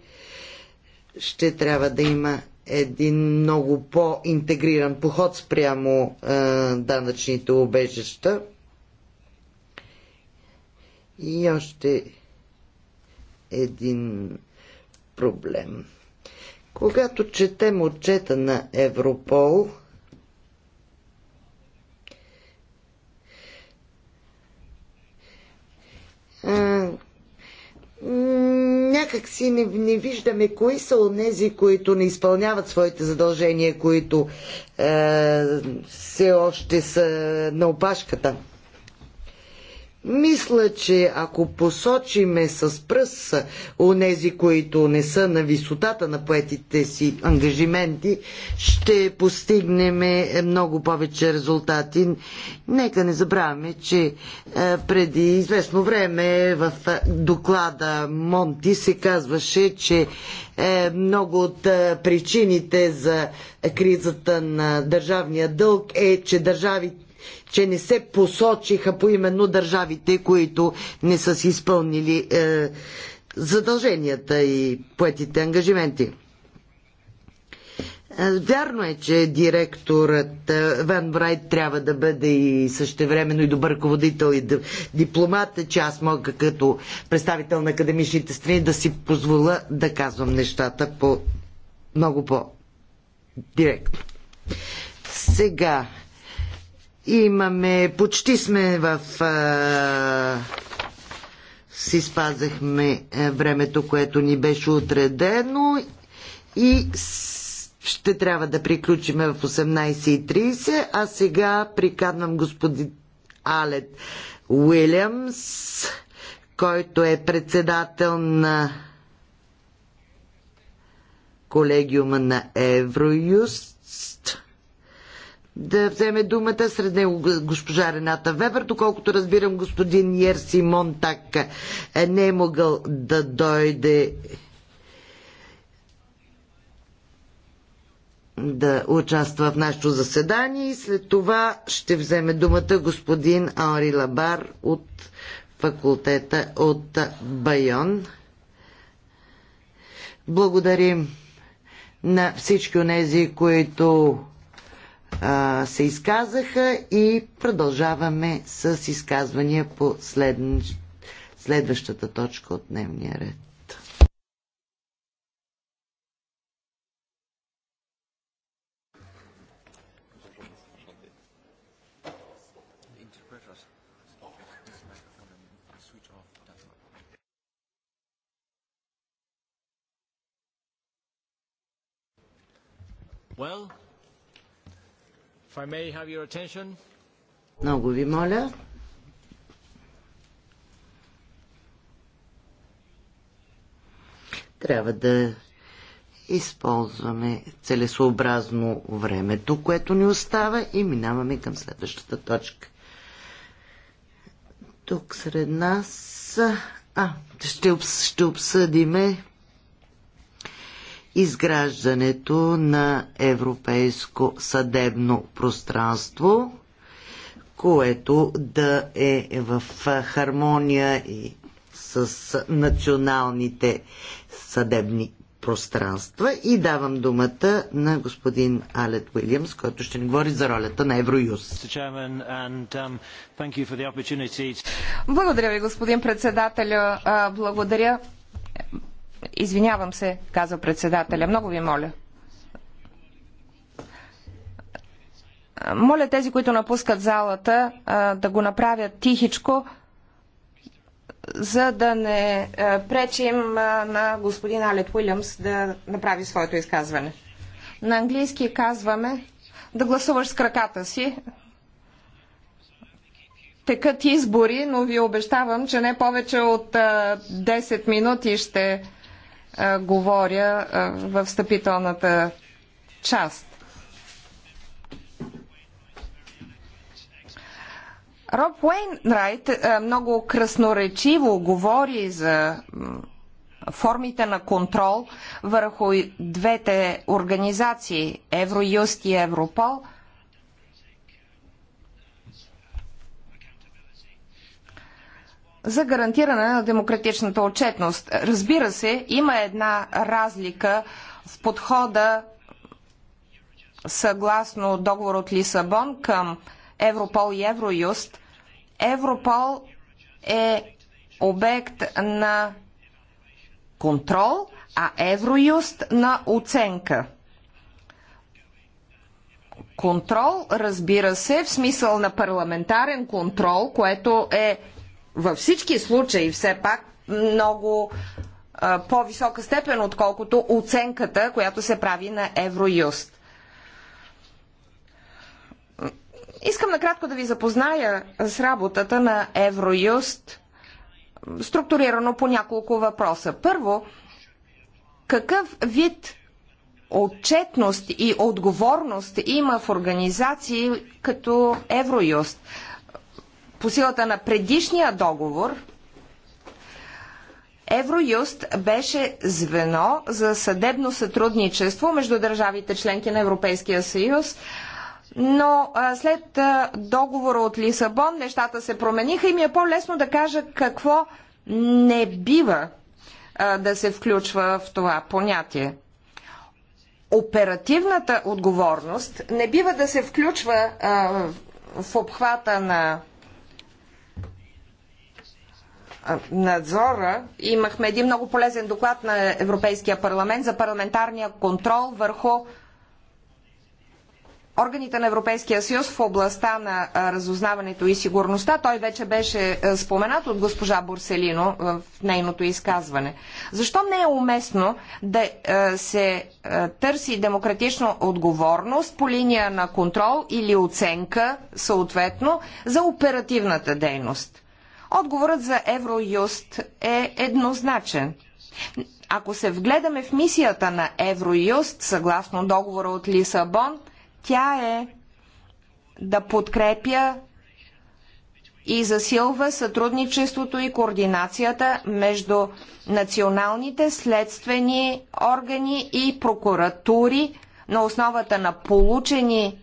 ще трябва да има един много по-интегриран поход спрямо е, данъчните обежища, И още един проблем – когато четем отчета на Европол, а, някак си не, не виждаме кои са онези, които не изпълняват своите задължения, които е, все още са на опашката. Мисля, че ако посочиме с пръс нези, които не са на висотата на поетите си ангажименти, ще постигнем много повече резултати. Нека не забравяме, че е, преди известно време в доклада Монти се казваше, че е, много от е, причините за кризата на държавния дълг е, че държавите че не се посочиха по именно държавите, които не са си изпълнили е, задълженията и поетите ангажименти. Е, вярно е, че директорът е, Ван Брайт трябва да бъде и същевременно и добър ръководител и дипломат, че аз мога като представител на академичните страни да си позволя да казвам нещата по много по-директно. Сега Имаме, почти сме в... А, си спазахме е, времето, което ни беше отредено и ще трябва да приключим в 18.30, а сега приканвам господин Алет Уилямс, който е председател на колегиума на Евроюст да вземе думата сред него госпожа Рената Вебер. Доколкото разбирам, господин Ерси Монтак е, не е могъл да дойде да участва в нашето заседание и след това ще вземе думата господин Ари Лабар от факултета от Байон. Благодарим на всички онези, които а, се изказаха и продължаваме с изказвания по след... следващата точка от дневния ред. Well, много ви моля. Трябва да използваме целесообразно времето, което ни остава и минаваме към следващата точка. Тук сред нас... А, ще, обс... ще обсъдиме изграждането на европейско съдебно пространство, което да е в хармония и с националните съдебни пространства. И давам думата на господин Алет Уилямс, който ще ни говори за ролята на Евроюз. Um, благодаря ви, господин председателя. Благодаря Извинявам се, казва председателя. Много ви моля. Моля тези, които напускат залата, да го направят тихичко, за да не пречим на господин Алек Уилямс да направи своето изказване. На английски казваме да гласуваш с краката си. Текат избори, но ви обещавам, че не повече от 10 минути ще а, говоря а, в встъпителната част. Роб Уейнрайт много красноречиво говори за формите на контрол върху двете организации Евроюст и Европол – за гарантиране на демократичната отчетност. Разбира се, има една разлика в подхода съгласно договор от Лисабон към Европол и Евроюст. Европол е обект на контрол, а Евроюст на оценка. Контрол, разбира се, в смисъл на парламентарен контрол, което е във всички случаи все пак много по-висока степен, отколкото оценката, която се прави на Евроюст. Искам накратко да ви запозная с работата на Евроюст, структурирано по няколко въпроса. Първо, какъв вид отчетност и отговорност има в организации като Евроюст? по силата на предишния договор Евроюст беше звено за съдебно сътрудничество между държавите членки на Европейския съюз, но а, след а, договора от Лисабон нещата се промениха и ми е по-лесно да кажа какво не бива а, да се включва в това понятие. Оперативната отговорност не бива да се включва а, в обхвата на надзора имахме един много полезен доклад на Европейския парламент за парламентарния контрол върху органите на Европейския съюз в областта на разузнаването и сигурността. Той вече беше споменат от госпожа Борселино в нейното изказване. Защо не е уместно да се търси демократична отговорност по линия на контрол или оценка, съответно, за оперативната дейност? Отговорът за Евроюст е еднозначен. Ако се вгледаме в мисията на Евроюст, съгласно договора от Лисабон, тя е да подкрепя и засилва сътрудничеството и координацията между националните следствени органи и прокуратури на основата на получени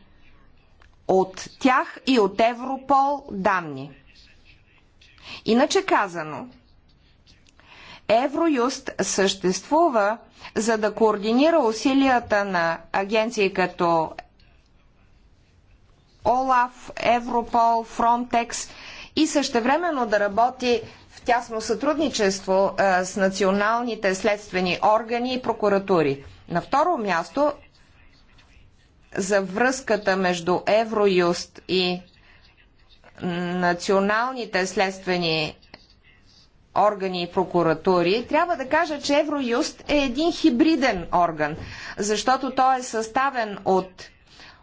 от тях и от Европол данни. Иначе казано, Евроюст съществува за да координира усилията на агенции като ОЛАФ, Европол, Фронтекс и същевременно да работи в тясно сътрудничество с националните следствени органи и прокуратури. На второ място за връзката между Евроюст и националните следствени органи и прокуратури, трябва да кажа, че Евроюст е един хибриден орган, защото той е съставен от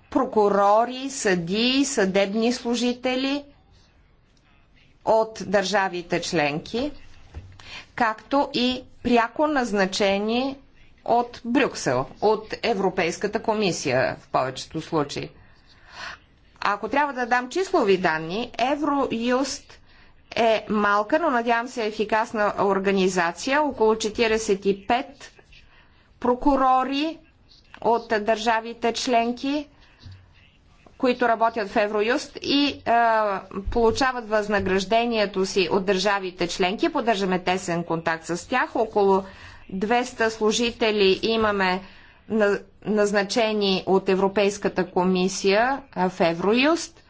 прокурори, съдии, съдебни служители от държавите членки, както и пряко назначени от Брюксел, от Европейската комисия в повечето случаи. Ако трябва да дам числови данни, Евроюст е малка, но надявам се ефикасна организация. Около 45 прокурори от държавите членки, които работят в Евроюст и е, получават възнаграждението си от държавите членки. Поддържаме тесен контакт с тях. Около 200 служители имаме на назначени от Европейската комисия в Евроюст.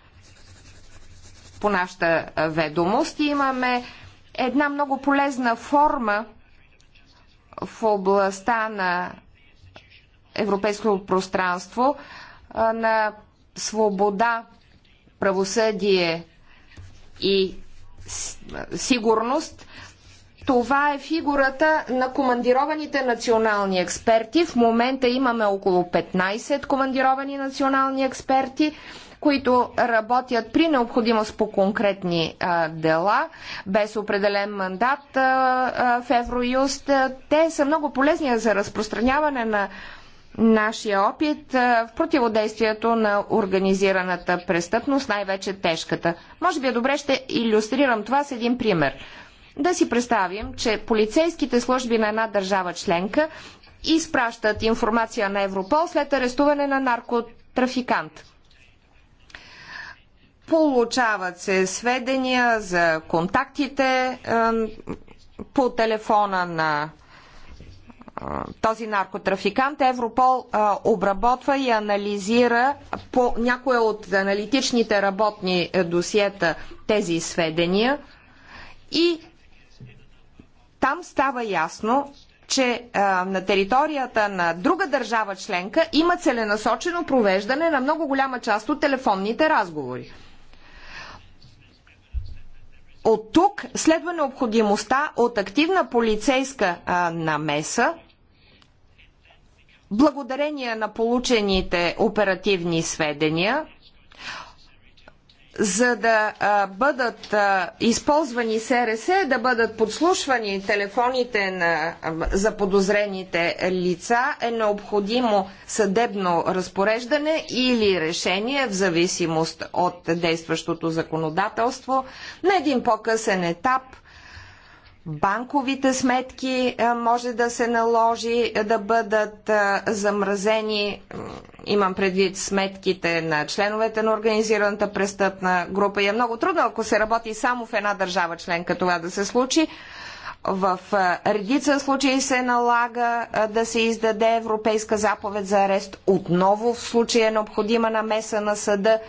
По нашата ведомост имаме една много полезна форма в областта на европейското пространство на свобода, правосъдие и сигурност това е фигурата на командированите национални експерти. В момента имаме около 15 командировани национални експерти, които работят при необходимост по конкретни а, дела, без определен мандат а, а, в Евроюст. Те са много полезни за разпространяване на нашия опит в противодействието на организираната престъпност, най-вече тежката. Може би е добре ще иллюстрирам това с един пример. Да си представим, че полицейските служби на една държава членка изпращат информация на Европол след арестуване на наркотрафикант. Получават се сведения за контактите по телефона на този наркотрафикант. Европол обработва и анализира по някоя от аналитичните работни е, досиета тези сведения и там става ясно, че а, на територията на друга държава членка има целенасочено провеждане на много голяма част от телефонните разговори. От тук следва необходимостта от активна полицейска а, намеса, благодарение на получените оперативни сведения – за да а, бъдат а, използвани СРС, да бъдат подслушвани телефоните на а, заподозрените лица, е необходимо съдебно разпореждане или решение в зависимост от действащото законодателство на един по-късен етап – банковите сметки е, може да се наложи да бъдат е, замразени, имам предвид сметките на членовете на организираната престъпна група. И е много трудно, ако се работи само в една държава членка това да се случи. В е, редица случаи се налага да се издаде европейска заповед за арест. Отново в случая е необходима намеса на съда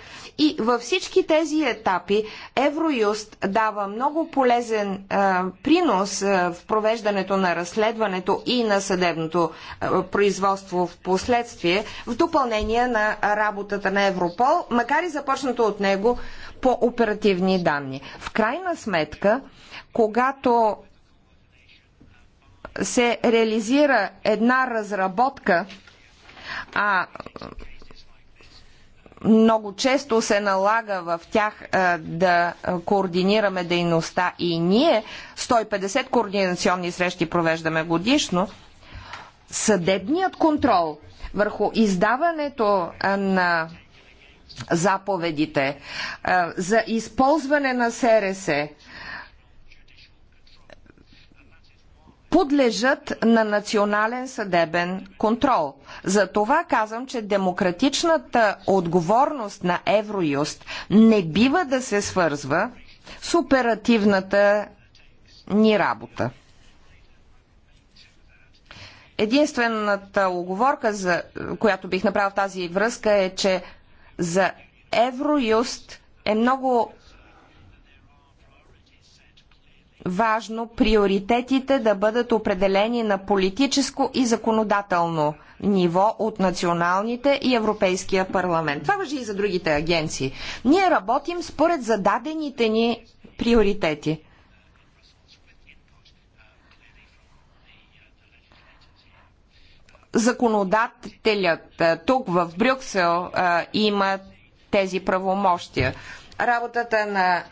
и във всички тези етапи Евроюст дава много полезен а, принос а, в провеждането на разследването и на съдебното а, производство в последствие, в допълнение на работата на Европол, макар и започнато от него по оперативни данни. В крайна сметка, когато се реализира една разработка, а много често се налага в тях е, да е, координираме дейността и ние 150 координационни срещи провеждаме годишно. Съдебният контрол върху издаването е, на заповедите за използване на СРС подлежат на национален съдебен контрол. За това казвам, че демократичната отговорност на Евроюст не бива да се свързва с оперативната ни работа. Единствената оговорка, за, която бих направил в тази връзка е, че за Евроюст е много важно приоритетите да бъдат определени на политическо и законодателно ниво от националните и Европейския парламент. Това въжи и за другите агенции. Ние работим според зададените ни приоритети. Законодателят тук в Брюксел има тези правомощия. Работата на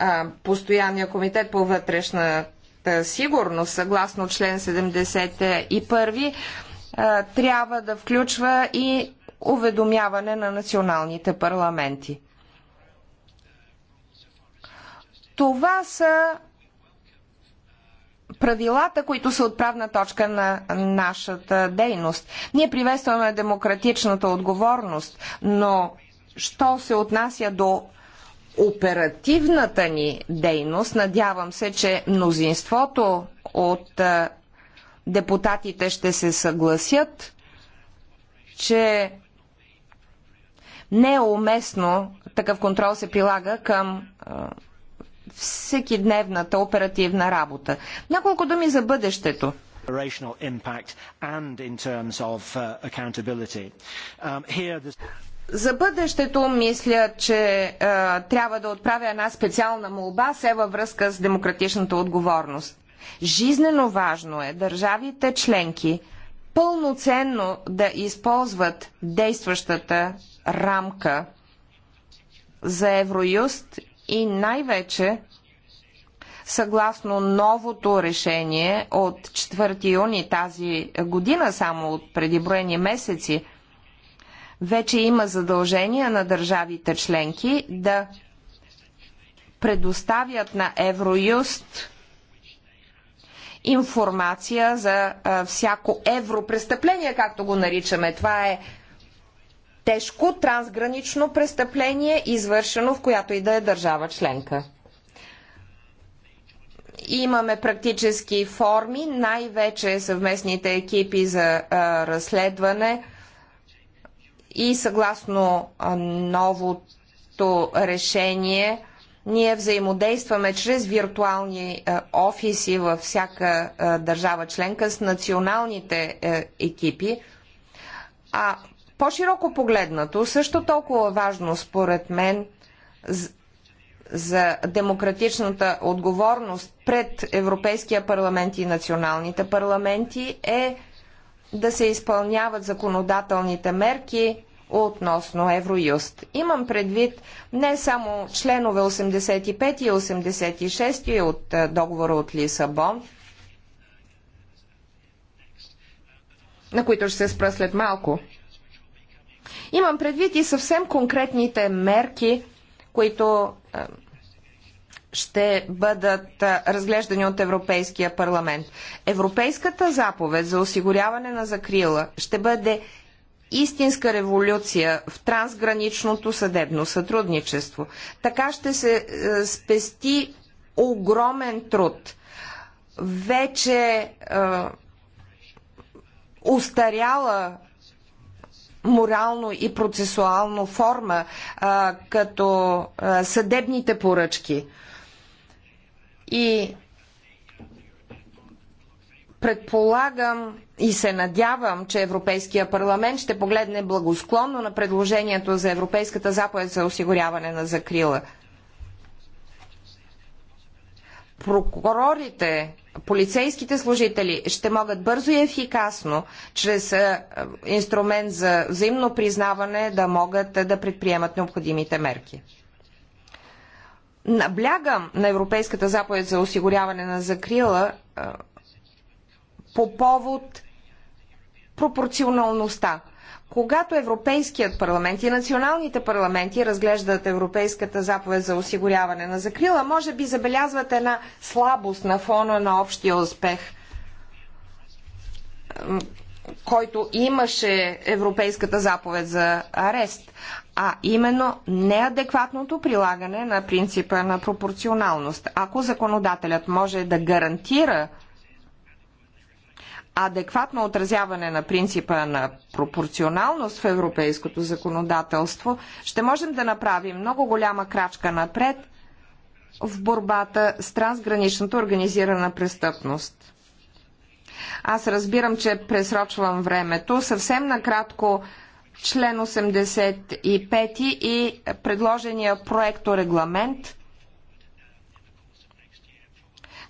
Постоянния комитет по вътрешната сигурност, съгласно член 71, трябва да включва и уведомяване на националните парламенти. Това са правилата, които са отправна точка на нашата дейност. Ние приветстваме демократичната отговорност, но що се отнася до оперативната ни дейност, надявам се, че мнозинството от депутатите ще се съгласят, че не е уместно такъв контрол се прилага към всеки дневната оперативна работа. Няколко думи за бъдещето за бъдещето мисля, че а, трябва да отправя една специална молба, се във връзка с демократичната отговорност. Жизнено важно е държавите членки пълноценно да използват действащата рамка за Евроюст и най-вече съгласно новото решение от 4 юни тази година, само от преди броени месеци – вече има задължения на държавите членки да предоставят на Евроюст информация за а, всяко европрестъпление, както го наричаме. Това е тежко трансгранично престъпление, извършено в която и да е държава членка. Имаме практически форми, най-вече съвместните екипи за а, разследване – и съгласно новото решение ние взаимодействаме чрез виртуални офиси във всяка държава членка с националните е, екипи. А по-широко погледнато, също толкова важно според мен за демократичната отговорност пред Европейския парламент и националните парламенти е да се изпълняват законодателните мерки относно Евроюст. Имам предвид не само членове 85 и 86 от е, договора от Лисабон, на които ще се спра след малко. Имам предвид и съвсем конкретните мерки, които е, ще бъдат разглеждани от Европейския парламент. Европейската заповед за осигуряване на закрила ще бъде истинска революция в трансграничното съдебно сътрудничество. Така ще се е, спести огромен труд. Вече е, устаряла морално и процесуално форма, е, като е, съдебните поръчки – и предполагам и се надявам, че Европейския парламент ще погледне благосклонно на предложението за Европейската заповед за осигуряване на закрила. Прокурорите, полицейските служители ще могат бързо и ефикасно, чрез е, инструмент за взаимно признаване, да могат е, да предприемат необходимите мерки. Наблягам на Европейската заповед за осигуряване на закрила по повод пропорционалността. Когато Европейският парламент и националните парламенти разглеждат Европейската заповед за осигуряване на закрила, може би забелязват една слабост на фона на общия успех, който имаше Европейската заповед за арест а именно неадекватното прилагане на принципа на пропорционалност. Ако законодателят може да гарантира адекватно отразяване на принципа на пропорционалност в европейското законодателство, ще можем да направим много голяма крачка напред в борбата с трансграничната организирана престъпност. Аз разбирам, че пресрочвам времето. Съвсем накратко член 85 и предложения проекторегламент, регламент,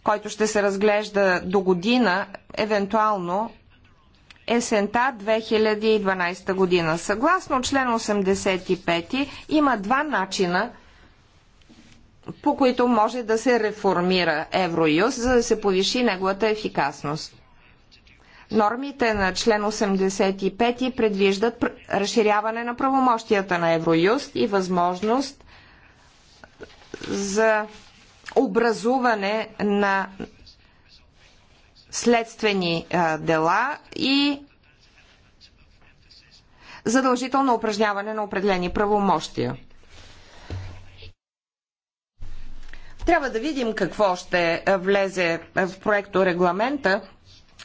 който ще се разглежда до година, евентуално есента 2012 година. Съгласно член 85 има два начина по които може да се реформира Евроюз, за да се повиши неговата ефикасност. Нормите на член 85 предвиждат разширяване на правомощията на Евроюст и възможност за образуване на следствени дела и задължително упражняване на определени правомощия. Трябва да видим какво ще влезе в проекто регламента,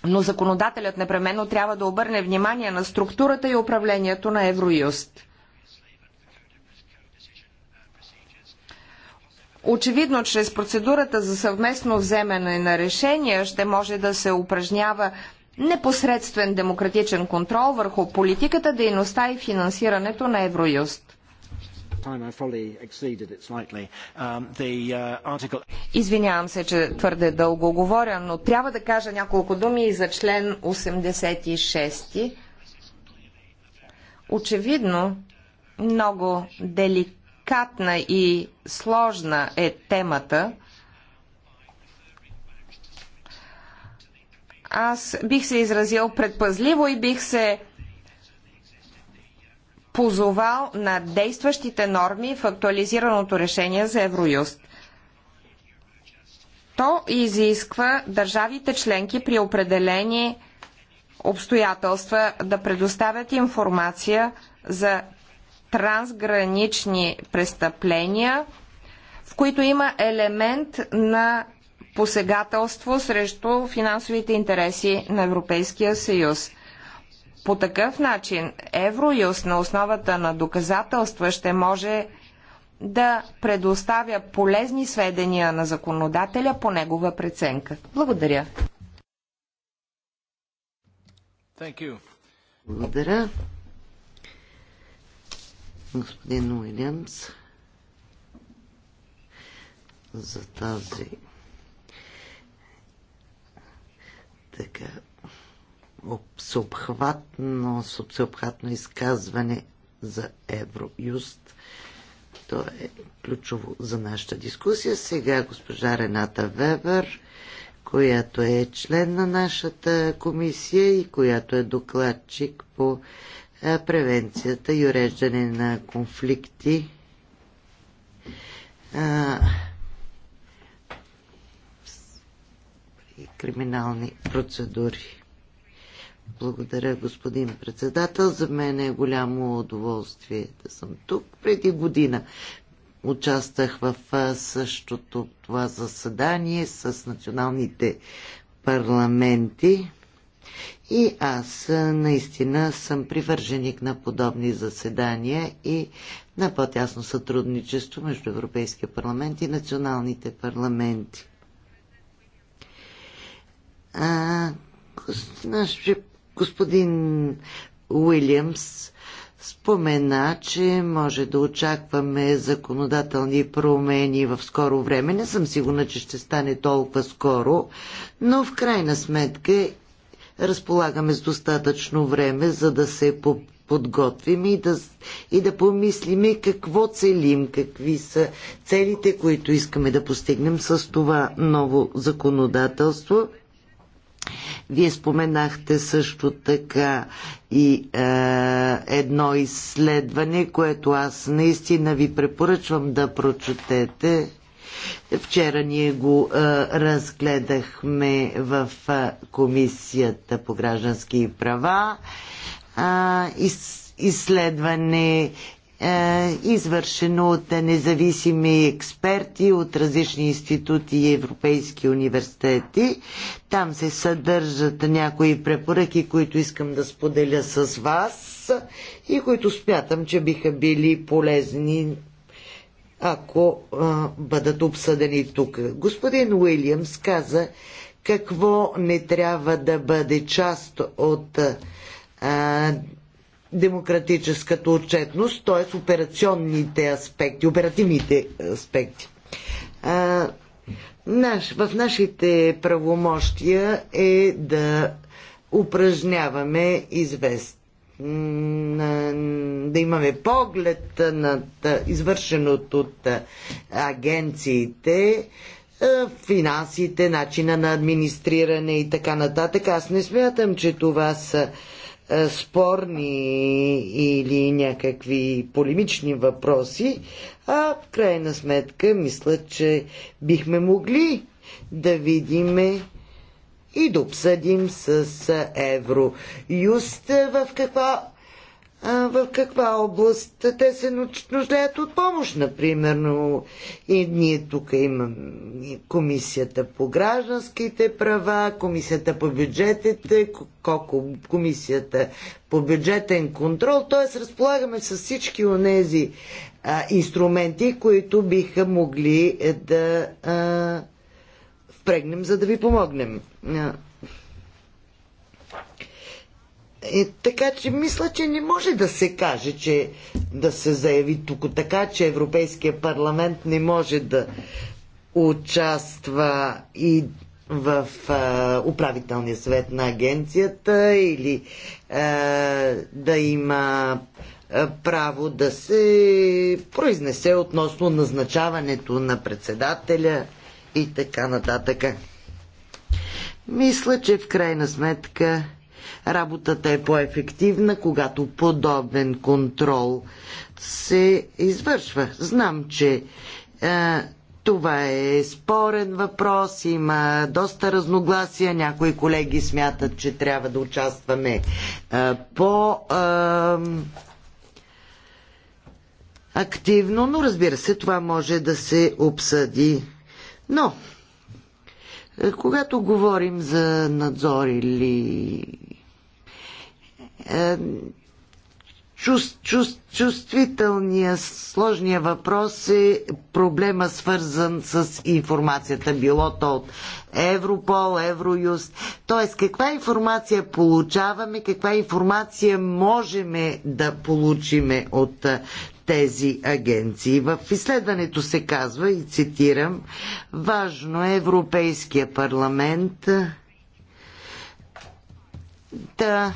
но законодателят непременно трябва да обърне внимание на структурата и управлението на Евроюст. Очевидно, чрез процедурата за съвместно вземане на решения ще може да се упражнява непосредствен демократичен контрол върху политиката, дейността и финансирането на Евроюст. Um, uh, Извинявам се, че твърде дълго говоря, но трябва да кажа няколко думи и за член 86. Очевидно, много деликатна и сложна е темата. Аз бих се изразил предпазливо и бих се позовал на действащите норми в актуализираното решение за Евроюст. То изисква държавите членки при определени обстоятелства да предоставят информация за трансгранични престъпления, в които има елемент на посегателство срещу финансовите интереси на Европейския съюз. По такъв начин Евроюст на основата на доказателства ще може да предоставя полезни сведения на законодателя по негова преценка. Благодаря. Благодаря. Господин Уилямс за тази така всеобхватно, всеобхватно изказване за Евроюст. То е ключово за нашата дискусия. Сега госпожа Рената Вебер, която е член на нашата комисия и която е докладчик по е, превенцията и уреждане на конфликти. криминални процедури. Благодаря, господин председател. За мен е голямо удоволствие да съм тук. Преди година участвах в същото това заседание с националните парламенти. И аз наистина съм привърженик на подобни заседания и на по-тясно сътрудничество между Европейския парламент и националните парламенти. А, наше Господин Уилямс спомена, че може да очакваме законодателни промени в скоро време. Не съм сигурна, че ще стане толкова скоро, но в крайна сметка разполагаме с достатъчно време, за да се подготвим и да, и да помислиме какво целим, какви са целите, които искаме да постигнем с това ново законодателство. Вие споменахте също така и е, едно изследване, което аз наистина ви препоръчвам да прочетете. Вчера ние го е, разгледахме в е, Комисията по граждански права. Е, из, изследване е, извършено от независими експерти от различни институти и европейски университети. Там се съдържат някои препоръки, които искам да споделя с вас и които смятам, че биха били полезни ако а, е, бъдат обсъдени тук. Господин Уилямс каза какво не трябва да бъде част от а, е, демократическата отчетност, т.е. операционните аспекти, оперативните аспекти. А, наш, в нашите правомощия е да упражняваме извест да имаме поглед над извършеното от агенциите, финансите, начина на администриране и така нататък. Аз не смятам, че това са е, спорни или някакви полемични въпроси, а в крайна сметка мисля, че бихме могли да видиме и да обсъдим с Евро. Юст в каква в каква област те се нуждаят от помощ, например. И ние тук имаме комисията по гражданските права, комисията по бюджетите, комисията по бюджетен контрол, т.е. разполагаме с всички от тези инструменти, които биха могли е, да а, впрегнем, за да ви помогнем. Е, така че мисля, че не може да се каже, че да се заяви тук така, че Европейския парламент не може да участва и в а, управителния съвет на агенцията или а, да има а, право да се произнесе относно назначаването на председателя и така нататък. Мисля, че в крайна сметка Работата е по-ефективна, когато подобен контрол се извършва. Знам, че е, това е спорен въпрос, има доста разногласия. Някои колеги смятат, че трябва да участваме е, по. Е, активно, но разбира се, това може да се обсъди. Но е, когато говорим за надзор или е, чувствителният, сложния въпрос е проблема свързан с информацията, било то от Европол, Евроюст. Тоест, каква информация получаваме, каква информация можем да получиме от е, тези агенции. В изследването се казва и цитирам, важно е Европейския парламент да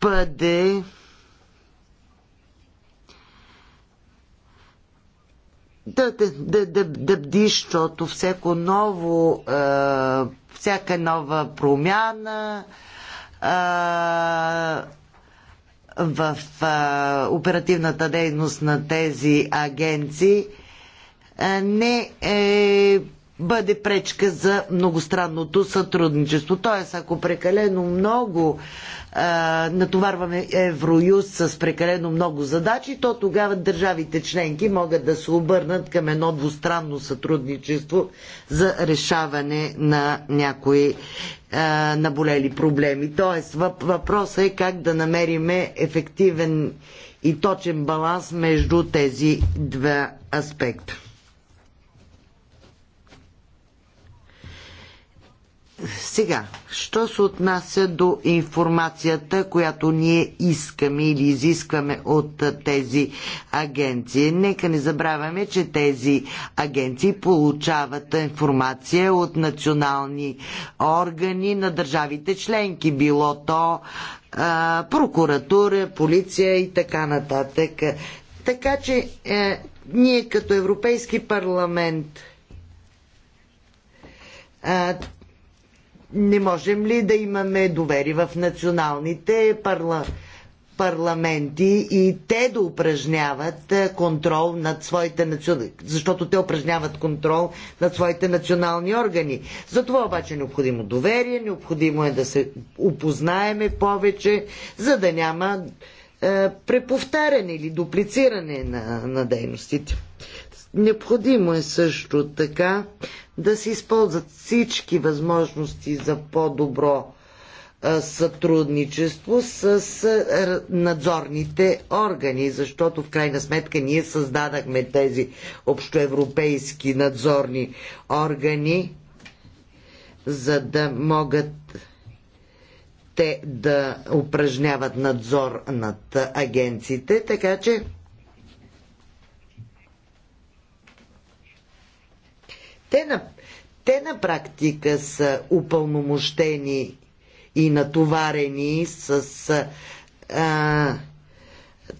бъде да, да, да, да бди, защото всяко ново, всяка нова промяна, а, в а, оперативната дейност на тези агенции а, не е бъде пречка за многостранното сътрудничество. Тоест, ако прекалено много а, натоварваме Евроюз с прекалено много задачи, то тогава държавите членки могат да се обърнат към едно двустранно сътрудничество за решаване на някои а, наболели проблеми. Тоест, въпросът е как да намериме ефективен и точен баланс между тези два аспекта. Сега, що се отнася до информацията, която ние искаме или изискваме от тези агенции? Нека не забравяме, че тези агенции получават информация от национални органи на държавите членки, било то а, прокуратура, полиция и така нататък. Така че е, ние като Европейски парламент а, не можем ли да имаме довери в националните парла... парламенти и те да упражняват е, контрол над своите национални... защото те упражняват контрол над своите национални органи. За това обаче е необходимо доверие, необходимо е да се опознаеме повече, за да няма е, преповтаряне или дуплициране на, на дейностите. Необходимо е също така да се използват всички възможности за по-добро сътрудничество с надзорните органи, защото в крайна сметка ние създадахме тези общоевропейски надзорни органи, за да могат те да упражняват надзор над агенциите, така че Те на, те на практика са упълномощени и натоварени с а,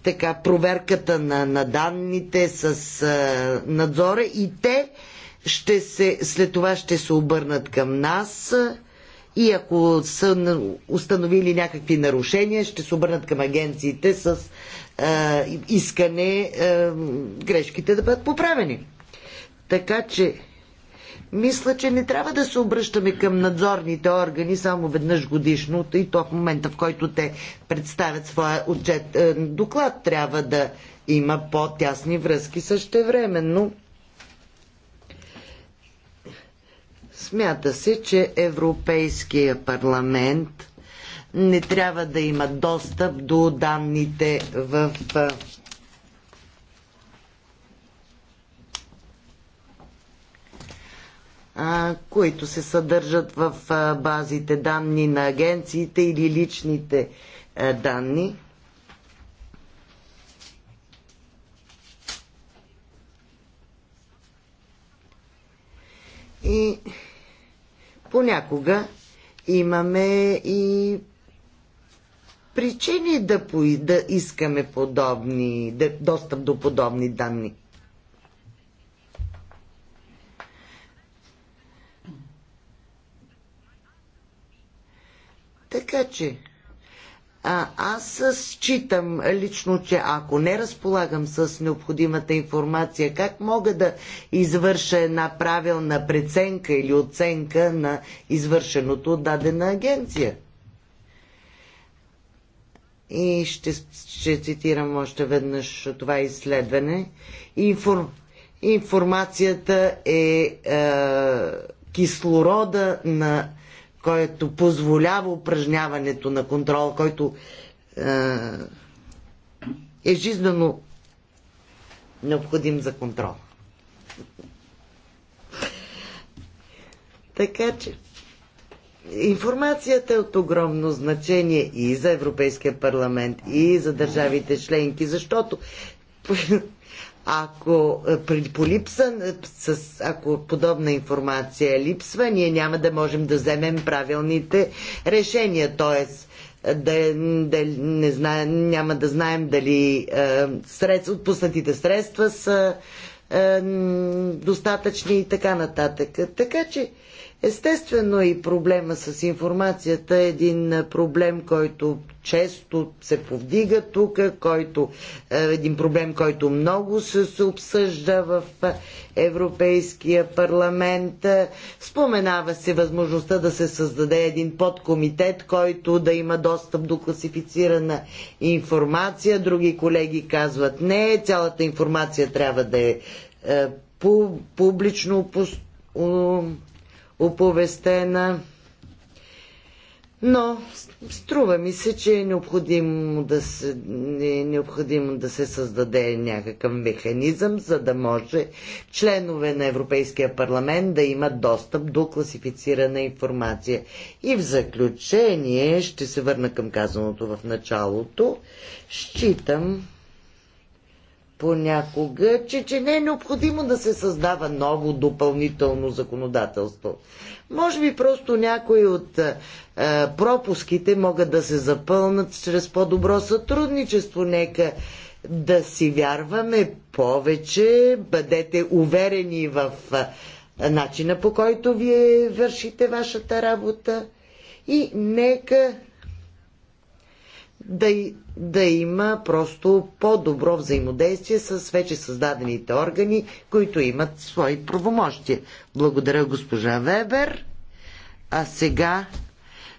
така, проверката на, на данните, с а, надзора и те ще се, след това ще се обърнат към нас и ако са установили някакви нарушения, ще се обърнат към агенциите с а, искане а, грешките да бъдат поправени. Така че мисля, че не трябва да се обръщаме към надзорните органи само веднъж годишно и то в момента, в който те представят своя отчет. Е, доклад трябва да има по-тясни връзки също Но Смята се, че Европейския парламент не трябва да има достъп до данните в е, които се съдържат в базите данни на агенциите или личните данни. И понякога имаме и причини да, да искаме подобни, да, достъп до подобни данни. Така че а, аз считам лично, че ако не разполагам с необходимата информация, как мога да извърша една правилна преценка или оценка на извършеното от дадена агенция? И ще, ще цитирам още веднъж това изследване. Инфор, информацията е, е кислорода на който позволява упражняването на контрол, който е, е жизнено необходим за контрол. Така че информацията е от огромно значение и за Европейския парламент, и за държавите членки, защото ако е, при липса, е, с, ако подобна информация липсва, ние няма да можем да вземем правилните решения, т.е. Да, да, не зна, няма да знаем дали е, средств, отпуснатите средства са е, достатъчни и така нататък. Така че Естествено и проблема с информацията е един проблем, който често се повдига тук, който, е един проблем, който много се, се обсъжда в е, Европейския парламент. Споменава се възможността да се създаде един подкомитет, който да има достъп до класифицирана информация. Други колеги казват не, цялата информация трябва да е, е публично оповестена. Но струва ми се, че е необходимо да се, е необходимо да се създаде някакъв механизъм, за да може членове на Европейския парламент да имат достъп до класифицирана информация. И в заключение ще се върна към казаното в началото. Считам, понякога, че, че не е необходимо да се създава ново допълнително законодателство. Може би просто някои от е, пропуските могат да се запълнат чрез по-добро сътрудничество. Нека да си вярваме повече, бъдете уверени в е, начина по който вие вършите вашата работа и нека да, да има просто по-добро взаимодействие с вече създадените органи, които имат свои правомощия. Благодаря госпожа Вебер. А сега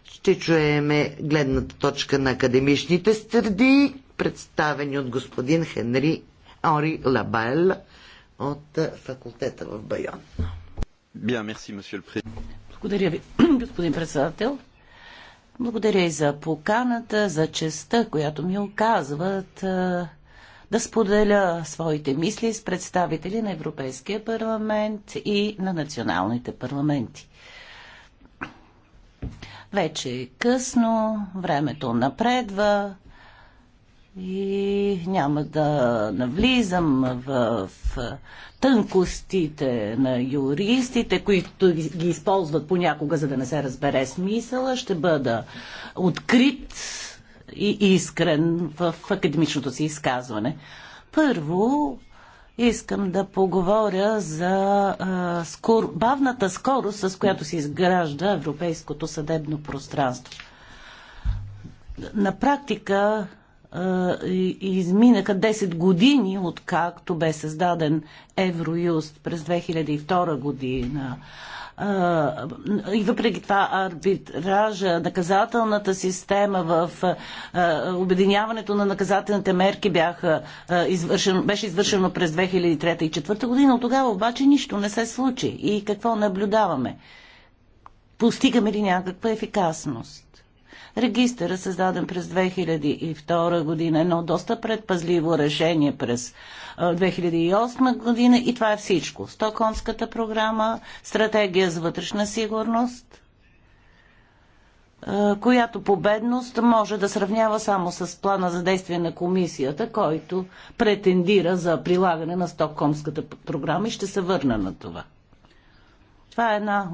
ще чуеме гледната точка на академичните среди, представени от господин Хенри Ори Лабел от факултета в Байон. Благодаря ви, господин председател. Благодаря и за поканата, за честа, която ми оказват да споделя своите мисли с представители на Европейския парламент и на националните парламенти. Вече е късно, времето напредва, и няма да навлизам в, тънкостите на юристите, които ги използват понякога, за да не се разбере смисъла. Ще бъда открит и искрен в академичното си изказване. Първо, искам да поговоря за а, скор... бавната скорост, с която се изгражда европейското съдебно пространство. На практика изминаха 10 години, от както бе създаден Евроюст през 2002 година. И въпреки това арбитража, наказателната система в обединяването на наказателните мерки бяха извършено, беше извършено през 2003 и 2004 година. От тогава обаче нищо не се случи. И какво наблюдаваме? Постигаме ли някаква ефикасност? Регистър е създаден през 2002 година, е едно доста предпазливо решение през 2008 година и това е всичко. Стокхолмската програма, стратегия за вътрешна сигурност, която победност може да сравнява само с плана за действие на комисията, който претендира за прилагане на Стокхолмската програма и ще се върна на това. Това е една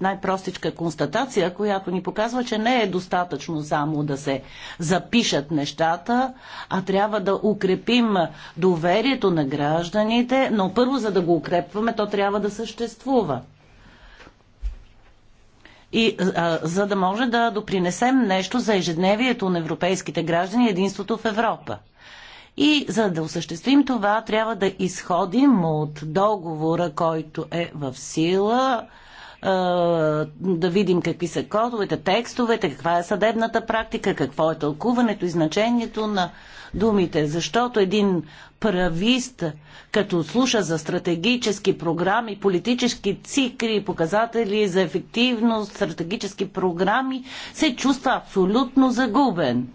най-простичка констатация, която ни показва, че не е достатъчно само да се запишат нещата, а трябва да укрепим доверието на гражданите, но първо за да го укрепваме, то трябва да съществува. И а, за да може да допринесем нещо за ежедневието на европейските граждани и единството в Европа. И за да осъществим това, трябва да изходим от договора, който е в сила, да видим какви са кодовете, текстовете, каква е съдебната практика, какво е тълкуването и значението на думите. Защото един правист, като слуша за стратегически програми, политически цикли, показатели за ефективност, стратегически програми, се чувства абсолютно загубен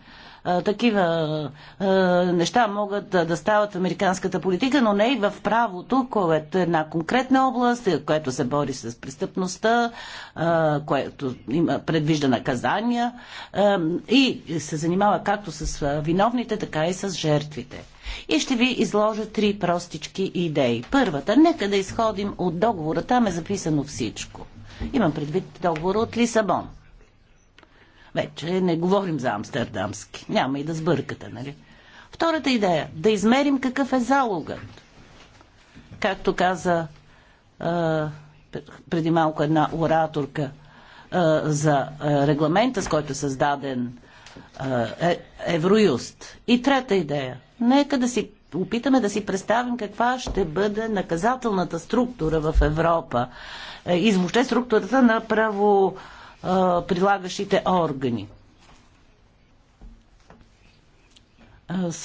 а, такива а, неща могат да, да стават в американската политика, но не и в правото, което е една конкретна област, е, което се бори с престъпността, а, което има, предвижда наказания а, и се занимава както с виновните, така и с жертвите. И ще ви изложа три простички идеи. Първата, нека да изходим от договора, там е записано всичко. Имам предвид договора от Лисабон – вече не говорим за амстердамски. Няма и да сбъркате, нали? Втората идея – да измерим какъв е залогът. Както каза а, преди малко една ораторка а, за а, регламента, с който е създаден а, е, Евроюст. И трета идея – нека да си опитаме да си представим каква ще бъде наказателната структура в Европа е, и е структурата на право прилагащите органи. Същност,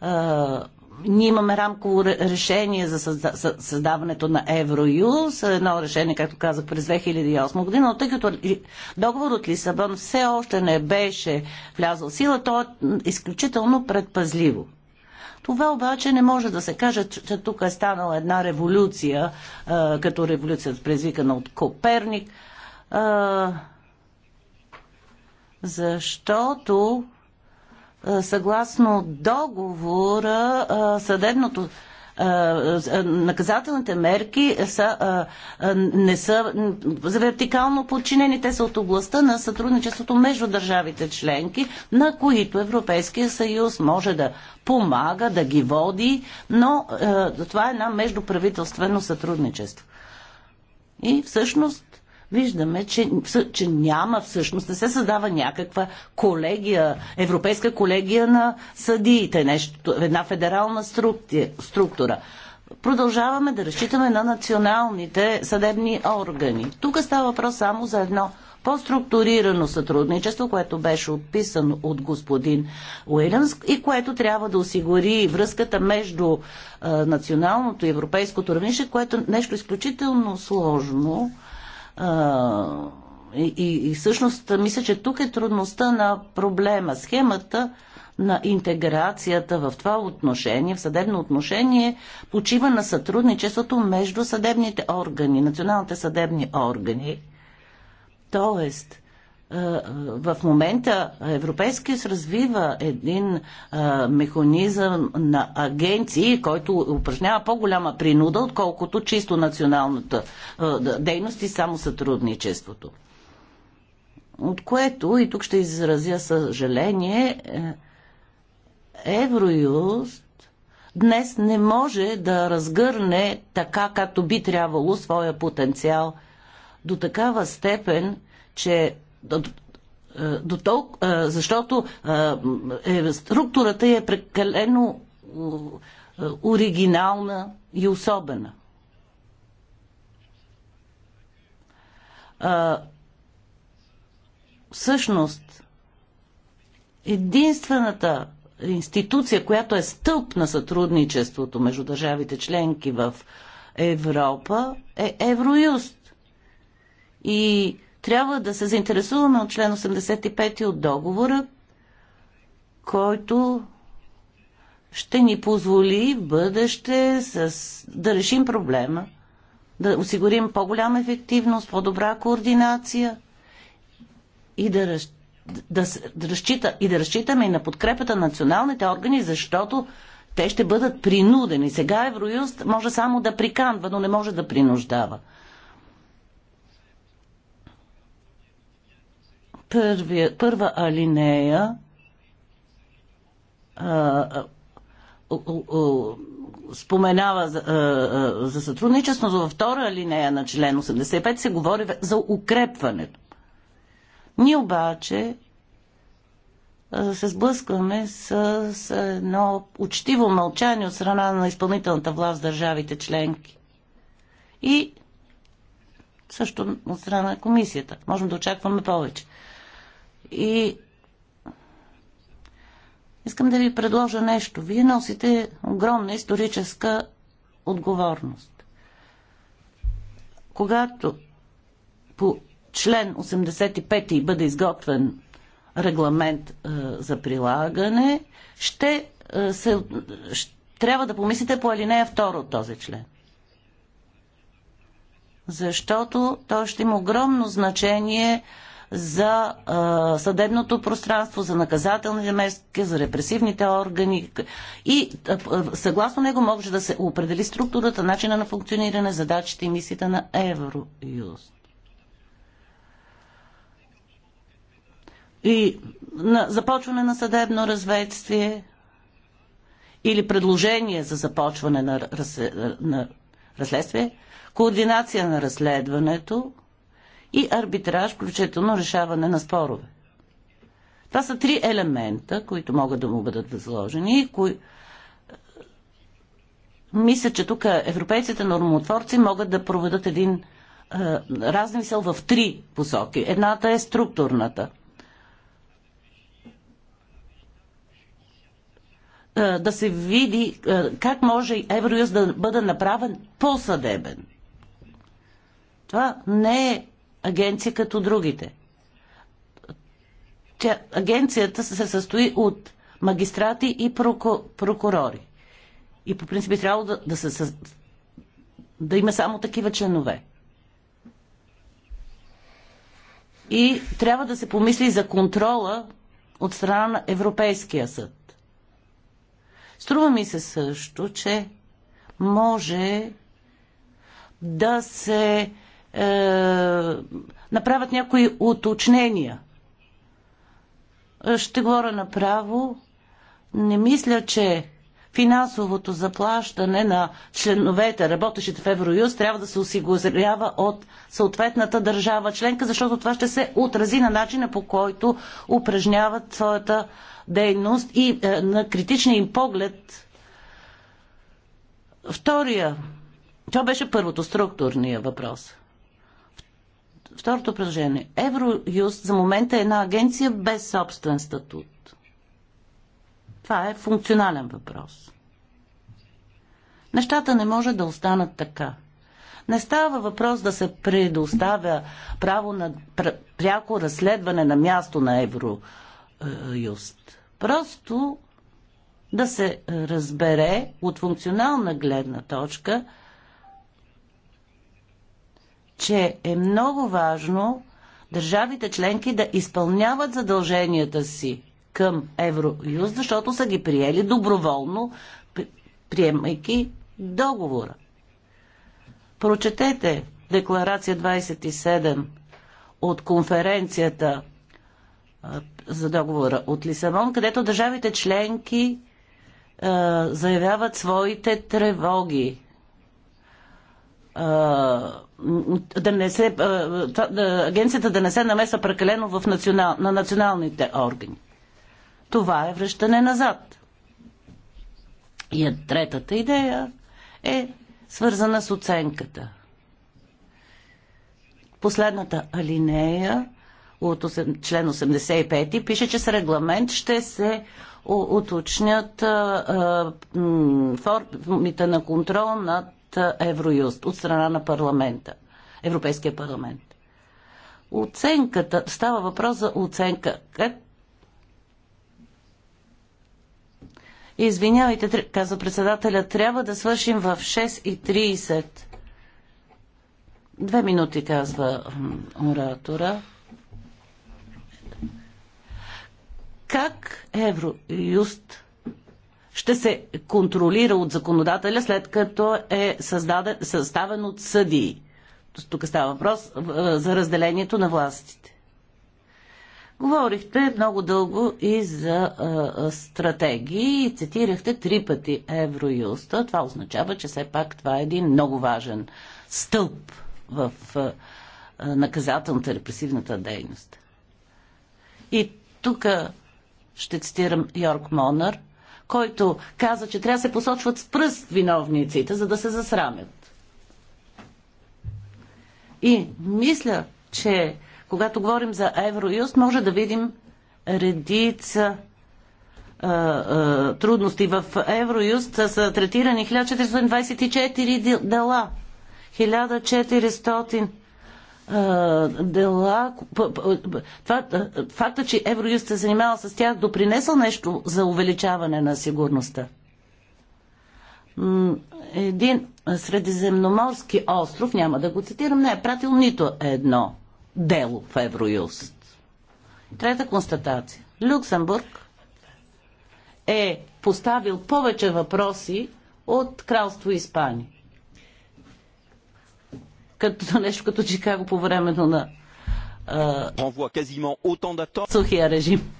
всъщност, ние имаме рамково решение за създаването на Евроюз, едно решение, както казах, през 2008 година, но тъй като договор от Лисабон все още не беше влязъл в сила, то е изключително предпазливо. Това обаче не може да се каже, че тук е станала една революция, като революцията, предизвикана от Коперник – защото съгласно договора съдебното наказателните мерки са, не са за вертикално подчинени. Те са от областта на сътрудничеството между държавите членки, на които Европейския съюз може да помага, да ги води, но това е една междуправителствено сътрудничество. И всъщност виждаме, че, че няма всъщност, не се създава някаква колегия, европейска колегия на съдиите, нещо, една федерална структура. Продължаваме да разчитаме на националните съдебни органи. Тук става въпрос само за едно по-структурирано сътрудничество, което беше описано от господин Уилямс и което трябва да осигури връзката между националното и европейското равнище, което е нещо изключително сложно и, и, и всъщност мисля, че тук е трудността на проблема. Схемата на интеграцията в това отношение, в съдебно отношение, почива на сътрудничеството между съдебните органи, националните съдебни органи. Тоест, е, е, в момента Европейския съюз развива един е, механизъм на агенции, който упражнява по-голяма принуда, отколкото чисто националната дейност и само сътрудничеството. От което, и тук ще изразя съжаление, Евроюст днес не може да разгърне така, както би трябвало своя потенциал до такава степен, че до толк, защото е, структурата е прекалено оригинална и особена. всъщност, единствената институция, която е стълб на сътрудничеството между държавите членки в Европа, е Евроюст. И трябва да се заинтересуваме от член 85 от договора, който ще ни позволи в бъдеще с, да решим проблема, да осигурим по-голяма ефективност, по-добра координация и да, да, с... да разчита, и да разчитаме и на подкрепата на националните органи, защото те ще бъдат принудени. Сега Евроюст може само да приканва, но не може да принуждава. първия, първа алинея а, споменава за, за сътрудничество, но във втора алинея на член 85 се говори за укрепването. Ние обаче се сблъскваме с, с едно учтиво мълчание от страна на изпълнителната власт в държавите членки. И също от страна на комисията. Можем да очакваме повече. И искам да ви предложа нещо. Вие носите огромна историческа отговорност. Когато по член 85 бъде изготвен регламент е, за прилагане, ще, е, се, трябва да помислите по алинея 2 от този член. Защото той ще има огромно значение за а, съдебното пространство, за наказателните мерки, за репресивните органи и а, съгласно него може да се определи структурата, начина на функциониране, задачите и мисията на Евроюст. И на започване на съдебно разведствие или предложение за започване на, на разследствие, координация на разследването – и арбитраж, включително решаване на спорове. Това са три елемента, които могат да му бъдат възложени и кои... Мисля, че тук европейците нормотворци могат да проведат един е, размисъл в три посоки. Едната е структурната. Е, да се види е, как може Евроюз да бъде направен по-съдебен. Това не е агенция като другите. Тя, агенцията се състои от магистрати и проку, прокурори. И по принцип трябва трябвало да, да, се, да има само такива членове. И трябва да се помисли за контрола от страна на Европейския съд. Струва ми се също, че може да се е, направят някои уточнения. Ще говоря направо. Не мисля, че финансовото заплащане на членовете, работещите в Евроюз, трябва да се осигурява от съответната държава членка, защото това ще се отрази на начина по който упражняват своята дейност и е, на критичния им поглед. Втория. Това беше първото, структурния въпрос. Второто предложение. Евроюст за момента е една агенция без собствен статут. Това е функционален въпрос. Нещата не може да останат така. Не става въпрос да се предоставя право на пряко разследване на място на Евроюст. Просто да се разбере от функционална гледна точка – че е много важно държавите членки да изпълняват задълженията си към Евроюз, защото са ги приели доброволно, приемайки договора. Прочетете декларация 27 от конференцията за договора от Лисабон, където държавите членки заявяват своите тревоги да не се, да, агенцията да не се намеса прекалено в национал, на националните органи. Това е връщане назад. И е третата идея е свързана с оценката. Последната алинея от член 85 пише, че с регламент ще се уточнят формите на контрол над Евроюст от страна на парламента, Европейския парламент. Оценката, става въпрос за оценка. Как Извинявайте, каза председателя, трябва да свършим в 6.30. Две минути, казва оратора. Как Евроюст ще се контролира от законодателя, след като е създаден, съставен от съдии. Тук става въпрос е, за разделението на властите. Говорихте много дълго и за а, е, е, стратегии и цитирахте три пъти Евроюста. Това означава, че все пак това е един много важен стълб в а, наказателната репресивната дейност. И тук ще цитирам Йорк Монър – който каза, че трябва да се посочват с пръст виновниците, за да се засрамят. И мисля, че когато говорим за Евроюст, може да видим редица а, а, трудности. В Евроюст са третирани 1424 дела. 1400 дела, факта, че Евроюст се занимава с тях, допринесъл нещо за увеличаване на сигурността. Един средиземноморски остров, няма да го цитирам, не е пратил нито едно дело в Евроюст. Трета констатация. Люксембург е поставил повече въпроси от кралство Испания като нещо като Чикаго по времето на Сухия режим.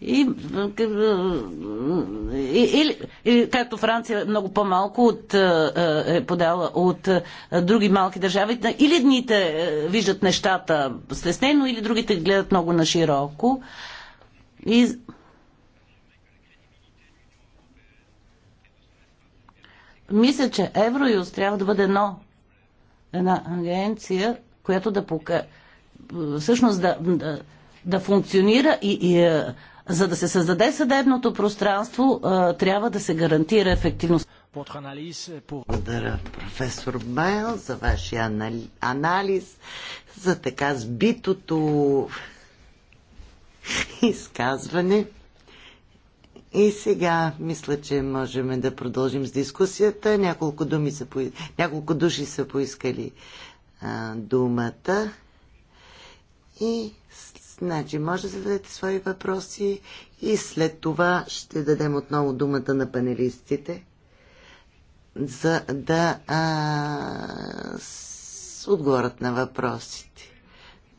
И, или, или, както Франция много по-малко от, е подала от други малки държави, или едните виждат нещата стеснено, или другите гледат много на И Мисля, че Евроюз трябва да бъде едно, една агенция, която да пока... всъщност да, да, да функционира и, и е, за да се създаде съдебното пространство, е, трябва да се гарантира ефективност. Благодаря, професор Майл, за вашия анализ, за така сбитото изказване. И сега мисля, че можем да продължим с дискусията. Няколко, думи са, по... няколко души са поискали а, думата. И значи, може да зададете свои въпроси и след това ще дадем отново думата на панелистите, за да а, с... отговорят на въпросите.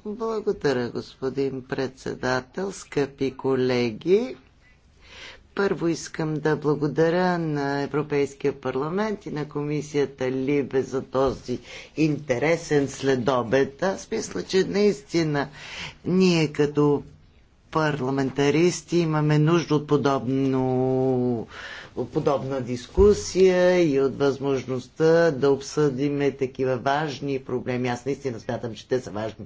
Благодаря, господин председател, скъпи колеги. Първо искам да благодаря на Европейския парламент и на комисията Либе за този интересен следобед. Аз мисля, че наистина ние като парламентаристи имаме нужда от подобно подобна дискусия и от възможността да обсъдиме такива важни проблеми. Аз наистина смятам, че те са важни.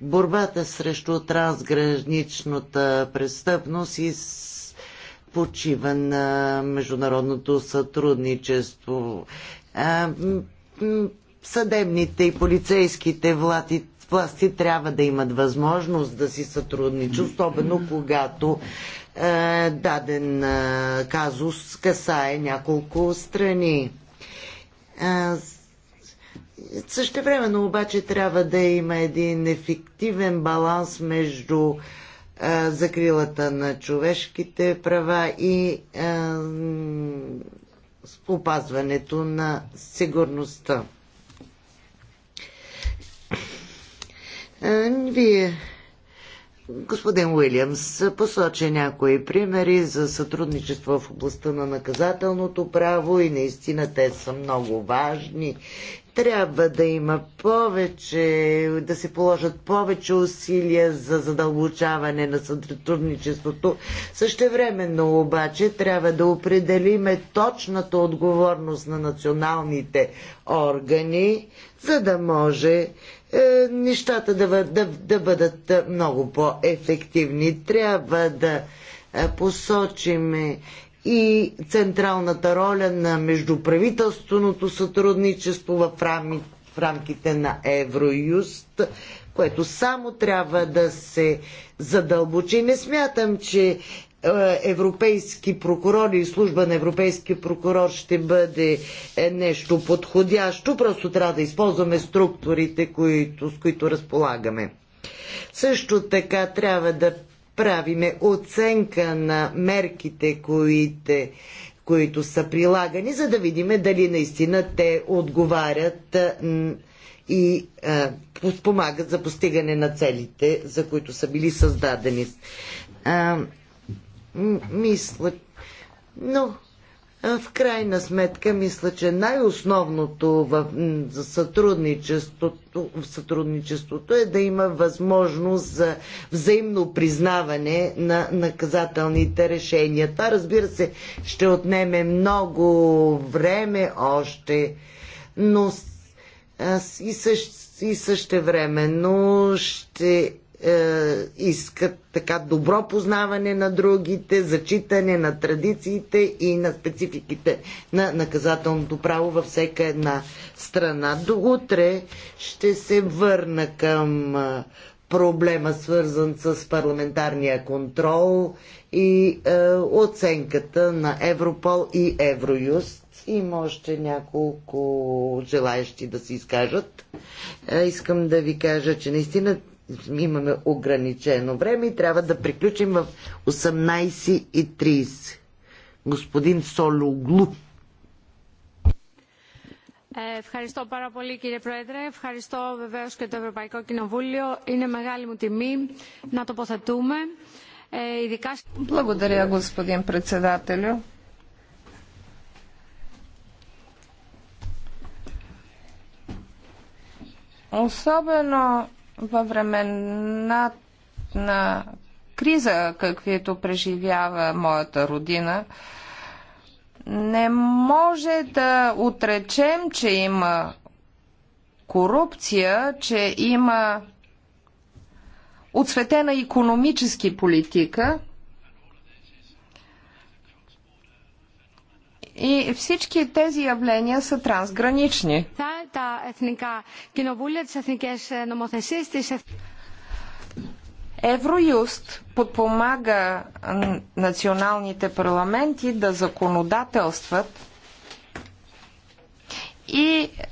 Борбата срещу трансграничната престъпност и почива на международното сътрудничество. Съдебните и полицейските влати, власти трябва да имат възможност да си сътрудничат, особено когато е, даден е, казус касае няколко страни. времено обаче трябва да има един ефективен баланс между закрилата на човешките права и опазването на сигурността. Вие, господин Уилямс, посочи някои примери за сътрудничество в областта на наказателното право и наистина те са много важни трябва да има повече, да се положат повече усилия за задълбочаване на сътрудничеството. Същевременно обаче трябва да определиме точната отговорност на националните органи, за да може е, нещата да, да, да бъдат много по-ефективни. Трябва да е, посочиме и централната роля на междуправителственото сътрудничество в, рами, в рамките на Евроюст, което само трябва да се задълбочи. Не смятам, че е, европейски прокурор и служба на европейски прокурор ще бъде е, нещо подходящо. Просто трябва да използваме структурите, които, с които разполагаме. Също така трябва да правиме оценка на мерките, които, които са прилагани, за да видим дали наистина те отговарят и спомагат помагат за постигане на целите, за които са били създадени. А, мисля, но в крайна сметка, мисля, че най-основното в, сътрудничеството, в сътрудничеството е да има възможност за взаимно признаване на наказателните решения. Това, разбира се, ще отнеме много време още, но и, също, и но ще е, искат така добро познаване на другите, зачитане на традициите и на спецификите на наказателното право във всяка една страна. До утре ще се върна към е, проблема, свързан с парламентарния контрол и е, оценката на Европол и Евроюст. Има още няколко желаящи да се изкажат. Е, искам да ви кажа, че наистина имаме ограничено време и трябва да приключим в 18.30. Господин Сологлу. Ευχαριστώ πάρα πολύ κύριε Πρόεδρε. Ευχαριστώ βεβαίως και το Ευρωπαϊκό Κοινοβούλιο. Είναι μεγάλη μου τιμή να τοποθετούμε. Ε, Ειδικά... Благодаря, господин председателю. Особено във времена на криза, каквито преживява моята родина, не може да отречем, че има корупция, че има отсветена економически политика И всички тези явления са трансгранични. Е Евроюст подпомага националните парламенти да законодателстват и е,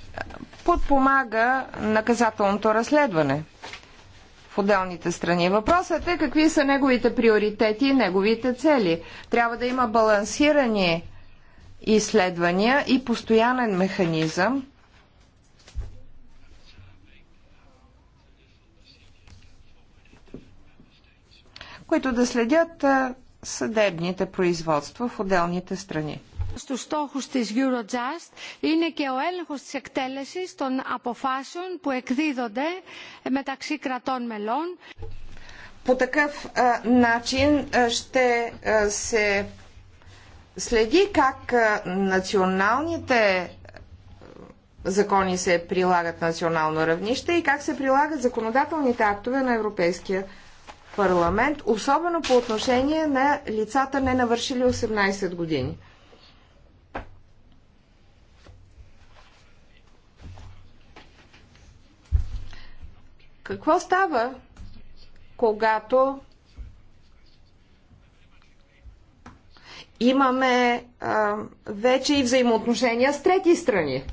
подпомага наказателното разследване в отделните страни. Въпросът е какви са неговите приоритети и неговите цели. Трябва да има балансирани изследвания и постоянен механизъм, които да следят съдебните производства в отделните страни. Στους στόχους της Eurojust είναι και ο έλεγχος της εκτέλεσης των αποφάσεων που εκδίδονται μεταξύ κρατών μελών. По такъв начин ще се следи как националните закони се прилагат национално равнище и как се прилагат законодателните актове на Европейския парламент, особено по отношение на лицата не навършили 18 години. Какво става, когато имаме а, вече и взаимоотношения с трети страни.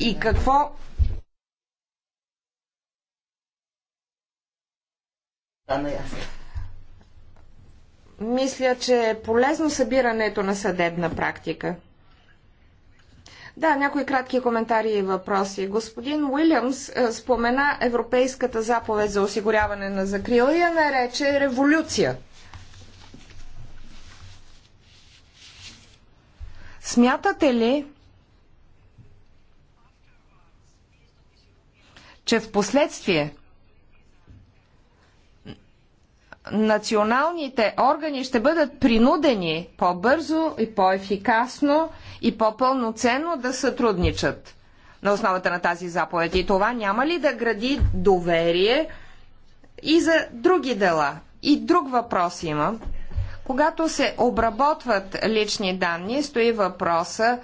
И какво Мисля, че е полезно събирането на съдебна практика. Да, някои кратки коментари и въпроси. Господин Уилямс е, спомена Европейската заповед за осигуряване на закрила и я нарече революция. Смятате ли, че в последствие националните органи ще бъдат принудени по-бързо и по-ефикасно и по-пълноценно да сътрудничат на основата на тази заповед. И това няма ли да гради доверие и за други дела? И друг въпрос има. Когато се обработват лични данни, стои въпроса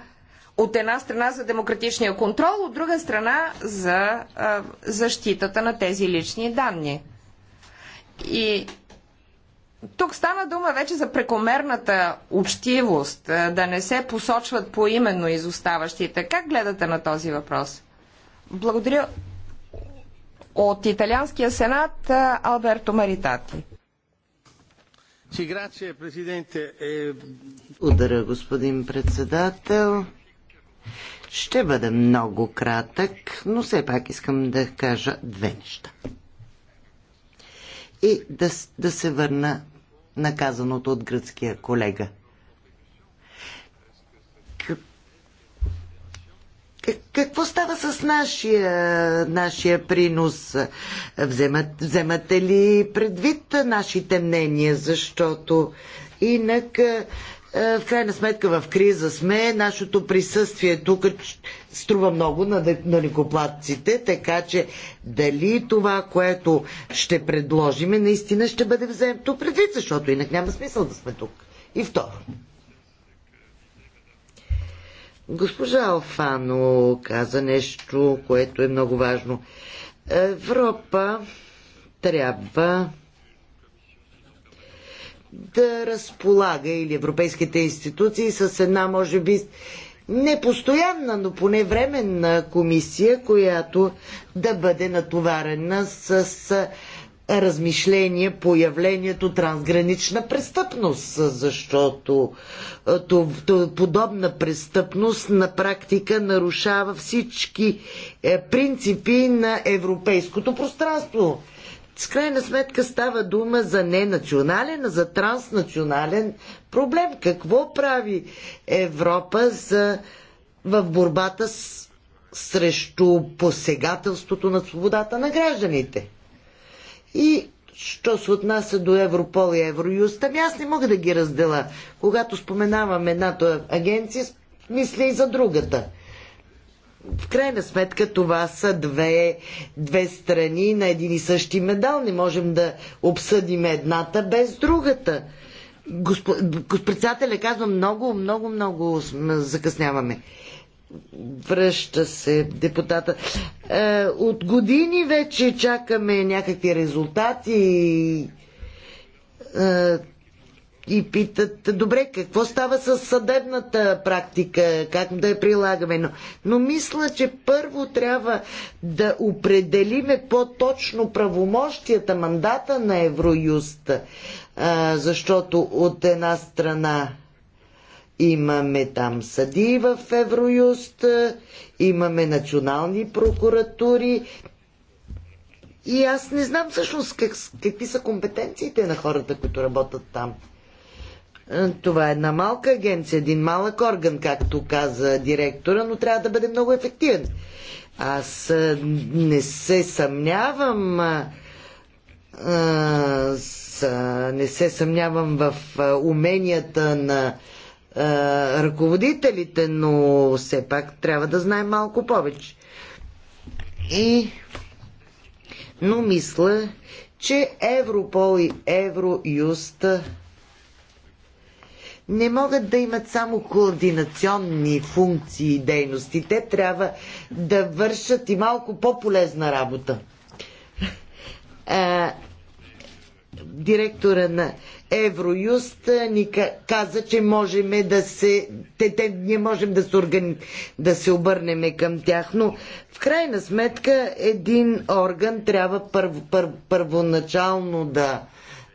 от една страна за демократичния контрол, от друга страна за а, защитата на тези лични данни. И тук стана дума вече за прекомерната учтивост, е, да не се посочват по именно изоставащите. Как гледате на този въпрос? Благодаря от Италианския сенат е, Алберто Маритати. Е, Благодаря, господин председател. Ще бъда много кратък, но все пак искам да кажа две неща и да, да се върна на казаното от гръцкия колега. Какво става с нашия, нашия принос? Вземат, вземате ли предвид нашите мнения? Защото инак е, в крайна сметка в криза сме. Нашето присъствие тук струва много на далекоплатците, така че дали това, което ще предложиме, наистина ще бъде вземто предвид, защото инак няма смисъл да сме тук. И второ. Госпожа Алфано каза нещо, което е много важно. Европа трябва да разполага или европейските институции с една, може би, непостоянна, но поне временна комисия, която да бъде натоварена с размишление по явлението трансгранична престъпност, защото е, подобна престъпност на практика нарушава всички е, принципи на европейското пространство. С крайна сметка става дума за ненационален, а за транснационален проблем. Какво прави Европа за, в борбата с, срещу посегателството на свободата на гражданите? И що се отнася до Европол и Евроюст, ами аз не мога да ги раздела. Когато споменавам едната агенция, мисля и за другата в крайна сметка това са две, две страни на един и същи медал. Не можем да обсъдим едната без другата. Госпо... казва много, много, много закъсняваме. Връща се депутата. Е, от години вече чакаме някакви резултати. Е, и питат, добре, какво става с съдебната практика, как да я прилагаме. Но, но мисля, че първо трябва да определиме по-точно правомощията, мандата на Евроюст, а, защото от една страна имаме там съдии в Евроюст, имаме национални прокуратури, и аз не знам всъщност как, какви са компетенциите на хората, които работят там. Е, това е една малка агенция, един малък орган, както каза директора, но трябва да бъде много ефективен. Аз е, не се съмнявам. Аз е, не се съмнявам в уменията на ръководителите, но все пак трябва да знаем малко повече. И... Но мисля, че Европол и Евроюст не могат да имат само координационни функции и дейности. Те трябва да вършат и малко по-полезна работа. А, директора на Евроюст ни каза, че можем да се... Те, те, ние можем да се, органи... да се обърнем към тях, но в крайна сметка един орган трябва първо, първо, първоначално да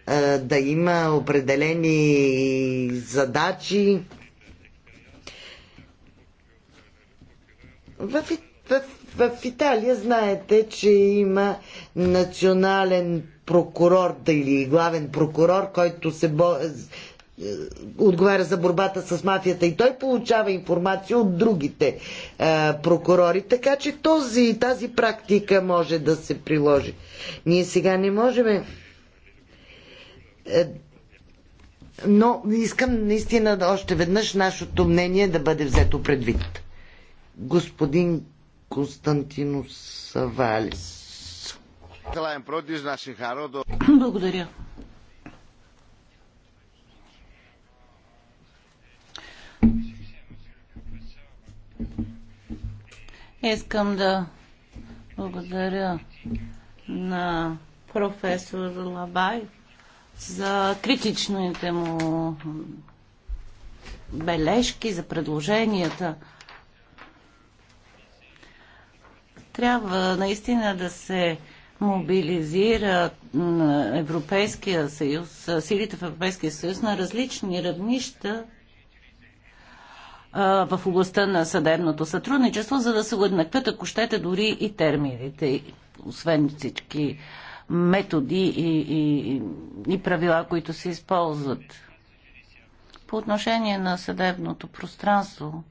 е, да има определени задачи. В, в, в Италия знаете, че има национален прокурор или главен прокурор, който се бо... Е, отговаря за борбата с мафията и той получава информация от другите е, прокурори, така че този, тази практика може да се приложи. Ние сега не можем е, но искам наистина да още веднъж нашето мнение да бъде взето предвид. Господин Константинос Савалис. Благодаря. Искам да благодаря на професор Лабаев за критичните му бележки, за предложенията. Трябва наистина да се мобилизира Европейския съюз, силите в Европейския съюз на различни равнища в областта на съдебното сътрудничество, за да се уеднаквят, ако щете, дори и термините, освен всички методи и, и, и правила, които се използват. По отношение на съдебното пространство,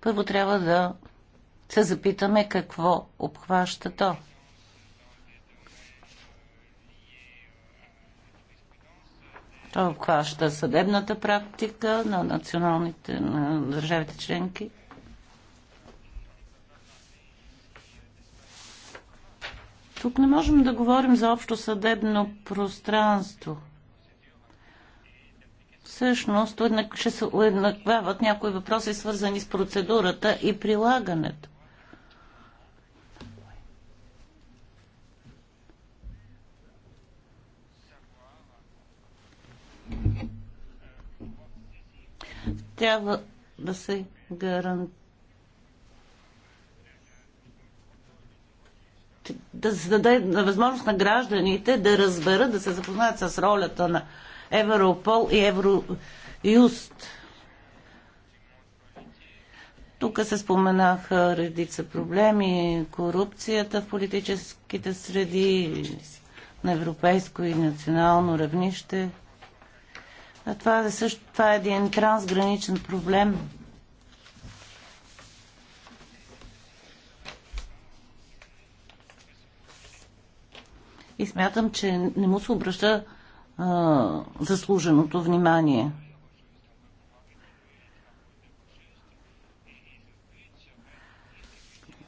първо трябва да се запитаме какво обхваща то. Това обхваща съдебната практика на националните на държавите членки – Тук не можем да говорим за общо съдебно пространство. Всъщност, ще се уеднаквяват някои въпроси, свързани с процедурата и прилагането. Трябва да се гарантира да се даде възможност на гражданите да разберат, да се запознаят с ролята на Европол и Евроюст. Тук се споменаха редица проблеми, корупцията в политическите среди на европейско и национално равнище. А това, е също, това е един трансграничен проблем. и смятам, че не му се обръща а, заслуженото внимание.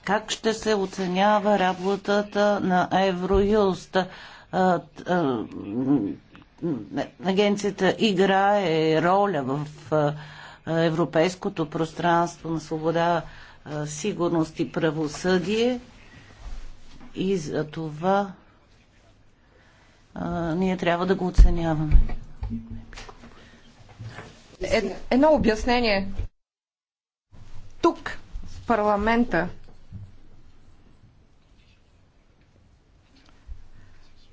Как ще се оценява работата на Евроюст? А, а, агенцията играе роля в европейското пространство на свобода, сигурност и правосъдие и за това ние трябва да го оценяваме. Е, едно обяснение. Тук, в парламента,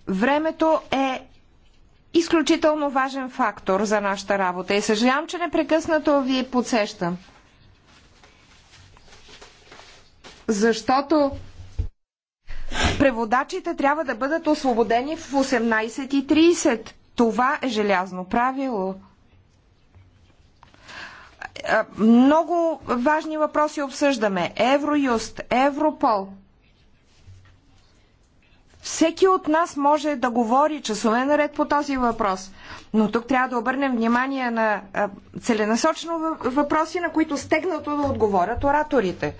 времето е изключително важен фактор за нашата работа и съжалявам, че непрекъснато ви подсещам. Защото преводачите трябва да бъдат освободени в 18.30. Това е желязно правило. Много важни въпроси обсъждаме. Евроюст, Европол. Всеки от нас може да говори часове наред по този въпрос, но тук трябва да обърнем внимание на целенасочено въпроси, на които стегнато да отговорят ораторите.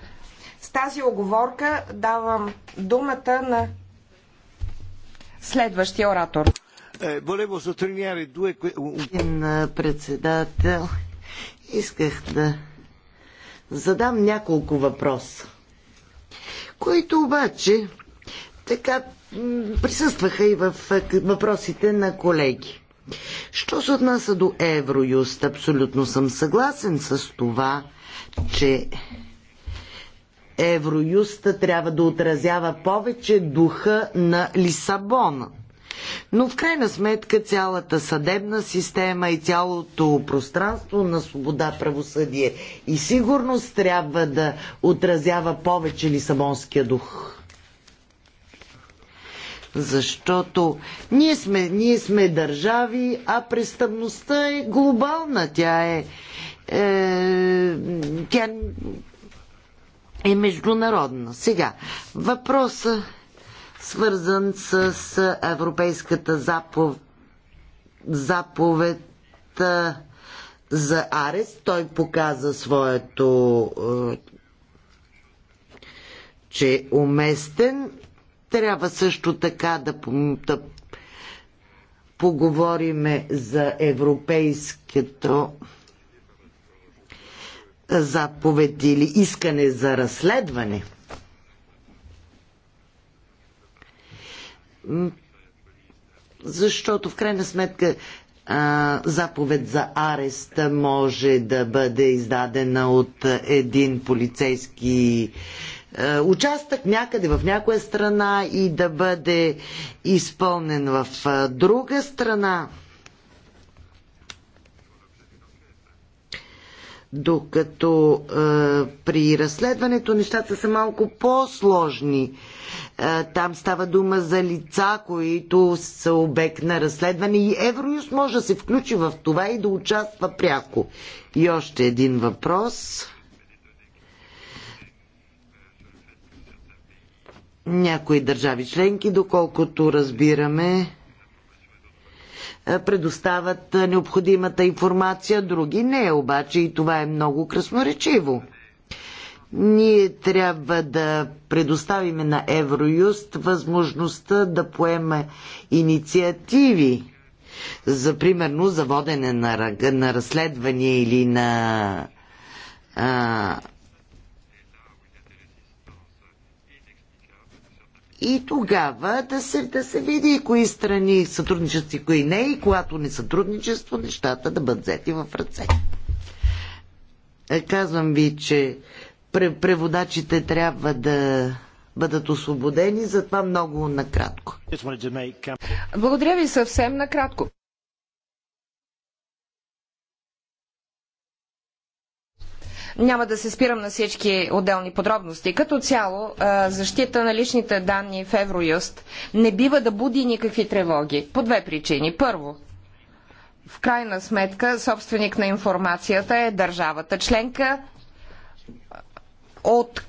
С тази оговорка давам думата на следващия оратор. Е, Волево соттolineare Председател, исках да задам няколко въпроса, които обаче така присъстваха и в въпросите на колеги. Що се отнася до Евроюст, абсолютно съм съгласен с това, че Евроюста трябва да отразява повече духа на Лисабона. Но в крайна сметка цялата съдебна система и цялото пространство на свобода, правосъдие и сигурност трябва да отразява повече лисабонския дух. Защото ние сме, ние сме държави, а престъпността е глобална. Тя е. е тя е международна. Сега, въпроса свързан с Европейската заповед, заповед за арест. Той показа своето че е уместен. Трябва също така да, да поговориме за европейското заповед или искане за разследване. Защото в крайна сметка заповед за арест може да бъде издадена от един полицейски участък някъде в някоя страна и да бъде изпълнен в друга страна. докато е, при разследването нещата са малко по-сложни. Е, там става дума за лица, които са обект на разследване и Евроюз може да се включи в това и да участва пряко. И още един въпрос. Някои държави членки, доколкото разбираме, предоставят необходимата информация, други не, обаче и това е много красноречиво. Ние трябва да предоставиме на Евроюст възможността да поеме инициативи за примерно за водене на, на разследвания или на а, и тогава да се, да се види кои страни сътрудничат и кои не, и когато не сътрудничество, нещата да бъдат взети в ръце. Е, казвам ви, че преводачите трябва да бъдат освободени, затова много накратко. Благодаря ви съвсем накратко. Няма да се спирам на всички отделни подробности. Като цяло, защита на личните данни в Евроюст не бива да буди никакви тревоги. По две причини. Първо, в крайна сметка, собственик на информацията е държавата членка от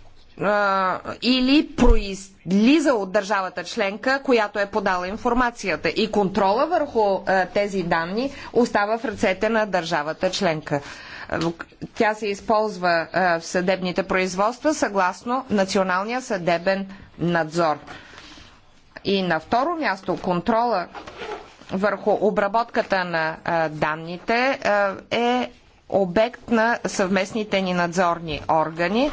или произлиза от държавата членка, която е подала информацията. И контрола върху тези данни остава в ръцете на държавата членка. Тя се използва в съдебните производства съгласно Националния съдебен надзор. И на второ място контрола върху обработката на данните е обект на съвместните ни надзорни органи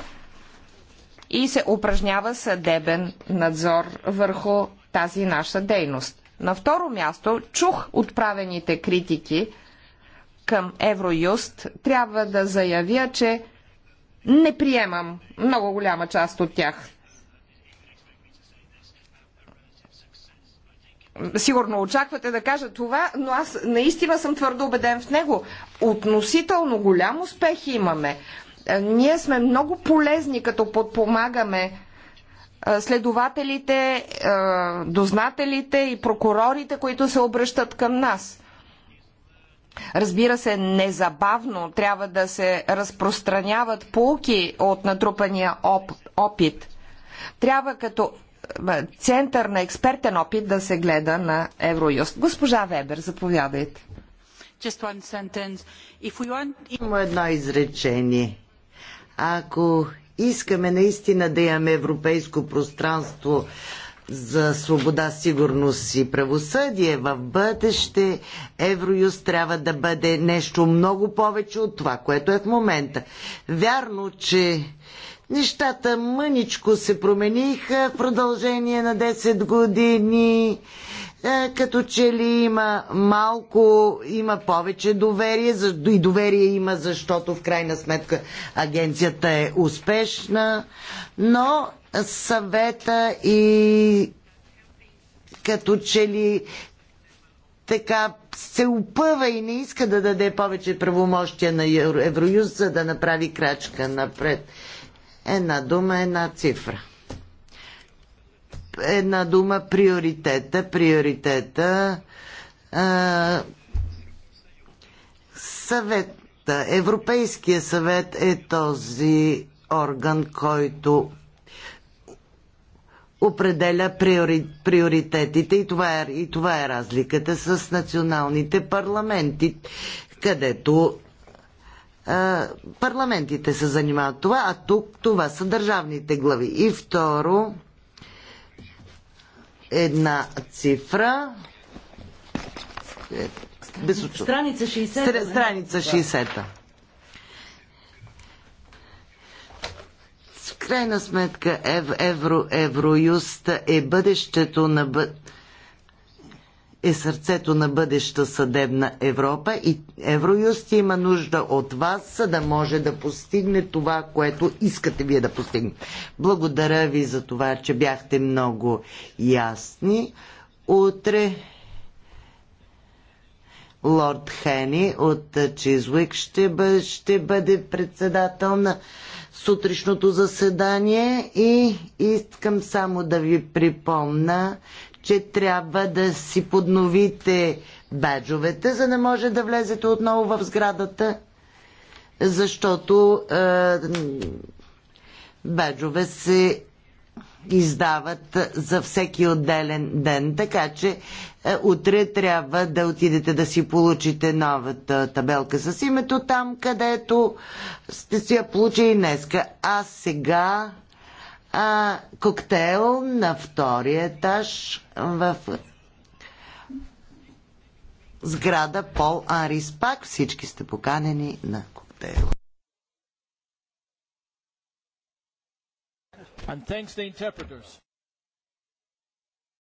и се упражнява съдебен надзор върху тази наша дейност. На второ място чух отправените критики към Евроюст, трябва да заявя, че не приемам много голяма част от тях. Сигурно очаквате да кажа това, но аз наистина съм твърдо убеден в него. Относително голям успех имаме. Е, ние сме много полезни, като подпомагаме е, следователите, е, дознателите и прокурорите, които се обръщат към нас. Разбира се, незабавно трябва да се разпространяват полки от натрупания оп, опит. Трябва като е, център на експертен опит да се гледа на Евроюст. Госпожа Вебер, заповядайте. Има едно изречение. Ако искаме наистина да имаме европейско пространство за свобода, сигурност и правосъдие в бъдеще, Евроюз трябва да бъде нещо много повече от това, което е в момента. Вярно, че нещата мъничко се промениха в продължение на 10 години. Е, като че ли има малко, има повече доверие, и доверие има, защото в крайна сметка агенцията е успешна, но съвета и като че ли така се опъва и не иска да даде повече правомощия на Евроюз, за да направи крачка напред. Една дума, една цифра една дума приоритета. Приоритета а, съвет. Европейския съвет е този орган, който определя приори, приоритетите и това, е, и това е разликата с националните парламенти, където а, парламентите се занимават това, а тук това са държавните глави. И второ, една цифра. Е, страница 60. Страница 60. В крайна сметка Евро, Евроюст е бъдещето на бъдещето е сърцето на бъдеща съдебна Европа и Евроюст има нужда от вас, за да може да постигне това, което искате вие да постигнете. Благодаря ви за това, че бяхте много ясни. Утре Лорд Хени от Чизвик ще бъде, ще бъде председател на сутрешното заседание и искам само да ви припомна, че трябва да си подновите баджовете, за да може да влезете отново в сградата, защото е, баджове се издават за всеки отделен ден, така че е, утре трябва да отидете да си получите новата табелка с името там, където сте си я получили днеска. А сега а, коктейл на втория етаж в сграда Пол Арис. Пак всички сте поканени на коктейл. And thanks the interpreters.